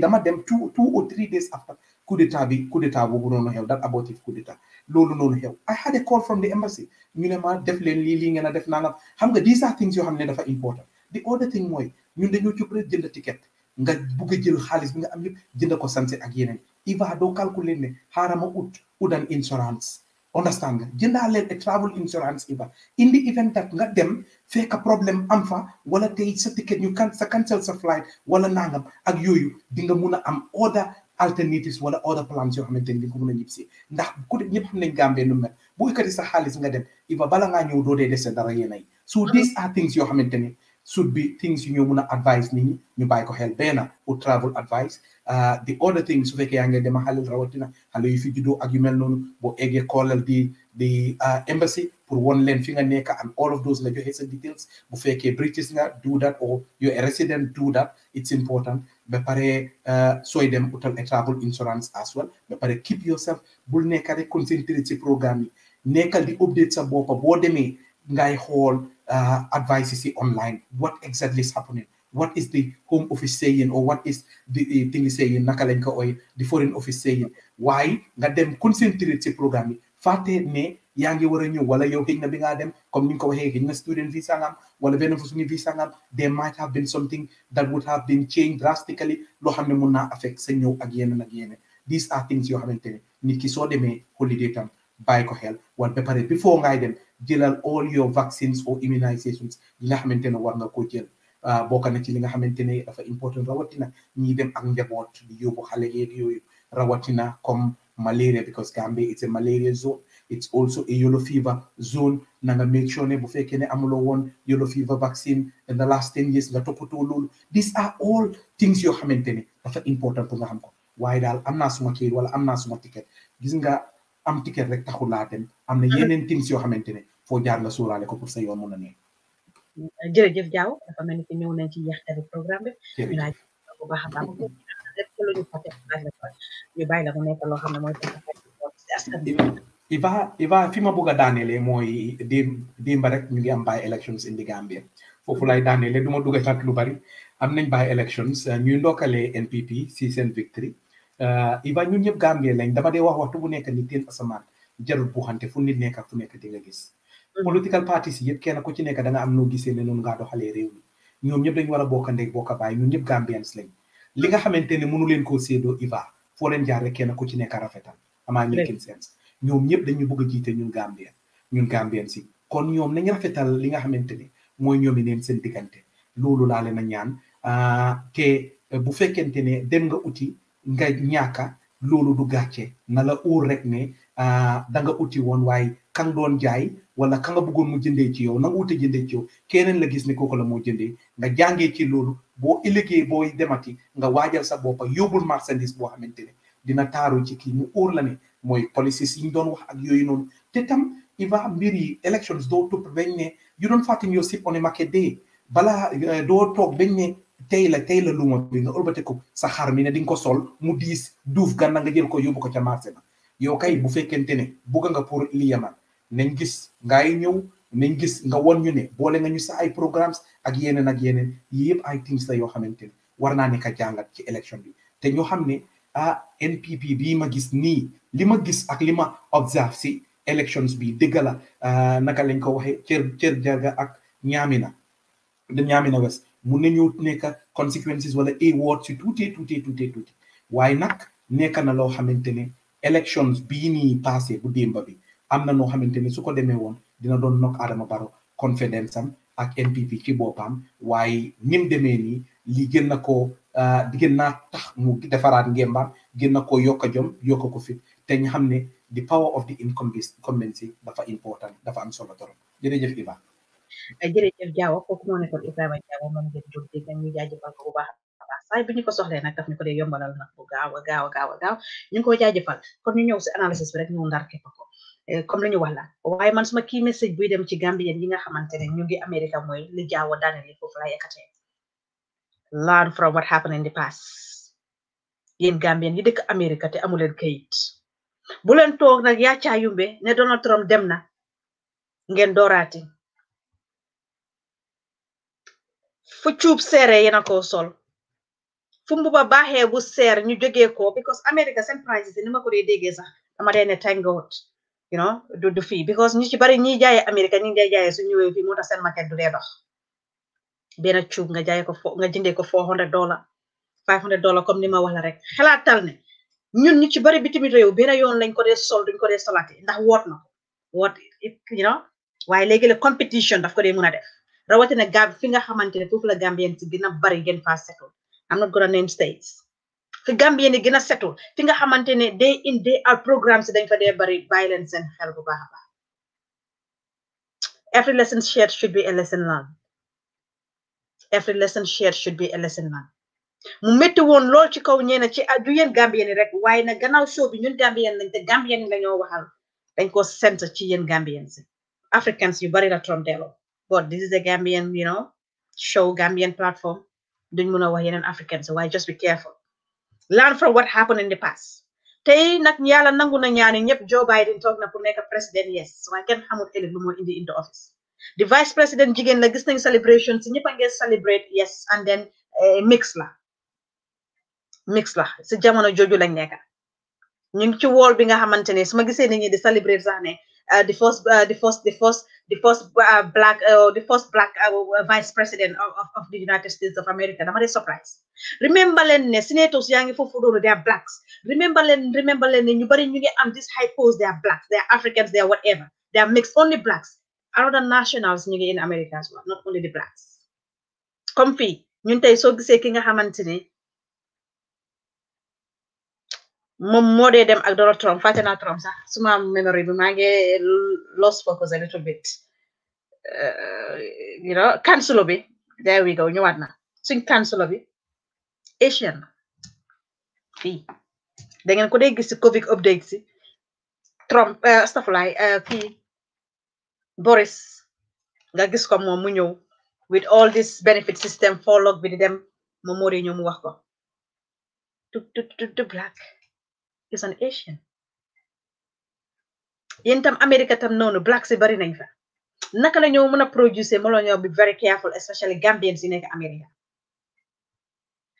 dama dem two two or three days after coup d'état bi coup d'état boobu noonu xew that abortive coup d'état loolu noonu xew I had a call from the leen lii lii ngeen a def naanam xam nga these are things yoo xam ne dafa important the other thing mooy ñun dañoo jóg rek jënd ticket nga bugg a jël xaalis bi nga am yëpp jënd ko sanse ak yeneen IVA doo calculer ne xaaral ma ut udan insurance understand nga jëndaaleel a travel insurance IVA indi event that nga dem fekk problème am fa wala tey sa ticket ñu kan sa cancel sa flight wala nangam ak yooyu di nga mun a am order alternatives wala other plans yoo xamante ni di ko a ñib si ndax ku de ñëpp xam nañ Gambie nu mel bu ikkati sa xaalis nga dem IVA bala ngaa ñëw doo dee dese dara yéenay so these are yoo xamante ni should be things you ñoo mun a advice nit ñi ñu bàyyi ko xel benn pour travel advice uh, the other things su fekkee yaa ngi dema xale rawatina xale yu fi juddoo ak yu mel noonu boo eggee the di uh, embassy pour one leen finger nga and all of those la joxe sa details bu fekkee British nga do that or you a resident do that it's important Be pare uh, sooy dem utal a travel insurance as well Be pare keep yourself bul nekk rek concentré ci programme yi nekkal di update sa boppa boo demee ngay xool uh, see online, what exactly is happening? What is the Home Office saying, or what is the, the thing saying, nakalenka or the Foreign Office saying? Why? Nga them concentrate the programme fàtte ne yaa ngi war a ñëw wala yow xëy na bi them, coming comme here, getting a student visa nga wala benn façon visa there might have been something that would have been changed drastically loo xam ne affect sa ñëw again. yeneen these are things you have ne nit ki soo me holiday tam bàyyi ko xel wala ba pare before ngai them jëlal all your vaccines or immunizations yi nga xamante ne war nga koo jël ah, bokk na ci li nga xamante ne dafa important rawatina ñi dem ak njaboot di yóbbu xale yeeg yooyu rawatina comme malaria because Gambia it's a malaria zone it's also a yellow fever zone na nga make sure ne bu fekkee ne amuloo woon yellow fever vaccine in the last ten years nga toppatoo loolu these are all things yoo xamante ne dafa important pour nga xam ko waaye daal am naa suma kayit wala am naa suma ticket gis nga am ticket rek taxul laa dem am na yeneen teams yoo xamante ne foo jaar nga sóoraale ko pour sa yoon mun a nekk. jërëjëf Diaw dafa mel ñëw nañ ci yéex a baax. ñu bàyyi la mu nekk loo xam ne mooy. Iva Iva fi ma bëgg a daanelee mooy démb démba rek ñu ngi am by elections in the Gambia foofu lay daanelee du ma dugg lu bari am nañ by elections ñuy ndokkale NPP si seen victory. Euh, iva ñun ñëpp Gambie lañ dama dee wax waxtu bu nekk ni teen asamaan jarul buuxante fu nit nekk fu nekk di nga gis mm-hmm. political parties ku ci nekk da am noo gisee ne noonu ngaa doxalee réew mi ñoom ñëpp dañ war a bokk ndey bokk baay ñun ñëpp Gambians li nga xamante ne mënu leen koo séedoo iva foo leen jaar kenn ku ci nekk rafetal amaa making sense ñoom ñëpp dañu bëgg a jiite ñun Gambien ñun Gambien si kon ñoom nañ rafetal li nga xamante ne mooy ñoomi neen seen diggante loolu laa leen a ñaan ah, te bu fekkente ne dem nga uti nga ñàkka loolu du gàcce na la uur rek ne ah, da nga uti woon waaye kan doon jaay wala ka nga bëggoon mu jëndee ci yow na nga uti jëndee ci yow keneen la gis ni kooku la moo jënde nga jàngee ci loolu boo ëllëgee booy demati nga waajal sa boppa yóbbul marchandise boo xamante ne dina taaru ci kii mu uur la ne mooy policies yi ñu doon wax ak yooyu noonu te tam il va mbir yi elections doo tupp bañ ne you don't fatten your sip on a market balaa eh, doo toog bañ ne tey la tey la luuma bi nga ëlbatiku sa xar mi ne di ko sol mu diis duuf gànna nga jël ko yóbbu ko ca marché ba yow kay bu fekkente ne bugg nga pour li yaman nañ gis ngay ñëw nañ gis nga won ñu ne boole nga ñu sa ay programmes ak yeneen ak yeneen yii yëpp ay teams yoo xamante ne war naa ne ka jàngat ci élection bi te ñoo xam ne ah NPP bii ma gis nii li ma gis ak lima ma observe si elections bi dëgg la ah, naka lañ ko waxee cër cër jaga ak ñaamina ñaamina west mun nañoo nekk consequences wala award si tuuti tuuti tuuti tuuti waaye nag nekk na loo xamante ne elections bii nii passé bu dimba bi am na noo xamante ne su ko demee woon dina doon nok Adama Barrow confidence am ak NPP ci boppam waaye nim demee nii li gën na koo ah, di gën naa tax mu defaraat ngembam gën na koo yokk a jom yokk ko fit te ñu xam ne the power of the incumbency dafa important dafa am solo torop jërëjëf Iba jërëjëf Diawa kooku moo nekkoon Ibrahima Diawa moom ngeen jóg dégg ñu jaajëfal ko bu baax waaw saay bu ñu ko soxlee nag daf ñu ko dee yombalal nag bu gaaw a gaaw a gaaw a gaaw ñu ngi ko jaajëfal kon ñu ñëw si analysis bi rek ñu ndar képp ko comme lu ñu wax la waaye man suma kii message buy dem ci Gambie yi nga xamante ne ñu ngi Amérique mooy li jaawo daane li foofu laa yëkkatee learn from what happened in the past yéen Gambien yi dëkk te amuleen kayit bu leen toog nag yaa ne Donald Trump dem na ngeen dooraati fu cuub seere yéen a koo sol fu mbuba baaxee bu seer ñu jógee ko because America seen prices yi ni ma ko dee déggee sax dama dee ne tàngoot you know du du fii because ñu ci bari ñiy jaayee America ñi dee jaayee su ñëwee fii moo tax seen market du dee dox benn cuub nga jaayee ko fo nga jëndee ko four hundred dollar five hundred dollar comme ni ma wax rek xelaatal ne ñun ñu ci bari bitim réew benn yoon lañ ko dee sol duñ ko dee solaate ndax woot na ko woot you know waaye léegi la competition daf ko dee rawatina gab fi nga xamante ne foofu la Gambien si gën a bari gën faa settle I'm not gonna name states fi Gambien yi gën a settle fi nga xamante ne day in day out programmes dañ fa dee bari bàyyi leen seen xel bu baax baax every lesson shared should be a lesson learned every lesson shared should be a lesson learned mu métti woon lool ci kaw ñeena ci du yéen Gambien rek waaye nag gannaaw show bi ñun Gambien lañ te Gambien la ñoo waxal dañ ko sent ci yéen Gambien si Africans you bari la Trump delloo but this is a Gambian you know show Gambian platform do duñ mën a wax an African, so why just be careful learn from what happened in the past They nag yàlla nangu na ñaani ñëpp Joe Biden talk na pour nekk président yes waaye kenn xamul ëllëg in the in the office the vice président jigen la gis celebration si ñëpp celebrate yes and then eh, mix la mix la si jamono jooju lañ nekk ñu ngi ci binga bi nga xamante ne su celebrate zane, uh, the first, uh, the first, the first, the first uh, black, uh, the first black uh, vice president of, of, the United States of America. I'm not surprised. Remember, len ne senators yangi fofu they are blacks. Remember, len remember len ñu bari ñu ngi am this high post. They are blacks. They are Africans. They are whatever. They are mixed. Only blacks. Other nationals you get in America as well. Not only the blacks. Comfy. ñun tey soo gisee ki more moo dem ak Donald Trump fighting against Trump sax suma memory bi maa lost focus a little bit eh, you know kansulo bi there we go ñëwaat na suñ kansulo bi asian Then da ngeen ko dee gis si covid update si Trump eh, stafulay eh, fii Boris nga gis ko moom mu ñëw with all this benefit system for log bi di dem moom moo dee ñëw mu wax ko black is an asian yéen tam Amérique noonu black si bari nañ fa naka la ñoo mën a producer molo la ñoo bi very careful especially Gambians si nekk Amérique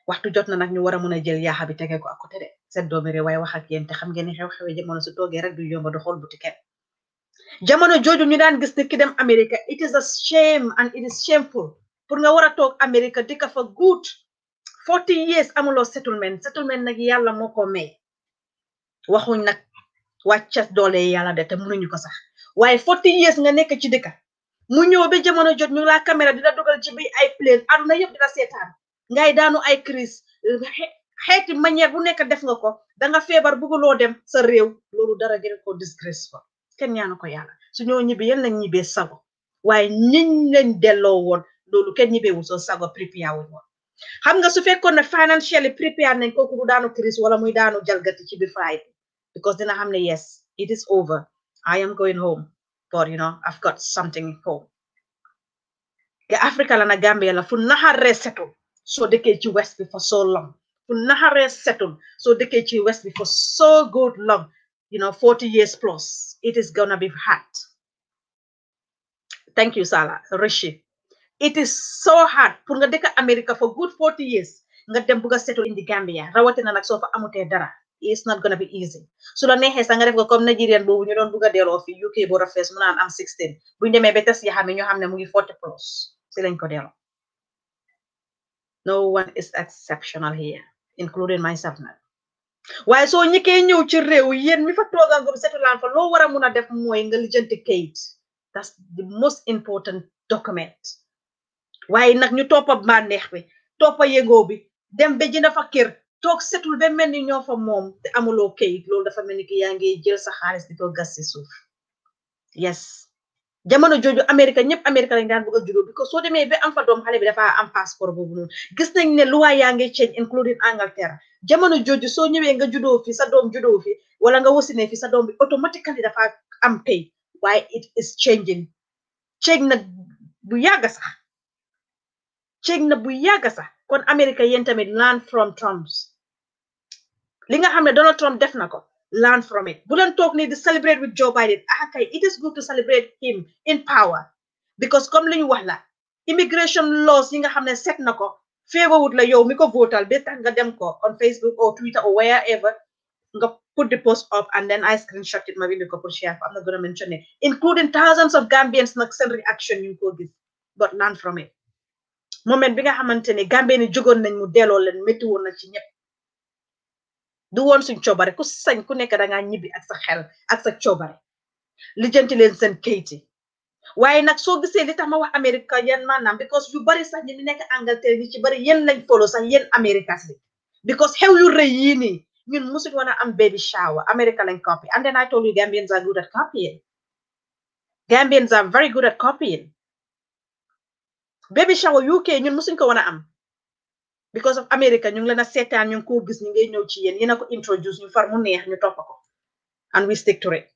waxtu jot na nag ñu war a mën a jël yaaxa bi tege ko ak côté de seen doomi réew waaye wax ak yéen xam ngeen ne xew-xewi jamono su toogee rek du yomba du xool buti kenn jamono jooju ñu daan gis ne ki dem Amérique it is a shame and it is shameful pour nga war a toog Amérique dika ka fa good forty years amuloo settlement settlement nag yàlla moo ko may waxuñ nag wàcca doole yàlla de te mënuñu ko sax waaye forty years nga nekk ci dëkka mu ñëw ba jamono jot ñu la caméra dina dugal ci bi ay plane na yëpp dina seetaan ngay daanu ay crise xeeti manière bu nekk def nga ko danga feebar bugguloo dem sa réew loolu dara gën ko disgrace ko kenn ñaanu ko yàlla su ñoo ñibbi yéen lañ ñibbee sago waaye ñiñ lañ delloo woon loolu kenn ñibbeewul soo sago prépare wuñ woon xam nga su fekkoon ne financially prépare nañ kooku du daanu crise wala muy daanu jalgati ci bi faay because then I'm like, yes, it is over. I am going home. But you know, I've got something for. The Africa and the Gambia la fu naxaree So they dëkkee you west bi for so long fu naxaree So they dëkkee you west bi for so good long you know forty years plus it is gonna be hard thank you Sala Rishi it is so hard pour nga America for good forty years nga dem bugg a setul indi Gambia rawatina nag soo fa amutee dara it's not gonna be easy su la neexee sax nga def ko comme Nigerian boobu ñu doon bugg a fi UK board of mu naan am 16 buñu demee ba test yi xam ne ñoo mu ngi 40 plus si lañ ko delloo no one is exceptional here including myself nag waaye so ñëkkee ñëw ci réew yéen mi fa tooga ngom setulaan fa loo war a mun a def mooy nga lijjanti kayit that's the most important document waaye nag ñu toppa bànneex bi toppa yëngoo bi dem ba jënd fa kër toog setul ba mel ni ñoo fa moom te amuloo kayit loolu dafa mel ni ki yaa ngi jël sa xaalis di ko gas si suuf yes jamono jooju Amérique ñëpp Amérique lañ daan bëgg a soo demee ba am fa doom xale bi dafa am passeport boobu noonu gis nañ ne loi yaa ngi change including Angleterre jamono jooju soo ñëwee nga juddoo fi sa doom juddoo fi wala nga wasine fi sa doom bi automatically dafa am kayit waaye it is changing change na bu yàgg sax change na bu yàgg sa kon America yéen learn from Trumps, li nga Donald Trump def learned learn from it bu not talk need di celebrate with Joe Biden ah it is good to celebrate him in power because comme li ñu wax la immigration laws yi nga xam set nako favor feebarwut la yow mi votal ba tax nga dem ko on Facebook or Twitter or wherever nga put the post up and then I screenshot it ma bind ko pour share i am not gonna mention it including thousands of Gambians nag seen reaction ñu ko gis but learn from it moment bi nga xamante ne Gambie ni jógoon nañ mu delloo leen métti woon na ci ñëpp du woon suñ coobare ku sañ ku nekk dangaa ñibbi ak sa xel ak sa coobare lijjanti leen seen kayit yi waaye nag gisee li tax ma wax Amérique yan maanaam because yu bari sax ñi mi nekk Angleterre yi ci bari yéen lañ follow sax yéen Américas bi because xew yu rëy yii nii ñun musuñ woon am baby shower America lañ copy and then I told you Gambians are good at copying Gambians are very good at copying baby shower UK ñun musuñ ko woon a am because of America ñu ngi leen a seetaan ñu ngi gis ñu ñëw ci yéen a ko introduce ñu far mu neex ñu topp ko and we stick to it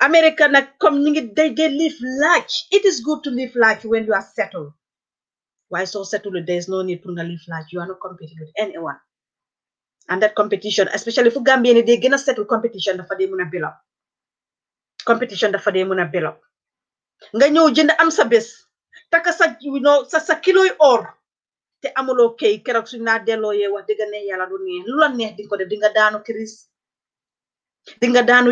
America nag comme ñu ngi day day live large it is good to live large when you are settled Why so settled there is no need to live large you are not competing with anyone and that competition especially fu Gambie ni day gën settle competition dafa dee mën up competition dafa dee mën up nga ñëw jënd am sa takka sa you know sa sa kilo or te amuloo kay keroog suñ naa delloo yee wax ne yàlla du neex lu la neex di ko def di nga dano kiris di nga daanu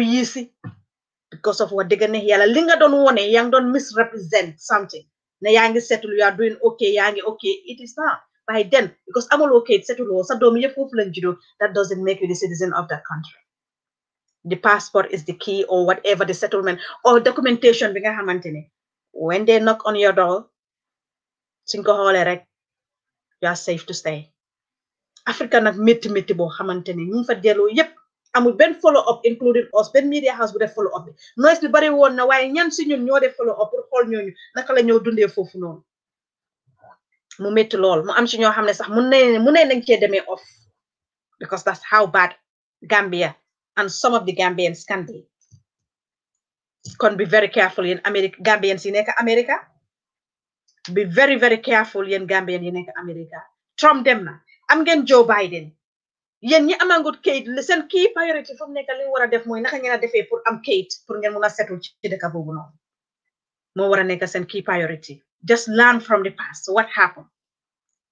because of what digga ne yàlla li nga doon wone yaa ngi misrepresent something ne yangi settle you are doing okay Yangi okay it is not by then because amuloo kay settloo sa do yëpp foofu lañ juddoo that doesn't make you the citizen of that country the passport is the key or whatever the settlement or documentation bi nga xamante ne when they knock on your door sinkoxoolee rek you are safe to stay Africa nag métti métti boo xamante ni ñu ngi fa delloo yépp amul benn follow up including us benn media house bu def follow up bi noise bi bari woon na waaye ñan si ñun ñoo def follow up pour xool ñooñu naka la ñoo dundee foofu noonu mu métti lool mu am si ñoo xam ne sax mun nañ mun nañ cee demee off because that's how bad Gambia and some of the Gambians can be kon be very careful in America. Gambians in America be very very careful yéen Gambien yi America Trump dem na am ngeen Joe Biden Yen ñi amangut kayit seen key priority fu mu nekk li war a def mooy naka ngeen a defee pour am Kate. pour ngeen mun settle setul ci dëkk boobu noonu moo war nekk seen kii priority just learn from the past what happened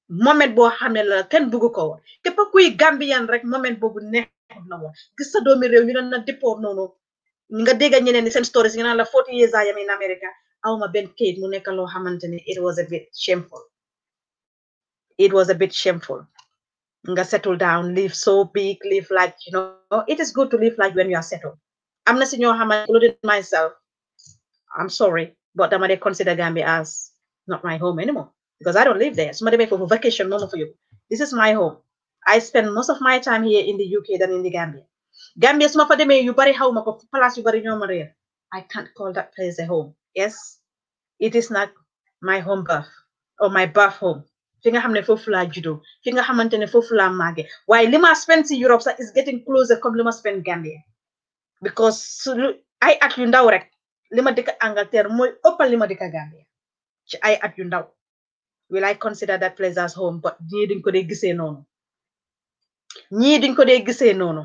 moment boo xam ne la kenn bugg ko woon képp kuy Gambian rek moment boobu neexut na woon gis sa doomi réew ñu na dëppoo noonu nga dégg ñeneen ni stories ñu naan la forty years ayami am in America awma kayit mu nekk loo xamante it was a bit shameful it was a bit shameful nga settle down live so big live like you know it is good to live like when you are settled am na si ñoo xamante including myself I'm sorry but dama de consider Gambia as not my home anymore because I don't live there Somebody may demee foofu vacation normal for you this is my home I spend most of my time here in the UK than in the Gambia Gambia su ma fa demee yu bari xaw ko place yu bari ñoo ma réer I can't call that place a home yes it is not my home birth or my birth home fi nga xam ne foofu laa juddoo fi nga xamante ne foofu spend si Europe sax is getting closer comme lima spend Gambia because I ay at yu ndaw rek li ma dëkk Angleterre mooy ëppal li ma Gambia ci ay at yu ndaw will I consider that place as home but ñii duñ ko dee gisee noonu ñii duñ ko dee gisee noonu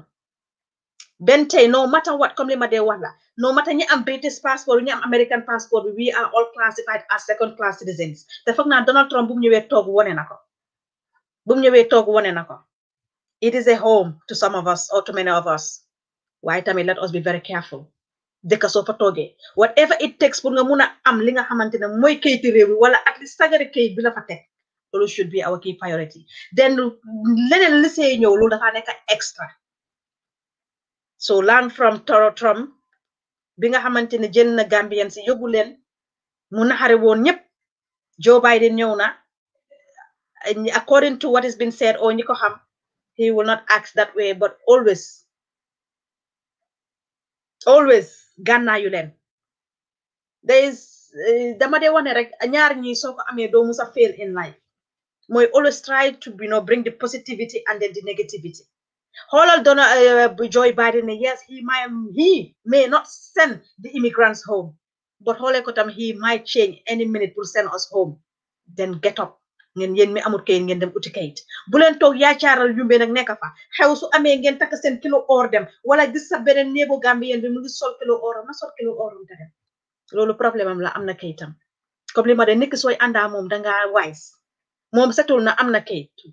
benn tey no matter what comme li ma dee wax la no matter ñi am British passport ñi am American passport bi we are all classified as second class citizens te foog naa Donald Trump bu ñëwee toog wone na ko bu mu ñëwee toog wone na ko it is a home to some of us or to many of us waaye tamit let us be very careful dëkk soo fa toogee whatever it takes pour nga mun a am li nga xamante ne mooy kayiti réew mi wala at least sagari kayit bi la fa teg loolu should be our key priority then leneen li see ñëw loolu dafa nekk extra so learn from Toro Trump bi nga xamante na Gambien si yóbbu leen mu naxare Joe Biden ñëw according to what has been said oh nikoham, he will not act that way but always always gànnaayu Yulen. there is eh, dama dee wane rek ñi soko amedo musa fail in life We always try to you know bring the positivity and then the negativity Holland Donald uh, uh Joy Biden, uh, yes, he might mm, he may not send the immigrants home, but Holland Kotam he might change any minute to send us home. Then get up. ngeen yen me amul kayit ngeen dem uti kayit bu leen toog yaacaaral yumbee nag nekk fa xew su amee ngeen takk seen kilo or dem wala gis sa beneen néebo gambien bi mu ngi sol kilo or na sol kilo oram dem loolu problème am la am na kayitam comme li ma de nekk sooy àndaa moom dangaa wise Mom setul na am na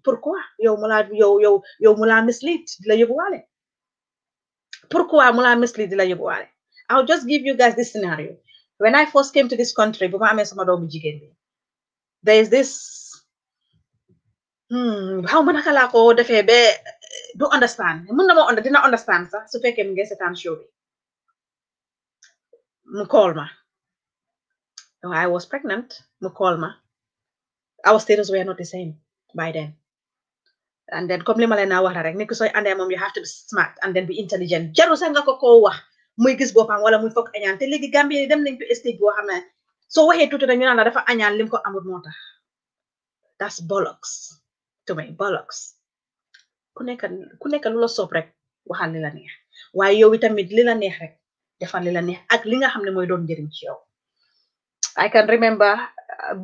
pourquoi yow mu yow yow yow mu mislead di pourquoi mislead i I'll just give you guys this scenario when I first came to this country bu sama doomu bi there is this hmm, xaw ma naka laa ko understand mun na not dina understand sax su fekkee mu ngi seetaan show bi mu call ma I was pregnant mu call ma our status were not the same by then and then comme li ma leen naa wax la rek nekk sooy andee moom you have to be smart and then be intelligent jaru sax nga ko koo wax muy gis boppam wala muy foog añaan te léegi Gambie dem nañ to stage boo xam ne soo waxee tuuti dañu naan la dafa añaan lim ko amul moo that's bollocks to me bollocks ku nekk ku nekk lu la soob rek waxal li la neex waaye yow itamit li la neex rek defal li la neex ak li nga xam ne doon njëriñ ci yow I can remember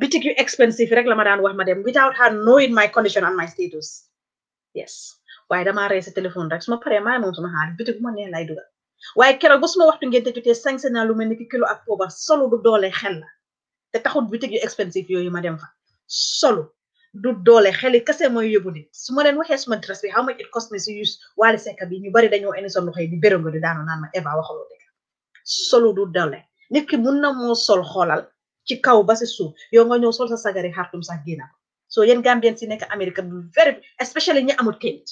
bitik yu expensive rek la ma daan wax ma dem without her knowing my condition and my status yes waaye dama rey sa téléphone rek su ma paree maay moom sama xaalis bitik bu ma neex lay dugal waaye keroog ba su ma waxtu ngeen jotee sañse naa lu mel ni ki kilo ak poobar solo du doole xel la te taxut bitik yu expensive yooyu ma dem fa solo du doole xeli kese mooy yóbbu nit su ma leen waxee suma dress bi how much it cost me to use Wally Seck bi ñu bari dañoo indi son loxo yi di béréngo di daanu naan ma Eva du doole nit xoolal ci kaw ba si suuf yow nga ñëw sol sa sagari xartum sax génna soo so yéen Gambien si nekk America bi very especially ñi amul kayit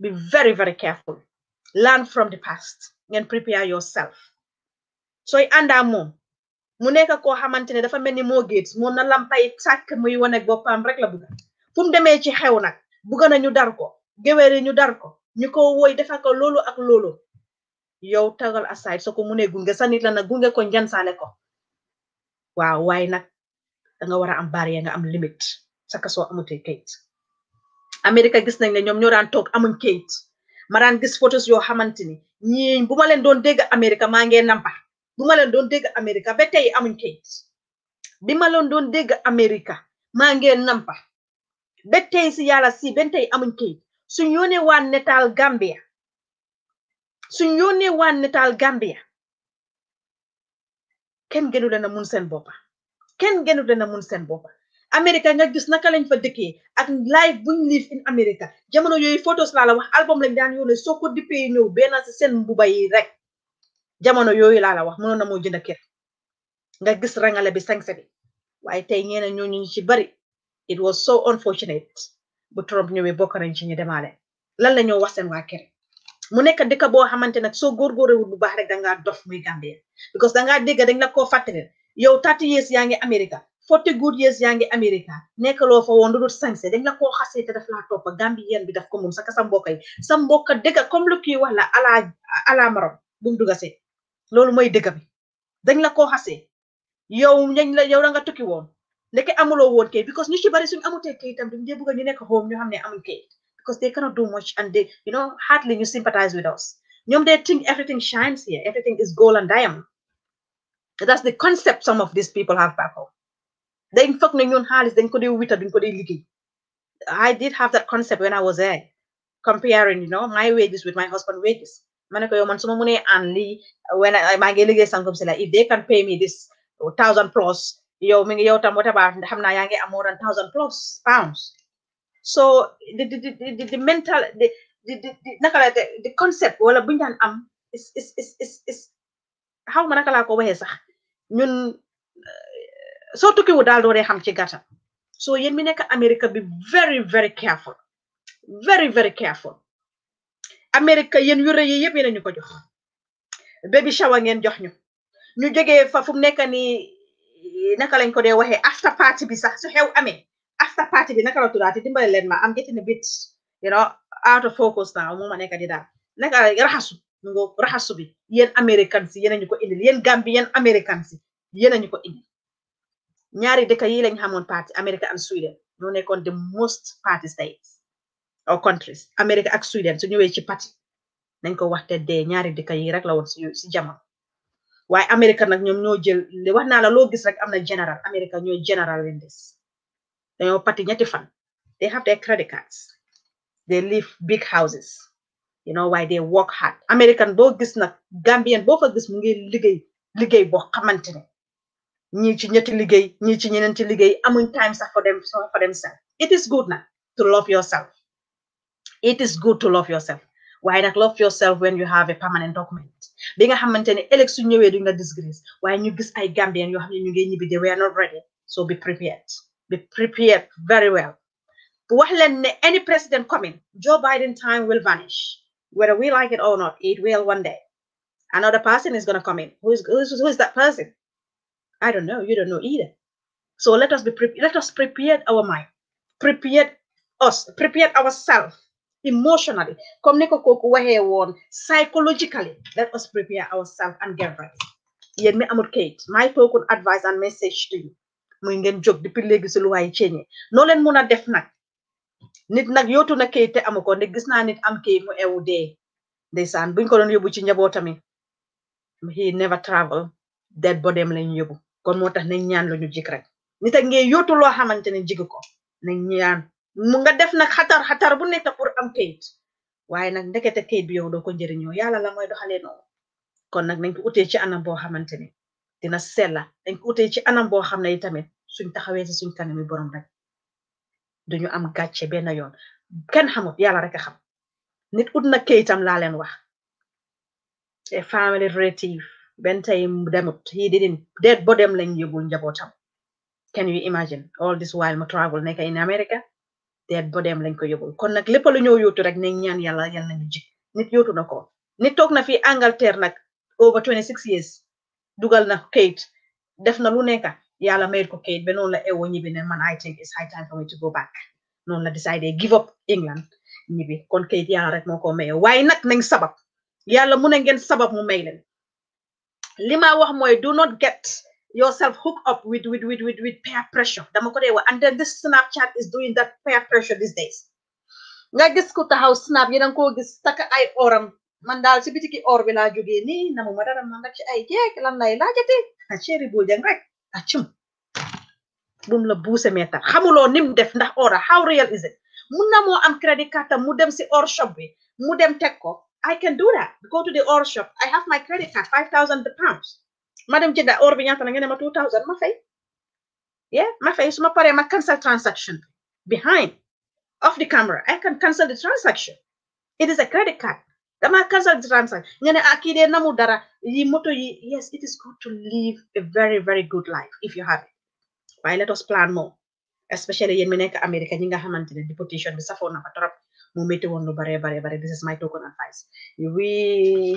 be very very careful learn from the past ngeen prepare yourself sooy àndaa moom mu nekk koo xamante ne dafa mel ni moo géet moom na lampay sàkk muy wane boppam rek la bugg fu demee ci xew nag bugg na ñu dar ko géwéri ñu dar ko ñu ko woy defa ko loolu ak loolu yow tagal aside soo ko mu ne gunge sa nit la na gunge ko njansaale ko waaw waaye nag danga war a am barrière nga am limite sa kasoo amutee kayit Amérique gis nañ ne ñoom ñoo daan toog amuñ kayit ma daan gis photos yoo xamante ni ñii bu ma leen doon dégg Amérique maa ngee nampa bu ma doon dégg Amérique ba tey amuñ bi ma leen doon dégg Amérique maa ngee nampa si yàlla si ba tey amuñ kayit suñ yónnee Gambia suñ yónnee waa netaal Gambia kenn geenu leen a mun seen boppa kenn gënu leen a mun seen boppa Amérique nga gis naka lañ fa dëkkee ak live buñ live in Amérique jamono yooyu photos laa la wax album lañ daan yónnee soo ko dippee ñëw benn seen mbuba yi rek jamono yooyu laa la wax mënoon na moo a kër nga gis rangale bi sañse bi waaye tey ñeena ñooñu ñu ci bari it was so unfortunate bu Trump ñëwee bokk nañ ci ñu demaale lan la ñoo wax seen waa kër mu nekk dëkk boo xamante nag soo góorgóorewul bu baax rek dangaa dof muy Gambia because dangaa dégg dañ la koo fàttali yow thirty years yaa ngi America forty good years yaa ngi America nekkaloo fa woon lu dul sañse dañ la koo xasee te daf laa toppa Gambien bi daf ko mun saka sa mbokk yi sa mbokk dëkk comme lu kii wax la ala ala marom bu mu loolu mooy dëkk bi dañ la koo xasee yow dañ la yow da nga woon ndeke amuloo woon kayit because ñu ci bari suñu amutee kayitam duñ dee bëgg nekk home ñu xam ne amuñ kayit because they cannot do much and they, you know, hardly you sympathize with us. Nyom, they think everything shines here, everything is gold and diamond. That's the concept some of these people have back home. They in fact ñun xaalis dañ ko dee wita duñ ko dee I did have that concept when I was there, comparing, you know, my wages with my husband wages. Manako ne ko yow ànd lii when I my liggéey sangam si la if they can pay me this thousand plus yo, mi ngi yow tam whatever xam naa yaa ngi more than thousand plus pounds so the the the the mental the the the naka la the concept wala bu ñu daan am xaw ma naka laa ko waxee sax ñun eh, soo tukkiwu daal doo xam ci gàttal so yéen mi nekk America bi very very careful very very careful America yéen yu yi yëpp yéen a ñu ko jox baby chawa ngeen jox ñu ñu jógee fa fu mu nekk nii naka lañ ko de waxee after party bi sax su xew amee. after party bi naka la tuddaati dimbale leen ma am getting a bit you know out of focus now moom a nekk di daal naka raxasu mu raxasu bi yéen américain si yéen ñu ko indil yéen Gambie yéen américain si yéen ko indil ñaari dëkk yi lañ xamoon parti America and Sweden ñoo nekkoon the most party states or countries America ak Sweden su ñëwee ci parti nañ ko wax te de ñaari dëkk yi rek la woon si si jamono waaye America nag ñoom ñoo jël wax naa la loo gis rek am na général America ñoo général leen des they have their credit cards they live big houses you know why they work hard American boo this not Gambian boo of this mu lige liggéey work boo xamante ne ñii ci ñetti liggéey ñii ci ñeneen ci amuñ time sax for them for themselves it is good now to love yourself it is good to love yourself Why not love yourself when you have a permanent document bi nga Alex, you know su are doing la disgrace Why ñu gis ay Gambian You xam ne ñu ngi We they were not ready so be prepared be prepared very well. When any president coming, Joe Biden time will vanish, whether we like it or not. It will one day. Another person is going to come in. Who is, who is who is that person? I don't know. You don't know either. So let us be pre- let us prepare our mind, prepare us, prepare ourselves emotionally, psychologically. Let us prepare ourselves and get ready. Yet me Kate, my token advice and message to you. muy ngeen jog depuis léegi si luwaay ceeñe noo leen mun a def nag nit nag yootu na kayit te amu ko nde gis naa nit am kayit mu ewu dee ndeysaan buñ ko doon yóbbu ci njabootami he never travel dead bodeem lañu yóbbu kon moo tax nañ ñaan lu ñu jik rek nit nge yootu loo xamante ne jig ko nañ ñaan mu nga def nag xatar xatar bu nekk pour am kayit waaye nag ndekete kayit bi yow do ko njëriñoo yàlla la mooy doxalee noonu kon nag nañ ko utee ci anam boo xamante ne dina sella dañ ko utee ci anam boo xam ne i tamit suñ taxawee ci suñ kanami borom rek duñu am gàcce benn yoon kenn xamut yàlla rek a xam nit ut na kayitam laa leen wax a family relative benn tey demut he didn't deet bo dem lañ yóbbul njabootam can you imagine all this while mu travel nekk in America deet bo dem lañ ko yóbbul kon nag lépp lu ñoo yóotu rek nañ ñaan yàlla yàlla nañu jik nit yóotu na ko nit toog na fi Angleterre nag over 26 years dugal na Kate def na lu nekka yàlla mayit ko Kate ba noonu la ewo ñibi ne man I think it's high time for me to go back noonu la décidé eh, give up England ñibi kon Kate yàlla rek moo ko maye waaye nag nañ sabab yàlla mu ne ngeen sabab mu may leen li wax do not get yourself hook up with with with with with peer pressure dama ko dee and then this Snapchat is doing that peer pressure these days nga gis ko taxaw snap yi danga koo gis takk ay oram mandal si bitiki orbila jugini namu madara ay nah, si lan kelan la jati Ache jang rek achum bum la bousé metta xamulo nim def ndax ora how real is it mun na mo am credit card mudem mu dem si or shop bi mu dem tek ko I can do that go to the or shop I have my credit card 5000 thousand pounds madam jeda da or bi ñata na nga ne ma two ma fay yeah ma fay suma paré ma cancel transaction behind of the camera I can cancel the transaction it is a credit card dama casual transaction nga ne ah kii dee namu dara yi moto yes it is good to live a very very good life if you have it waaye let us plan more especially yéen mi nekk America ñi nga xamante ne deportation bi safoon na fa trop mu métti woon lu bare bare bare this is my token advice we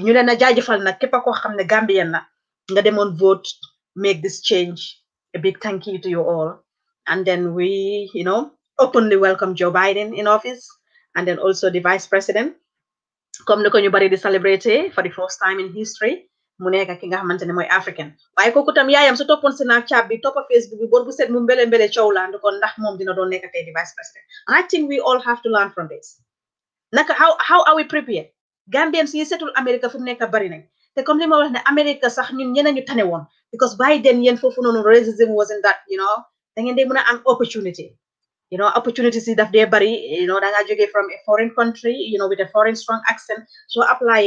ñu leen a jaajëfal nag képp koo xam ne Gambien la nga demoon vote make this change a big thank you to you all and then we you know openly welcome Joe Biden in office and then also the vice president comme ni ko ñu bari di celebrate for the first time in history mu nekk ki nga xamante ne mooy african waaye kooku tam yaayam su toppoon Snapchat bi toppa Facebook bi bor bu set mu mbele mbele coow la kon ndax moom dina doon nekk tey di vice president I think we all have to learn from this naka how how are we prepared Gambians yi setul America fu mu nekk bari nañ te comme li ma wax ne America sax ñun ñeneen ñu tane woon because Biden yéen foofu noonu racism wasn't that you know da ngeen dee mën am opportunity you know opportunities that they bury. you know that nga get from a foreign country you know with a foreign strong accent so apply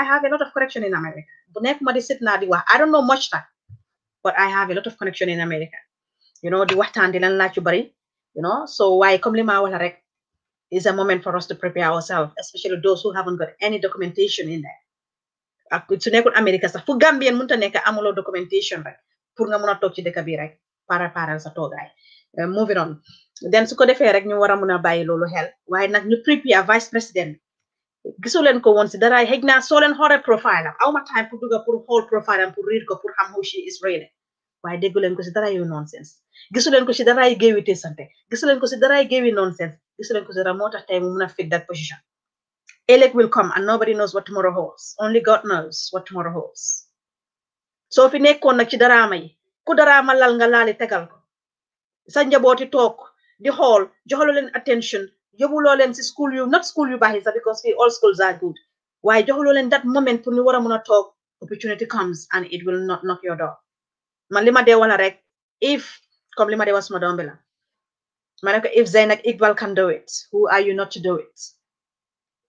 I have a lot of connection in America I don't know much but I have a lot of connection in America you know the waxtaan and lan laaj yu you know so why come li ma it's rek is a moment for us to prepare ourselves especially those who haven't got any documentation in there ak su nekkul America sax fu Gambien and nekk amuloo documentation rek pour nga de a para para paral sa toogaay uh, moving on den su ko defee rek ñu war a mun a bàyyi loolu xel waaye nag ñu prépare vice président gisu leen ko woon si dara xëj naa soo leen xoolee profile am awma time pour dugga pour xool profile am pour riir ko pour xam who she waaye déggu leen ko si dara yu nonsense gisu leen ko si dara yi géewi te sante gisu leen ko si dara yi géewi nonsense gisu ko si dara moo tax tey mu mun a fit that position ëllëg will come and nobody knows what tomorrow holds only God knows what tomorrow holds soo fi nekkoon nag ci daraama yi ku daraama lal nga laali tegal ko sa njabooti toog the hall, joxaloo leen attention yóbbuloo leen si school you, not school you by because we all schools are good Why joxaloo leen that moment pour what I'm gonna talk, opportunity comes and it will not knock your door Malima de ma dee rek if comme de ma dee wax suma doom bi if Zainak Iqbal can do it who are you not to do it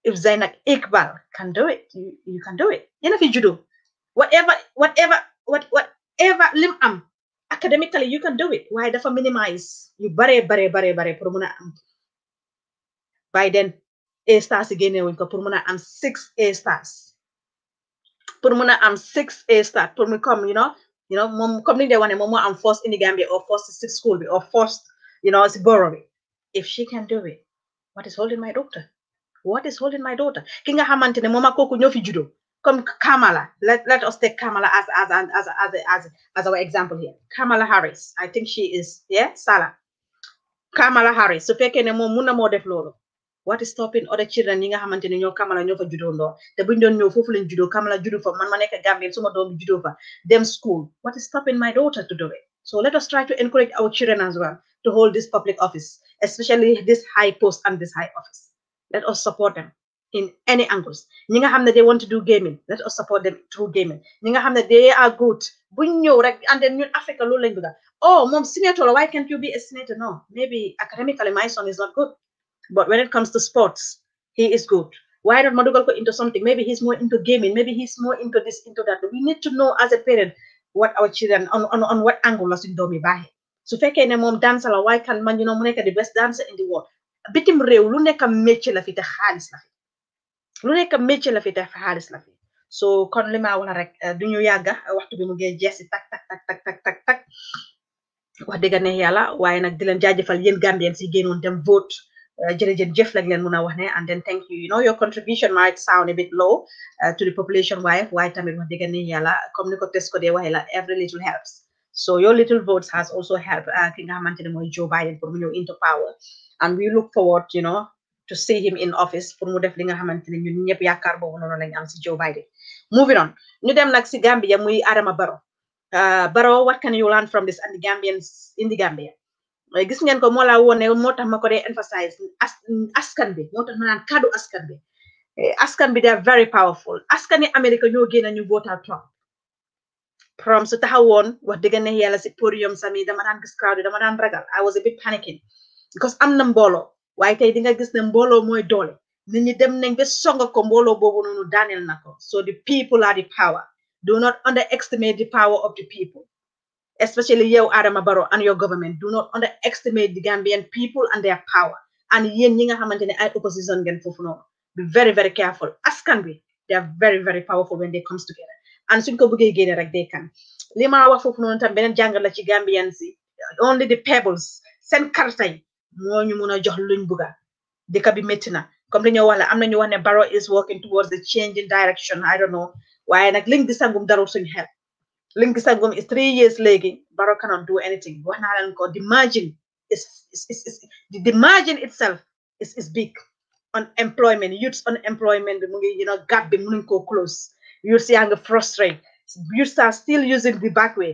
if Zainak Iqbal can do it you can do it know a you do. whatever whatever what whatever lim am academically you can do it the dafa minimize you bare bare bare bare pour mun then Biden A stars again. We wuñ ko pour i am six A stars pour mun am six A stars pour me, come you know you know mom comme ni ñu dee am first in the Gambia or first six school or first you know it's borough if she can do it what is holding my daughter what is holding my daughter Kinga hamantene mama, ne moom judo come Kamala. Let, let us take Kamala as as as as as, as our example here. Kamala Harris. I think she is yeah Salah. Kamala Harris. So fekkee ne moom mun more moo what is stopping other children yi nga xamante ne ñoo Kamala ñoo fa juddoo ndoon te buñ doon ñëw foofu lañ Kamala judo for man ma nekk Some of them judo for them school what is stopping my daughter to do it so let us try to encourage our children as well to hold this public office especially this high post and this high office let us support them in any angles ninga nga they want to do gaming let us support them through gaming Ninga nga they are good buñ ñëw rek and then ñun Africa loolu lañ oh mom, senator why can't you be a senator no maybe academically my son is not good but when it comes to sports he is good why not ma go into something maybe he's more into gaming maybe he's more into this into that we need to know as a parent what our children on on, on what angle la do me by. So su fekkee ne moom dancer la why can't man you know the best dancer in the world bitim réew lu nekk la fi te la lu nekk métier la fi def xaalis la fi so kon li ma wax rek euh, duñu yàgga waxtu bi mu ngi jeesi tak tak tak tak tak tak tak wax dëgg neex yàlla waaye nag di leen jaajëfal yéen Gambien si génnoon dem vote euh, jërëjëf jëf lañ leen mun a wax ne and then thank you you know your contribution might sound a bit low euh, to the population waaye waaye tamit wax dëgg neex yàlla comme ni ko Tesco dee waxee la every little helps so your little votes has also helped ki nga xamante ne mooy Joe Biden pour mu ñëw into power and we look forward you know to see him in office pour mu def li nga xamante ñun ñëpp yaakaar boobu noonu lañ am si Joe Biden moving on ñu dem nag si Gambia muy Adama Barrow ah, Barrow what can you learn from this and the Gambians in the Gambia eh, gis ngeen ko moo laa to ne moo tax ma ko dee emphasize askan bi moo tax ma naan kaddu askan bi eh, askan bi they are very powerful so yi America ñoo génn ñu votal Trump Trump su taxawoon wax dëgg ne yàlla the podium sami dama daan gis crowd dama ragal I was a bit panicking because am na waaye tey di nga gis ne mbooloo mooy doole nit ñi dem nañ ba songa ko mbooloo boobu noonu daaneel na so the people are the power do not underestimate the power of the people especially yow Adama Barrow and your government do not underestimate the Gambian people and their power and yéen ñi nga xamante ne ay opposition ngeen foofu noonu be very very careful askan bi they are very very powerful when they comes together and suñ ko bëggee génne rek day kan li ma wax foofu noonu tam beneen jàngal la ci Gambians only the pebbles seen karta moo na comme dañoo wax la am nañu Barrow is working towards the change in direction I don't know waaye nag liñ gisagum darul suñu xel liñ gisagum is three years léegi Barrow cannot do anything wax naa leen ko the margin is is is the margin itself is is big unemployment youths unemployment mu ngi you know gap bi mënuñ koo close youths yaa ngi frustrate youths are still using the back way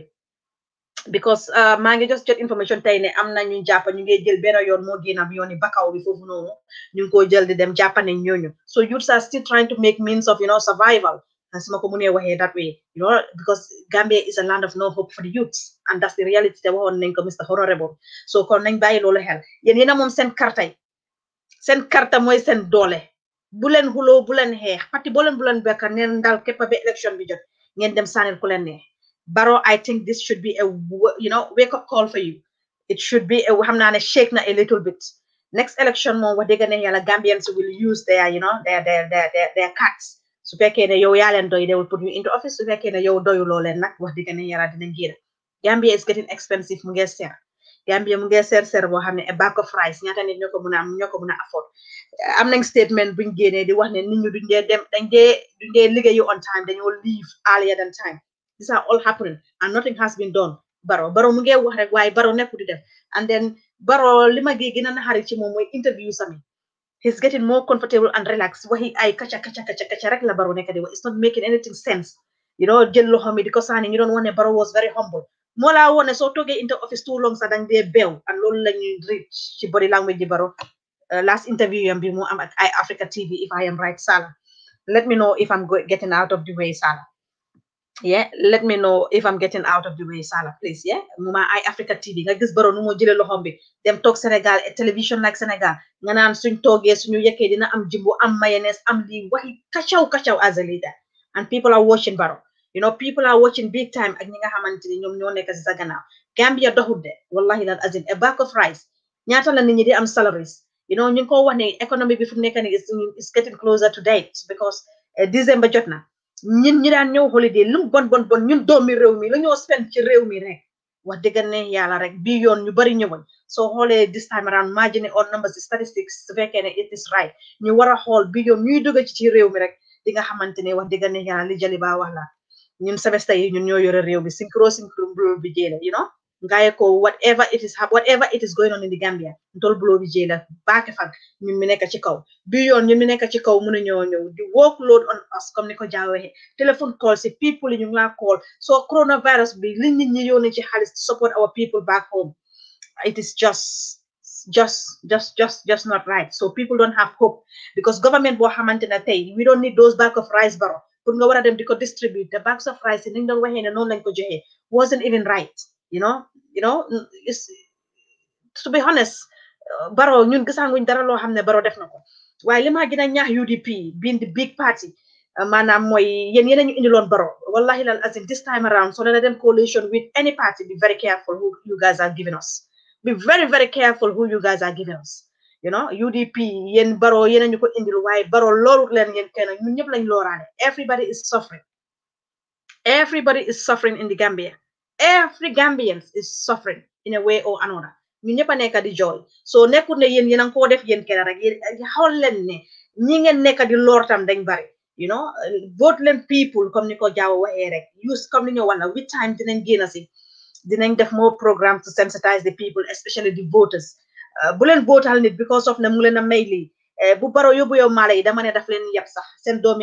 because uh, maa ngi just jot information tey ne am na ñu jàpp ñu ngi jël benn yoon moo génn am yooni bakaw bi foofu noonu ñu ngi ko jël di dem jàpp nañ ñooñu so youths are still trying to make means of you know survival as ah, ma ko mënee waxee that way you know because Gambia is a land of no hope for the youths and that's the reality te waxoon nañ ko Mr Honorable so kon nañ bàyyi loolu xel yéen yéena moom seen cartay, seen carta, mooy seen doole bu leen xuloo bu leen xeex parti boo leen bu leen bekka neen daal képp ba élection bi jot ngeen dem sànnil ku leen neex Barrow I think this should be a you know wake up call for you it should be a xam naa shake na a little bit next election moom wax dëgg ne yàlla Gambians will use their you know their their their their cards su fekkee ne yow yaa they will put you into office su fekkee ne yow doyu loo leen nag wax Gambia is getting expensive Mungeser. Gambia mungeser ngi seer a bag of rice ñaata nit ñoo ko mën a am ñoo afford am nañ statement bring génnee they wax ne nit ñu duñ dee dem dañ dee duñ dee liggéeyu on time dañoo leave earlier than time these are all happening and nothing has been done baro baro mu ngee wax rek waaye baro nekku di def and then baro lima ma gee gën a naxari ci moom mooy interview sami he's getting more comfortable and relaxed waxi ay kacha kacha kacha kaca rek la baro nekk di it's not making anything sense you know jël loxo mi di ko saani ñu doon wane baro was very humble moo laa wone soo toogee into office too long sa dang dee beew and loolu lañuy reach ci body language di baro uh, last interview yam bi mu am ak ay Africa TV if I am right Sala let me know if I'm getting out of the way Sala yeah let me know if I'm getting out of the way Salah please yeah mu I Africa TV nga gis baro nu moo jëlee loxoom bi dem toog Sénégal télévision like Sénégal nga naan suñ toogee suñu yekkee dina am jimbo am mayonnaise am lii waxi kacaw kacaw as a leader and people are watching baro you know people are watching big time ak ñi nga xamante ni ñoo nekk si sa gannaaw Gambia doxul de wallahi lan azim a bag of rice ñaata la nit ñi di am salaries you know ñu ngi ko wax economy économie bi fu nekk is getting closer to date because eh, December jot na ñun ñi daan ñëw holiday lu mu bon bon bon ñun doomi réew mi la ñoo spend ci réew mi rek wax dëgg ne yàlla rek bii yoon ñu bari ñëwoon soo xoolee this time around margin on numbers statistics su fekkee ne it is right ñu war a xool bii yoon ñuy dugg ci réew mi rek di nga xamante ne wax dëgg ne yàlla li jali ba wax la ñun semestre yi ñun ñoo yore réew mi synchro synchro bi jéene you Gayako, whatever it is, whatever it is going on in the Gambia, don't blow the jailer back. If I'm in ci kaw bi yoon ñun mi nekk ci kaw mënu ñoo ñëw di workload on us Come ni ko telephone calls. si people in your call so coronavirus bi li to support our people back home it is just just just just just not right so people don't have hope because government boo xamante ne tey we don't need those bags of rice barrel pour nga war a distribute the bags of rice in niñ doon wasn't even right you know you know to be honest uh, baro ñun gisanguñ dara loo xam ne Barrow def na ko lima li ma ñaax UDP being the big party uh, maanaam mooy yéen yéen a ñu indiloon Barrow wallahi lal as in this time around so leen dem coalition with any party be very careful who you guys are giving us be very very careful who you guys are giving us you know UDP yéen baro yéen a ñu ko indil waaye Barrow loolu leen yéen kenn ñun ñëpp lañ looraane everybody is suffering everybody is suffering in the Gambia every Gambian is suffering in a way or another ñu ñëpp a nekk di jooy soo ne yéen yéen a ngi koo def yéen kenn ne ñi neka nekk di lor tam dañ you know vote leen people comme ni ko jaaw erek use comme niyo wala. Which time dinañ gina si dinañ def more programme to sensitize the people especially the voters uh, bu vote votal nit because of namule mu leen a may lii eh, bu baro yóbbu yow maalo yi dama ne daf leen yab sax seen doom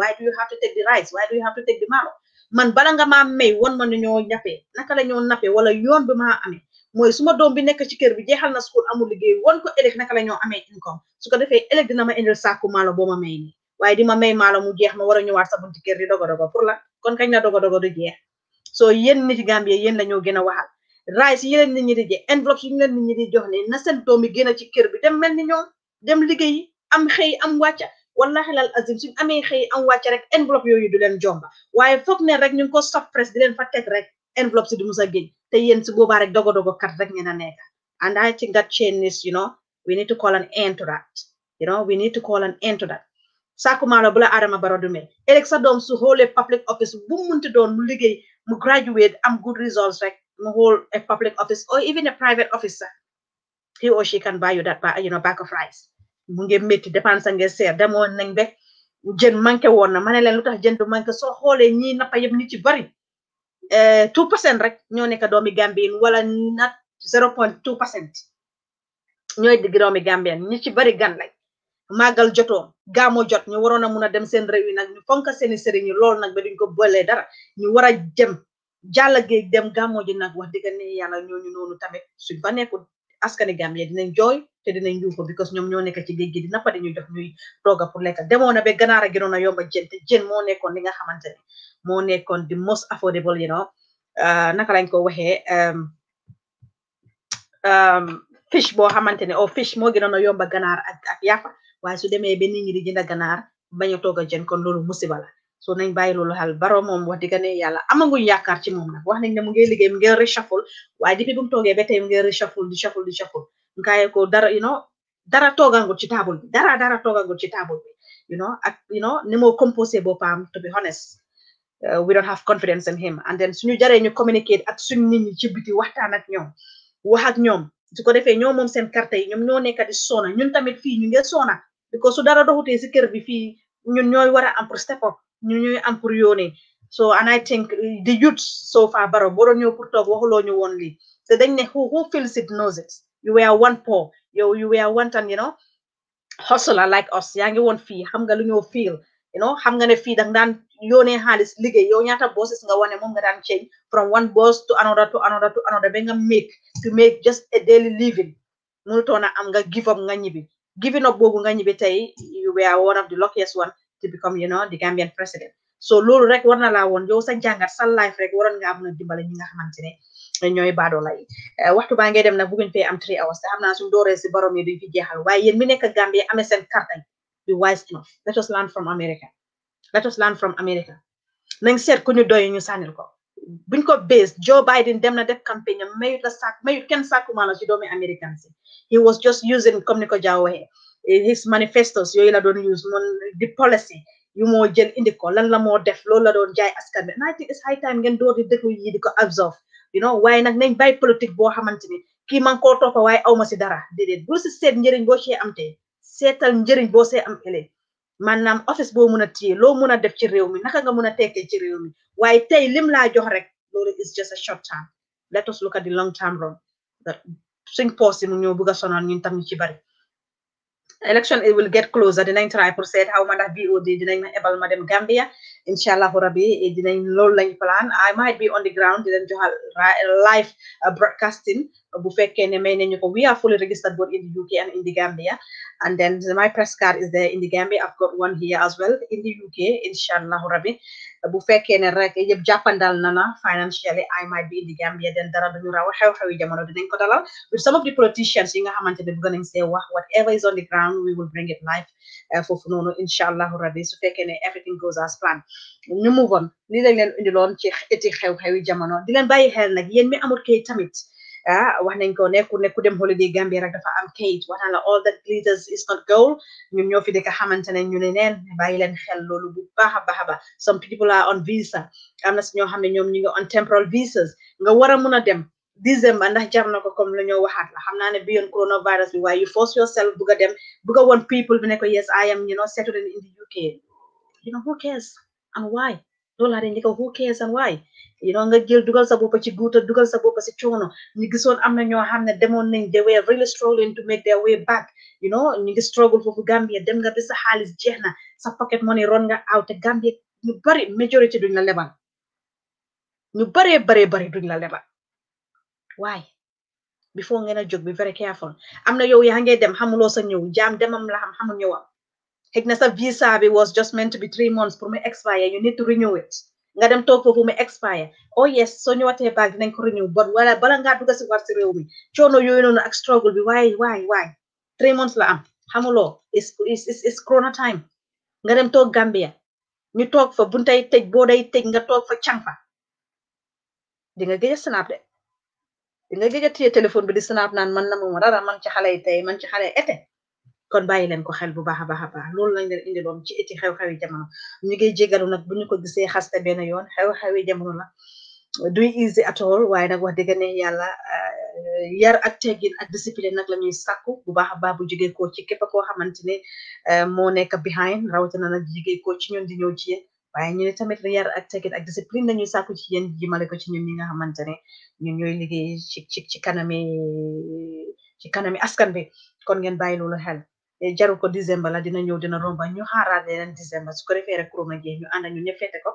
why do you have to take the rice why do you have to take the maalo man bala nga maa may won ma ne ñoo ñafe naka la ñoo nafe wala yoon bi maa amee mooy suma doom bi nekk ci kër bi jeexal na school amul liggéey wan ko ëllëg naka la ñoo amee income su ko defee ëllëg dina ma indil sàkku maalo boo ma may nii waaye di ma may maalo mu jeex ma war a ñëwaat sa bunti kër di dogo dogo pour la kon kañ la dogo dogo du jeex soo yéen nit Gambie yéen la ñoo gën a waxal rice yi leen nit ñi di je enveloppe yi jox ne na seen doom yi gën a ci kër bi dem mel ni ñoom dem liggéey am xëy am wàcca wallahi lal azim suñ amee xëy am wàcce rek enveloppe yooyu du leen jomba waaye foog ne rek ñu ko soft press di leen fa teg rek enveloppe si du musa géej te yéen si boobaa rek dogo dogo kat rek ngeen a and I think that chain is you know we need to call an end to that you know we need to call an end to that saakumaalo bu la Adama Barrow du mel ëllëg sa doom su xoolee public office bu mu munti doon mu liggéey mu graduate am good results rek mu hold a public office or even a private officer. he or she can buy you that you know bag of rice mu ngi métti dépense nga seer demoon nañ be jën manqué woon na ma ne leen lu tax jën du manqué soo xoolee ñi nappa yëpp nit ci bari eh, tout percent rek ñoo doom mi doomi Gambien wala nat zero point two percent ñooy digg doomi Gambien ñi ci bari gan lañ màggal jotoon gaamo jot ñu waroon a mun a dem seen réew yi nag ñu fonk seeni sëriñ yi loolu nag ba duñ ko boolee dara ñu war a jëm jàll géej dem gaamo ji nag wax dëgg ne yàlla ñooñu noonu tamit suñ fa nekkul askani Gambien dinañ jooy te dinañ yuuxu because ñoom ñoo nekk ci géej gi di nappa di ñu tooga pour lekka demoon na ba ganaar a gënoon a jën te jën moo nekkoon li nga xamante moo nekkoon di most affordable you know uh, naka lañ ko waxee um, um, fish boo xamante ne o oh, fish moo gënoon a yomba ganaar ak ak yàppa waaye su demee ba nit ñi di jënd ganaar bañ a toog a jën kon loolu musiba la so nañ bàyyi loolu xel baro moom wax dëgg ne yàlla amaguñ yaakaar ci moom nag wax nañ ne mu ngi liggéey mu ngi reshuffle waaye depuis bu mu toogee ba tey mu ngi reshuffle di gaay ko dara you know dara toogangul ci table bi dara dara toogangul ci table bi you know ak you know ni moo composé boppam to be honest uh, we don't have confidence in him and then suñu jaree ñu communicate ak suñu nit ñi ci biti waxtaan ak ñoom wax ak ñoom su ko defee ñoom moom seen carte yi ñoom ñoo nekk di soona ñun tamit fii ñu ngi soona because su dara doxutee si kër bi fii ñun ñooy war a am pour step up ñun ñooy am pour yóonee so and I think uh, the youth so far baro boro ñëw pour toog waxuloo ñu woon lii te dañ ne who who feels it knows it you were one poor You you were one time you know hustler like us yaa want woon fii xam nga lu feel you know xam nga ne fii dang daan yónnee xaalis liggéey yow ñaata bosses nga wane moom nga dan change from one boss to another to another to another ba nga make to make just a daily living one a am nga give up nga ñibbi giving up nga you were one of the luckiest one to become you know the Gambian president so loolu rek war na laa woon yow sa jàngat sa life rek waroon nga am na dimbale ñi nga ne ñooy yi eh, waxtu baa ngay dem nag bëgguñ fee am three hours te xam suñ dooree si borom yi duñ fi jeexal waaye yéen mi nekk Gambie amee seen karta yi wise enough let us learn from America let us learn from America nañ seet ku ñu doy ñu sànnil ko buñ ko base Joe Biden dem na def campagne am mayut la sàkk mayut kenn sàkku maalo si doomi américain he was just using comme ni ko jaaw eh, his manifestos yooyu la doon use moom di policy yu moo jël indi ko lan la moo def loolu la doon jaay askan bi I think it's high time ngeen door di dëkk yi di absorb you know waaye nag nañ bàyyi politique boo xamante ni kii man koo toppa waaye aw ma si dara déedéet bul si seet njëriñ boo see am tey seetal njëriñ boo see am ëllëg maanaam office boo mun a téye loo mun a def ci réew mi naka nga mun a tekkee ci réew mi waaye tey lim laa jox rek loolu is just a short term let us look at long term run suñ poos yi mu ñëw bëgg a sonal ñun tam ñu ci bari election it will get closer dinañ try pour seet how man ndax BOD dinañ ma ebal ma dem Gambia inshallah rabbi eh, dinañ loolu lañ plan I might be on the ground dinañ joxal live uh, broadcasting bu fekkee ne may nañu ko we are fully registered both in the UK and in the Gambia and then my press card is there in the Gambia I've got one here as well in the UK Inshallah, rabbi bu fekkee ne rek yëpp jàppandal na na financially I might be in the Gambia then dara duñu raw xew-xew yi jamono dinañ ko dalal with some of the politicians yi nga xamante ne bëgg nañ see wax whatever is on the ground we will bring it live eh, foofu noonu inshallah, rabbi su fekkee ne everything goes as planned ñu move on lii lañ leen indiloon ci eti xew-xew yi jamono di leen bàyyi xel nag yéen mi amul kay tamit ah wax nañ ko nekku nekku dem holiday Gambia rek dafa am kayit wax naa la all that glitters is not gold ñun ñoo fi dëkk xamante ne ñu ne neen bàyyi leen xel loolu bu baax a baax a baax some people are on visa am na si ñoo xam ne ñoom ñu ngi on temporal visas nga war a mun a dem December ndax jar na ko comme lu ñoo waxaat la xam naa ne biyoon coronavirus bi waaye you force yourself bugg a dem bugg a woon people bi ne ko yes I am you know settled in the UK you know who cares and why loolu laa de njëkk who cares and why you know nga jël dugal sa bopp ci guuta dugal sa bopp ci coono ñu gisoon am na ñoo xam ne demoon nañ they were really struggling to make their way back you know ñu ngi struggle foofu Gambia dem nga sa xaalis jeex na sa pocket money ron nga aw Gambia ñu bari majority duñ la lebal ñu bare bare bari duñ la lebal waaye before ngeen a jóg bi very careful am na yow yaa ngee dem xamuloo sa ñëw jaam demam la xam xamul ñëwam xëy sa visa bi was just meant to be three months pour mu expire you need to renew it nga dem toog foofu mu expire o oh yes soo ñëwaatee baag dinañ ko renew but wala bala ngaa dugg si war si réew mi coono yooyu noonu ak struggle bi waay waay waay three months la am xamuloo is is is corona nga dem toog Gambia ñu toog fa buntay tëj boo day tëj nga toog fa cang fa di nga gëj a snap de di nga gëj a téye téléphone bi di snap naan man na moom dara man ci xale yi tey man ci xale ete kon bàyyi leen ko xel bu baax a baax a baax loolu lañ leen indi doon ci eti xew-xewi jamono ñu ngi jégalu nag bu ñu ko gisee xaste benn yoon xew-xewi jamono la duy easy at all waaye nag wax dëgg ne yàlla eh, yar ak teggin ak discipline nag la ñuy sàkku bu baax a baax bu jógee ci képp koo xamante ne eh, moo nekk behind rawatina nag jógee ko ci ñun di ñëw ci yéen waaye ñu ne tamit yar ak teggin ak discipline la ñuy sàkku ci yéen jimale ko ci ñun ñi nga xamante ne ñun ñooy liggéey ci ci ci kanami ci kanami askan bi kon ngeen bàyyi loolu xel. Eh, jaru ko décembre la dina ñëw dina romba ñu xaaraat leneen décembre su ko defee rek corona jeex ñu ànd ñu ñëpp fete ko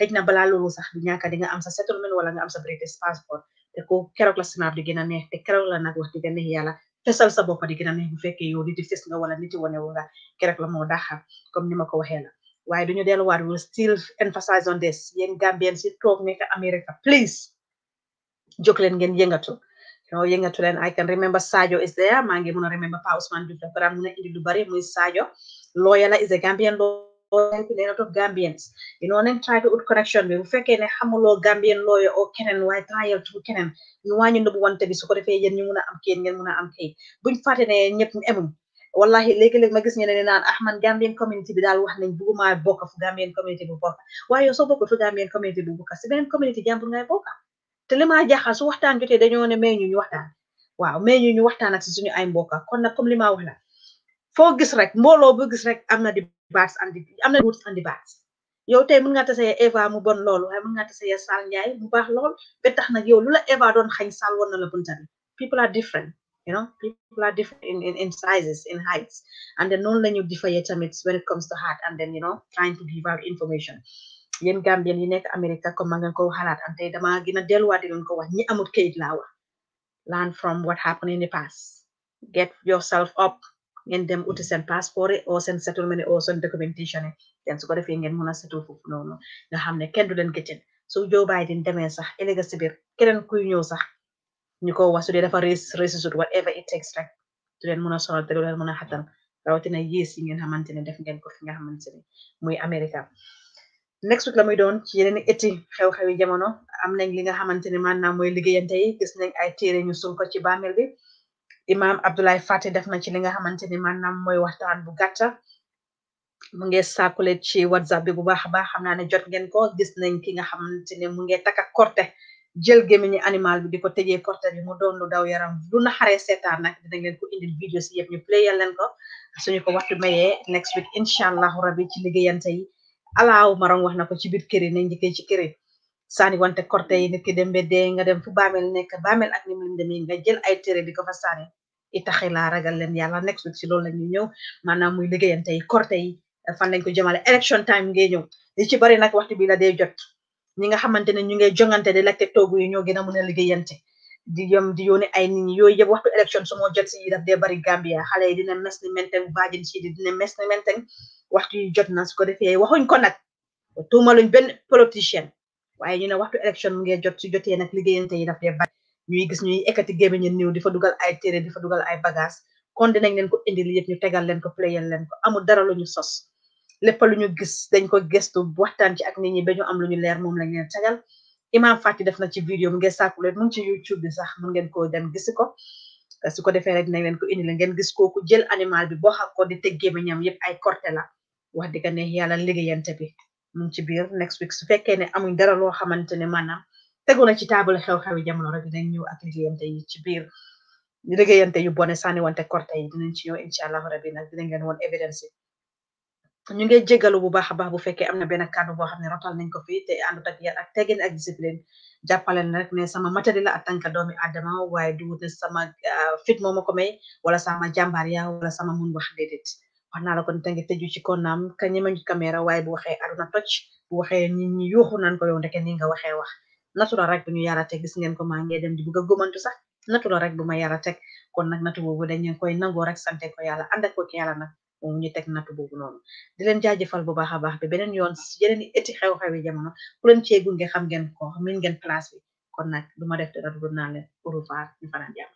xëj na balaa loolu sax di ñàkk di nga am sa settlement wala nga am sa British passport te keroog la snap di gën a neex te keroog la nag wax di neex yàlla fesal sa bopp di gën neex bu fekkee yow nit yi fes nga wala nit yi wane wu nga keroog la moo daxa comme ni ma ko waxee la waaye duñu delluwaat we still emphasize on this yéen Gambien si toog nekk America please jóg leen ngeen yëngatu you oh, know yëngatu leen I can remember Sadio is there maa mun a remember Pa Ousmane Diouf dafa daan mun a indi lu bari muy Sadio lawyer la is a Gambian lawyer to a lot of Gambians you know nañ try to ut bi bu fekkee ne xamuloo Gambian oo keneen waaye trial to keneen ñu wàññi wante bi su ko defee yéen ñu mun a am kayit a am kayit buñ fàtte ne ñëpp emuñ wallahi léegi-léegi ma gis ñeneen ne naan ah man Gambian community bi daal wax nañ bugguma bokk fu Gambian community bu bokk waaye yow soo bokk fu Gambian community bu bokk si te li maa su waxtaan jotee dañoo ne may ñu ñu waxtaan waaw may ñu ñu waxtaan ak suñu ay mbokk kon nag comme li wax la foo gis rek mbooloo bu gis rek am na di baas andi am na di wut andi baas yow tey mën nga tase Eva mu bon loolu waaye mën nga mu baax lool ba tax nag yow lu la Eva doon xañ Sall woon na la bunta bi people are different you know people are different in in, in sizes in heights and then noonu la ñu tamit when it comes to heart and then you know trying to give out information yéen Gambien yi nekk America comme ma ngeen ko xalaat am tey dama gën a delluwaat di ko wax ñi amul kayit laa wax learn from what happened in the past get yourself up ngeen dem uti seen passeport o seen settlement o seen documentation su ko defee ngeen mën a settle foofu noonu nga xam ne kenn du leen gëccen su Joe Biden sax ëllëga si biir keneen kuy ñëw sax ñu ko wax su dee dafa rees reesisut whatever it takes rek du leen mën a sonal te leen mën a xatal rawatina yées yi ngeen xamante ne def ngeen ko fi nga xamante ne muy America next week la muy doon ci yeneen eti xew-xewi jamono am nañ li nga xamante ne maanaam mooy liggéeyante gis nañ ay téere ñu sul ci bàmmeel bi imaam Abdoulaye Faty def na ci li nga xamante ne maanaam mooy waxtaan bu gàtta mu ngi saakule ci whatsapp bi bu baax a baax xam naa ne jot ngeen ko gis nañ ki nga xamante ne mu ngi taka korte jël gémmiñu animal bi di ko tëjee korte bi mu doon lu daw yaram lu na xaree seetaan nag dinañ leen ko indil vidéo si leen ko suñu ko waxtu mayee next week incha allahu rabi ci liggéeyante yi alaaw marong wax na ko ci biir këri nañ njëkkee ci këri saani wante korte yi nit ki dem be dee nga dem fu baamel nekk baamel ak nim lim demee nga jël ay téere di ko fa saani itaxi laa ragal leen yàlla next week si loolu la ñuy ñëw maanaam muy liggéeyante yi korte yi fan lañ ko jëmale election time ngay ñëw li ci bari nag waxtu bi la dee jot ñi nga xamante ne ñu ngay jongante di lajte toogu yi ñoo gën a mën a liggéeyante di yom di yónnee ay nit ñi yooyu yëpp waxtu élection su moo jot si daf dee bari Gambia xale yi dina mes ni menteng vagin si dina mes ni menteng waxtu yi jot na su ko waxuñ ko nag tuumaluñ ben politicien waaye ñu ne waxtu élection mu ngi jot su jotee nag liggéeyante yi daf dee bari ñuy gis ñuy ekkati gémmiñ di fa ay téere di ay bagage kon dinañ leen ko indil yëpp ñu tegal leen ko playal leen ko amul dara lu ñu sos lépp lu ñu gis dañ ko gëstu waxtaan ci ak nit ñi ba am lu ñu leer moom lañ leen tegal Imam Fati def na ci vidéo mu ngeen sàkku leen mu ngi YouTube bi sax mun ngeen ko dem gisi ko su ko defee rek dinañ leen ko indi la ngeen gis kooku jël animal bi bo xam ko di teggee ba ñam yëpp ay korte la wax dëgg ne yàlla liggéeyante bi mu ngi ci biir next week su fekkee ne amuñ dara loo xamante ne maanaam tegu na ci taabal xew-xewi jamono rek dinañ ñëw ak liggéeyante yi ci biir liggéeyante yu bone sànni wante korte yi dinañ ci ñëw incha allah rabi nag dinañ leen woon évidence ñu ngi jégalu bu baax a baax bu fekkee am na benn kàddu boo xam ne rotal nañ ko fii te àndut ak yar ak teggin ak discipline jàppale na sama matadi la ak tànka doomi waaye du ne sama euh, fit moo ma ko may wala sama jàmbaar ya wala sama mun wax déedéet wax naa la kon tangi tëju ci konnaam ka ñemañ caméra waaye bu waxee aduna toj bu waxee nit ñi yuuxu naan ko yow ndeke ni nga waxee wax natura rek bu ñu yarate gis ngeen ko maa ngi dem di bëgg a sax natura rek bu ma yarate kon nag natu boobu dañ koy nangoo rek sante ko yàlla ànd ak ko yàlla nag ñu teg natt boobu noonu di leen jaajëfal bu baax a baax bi beneen yoon yeneen eti xew-xewi jamono ku leen cee gunge xam ngeen ko min ngeen place bi kon nag du ma def dara du naa leen au revoir ñu fanaan jàmm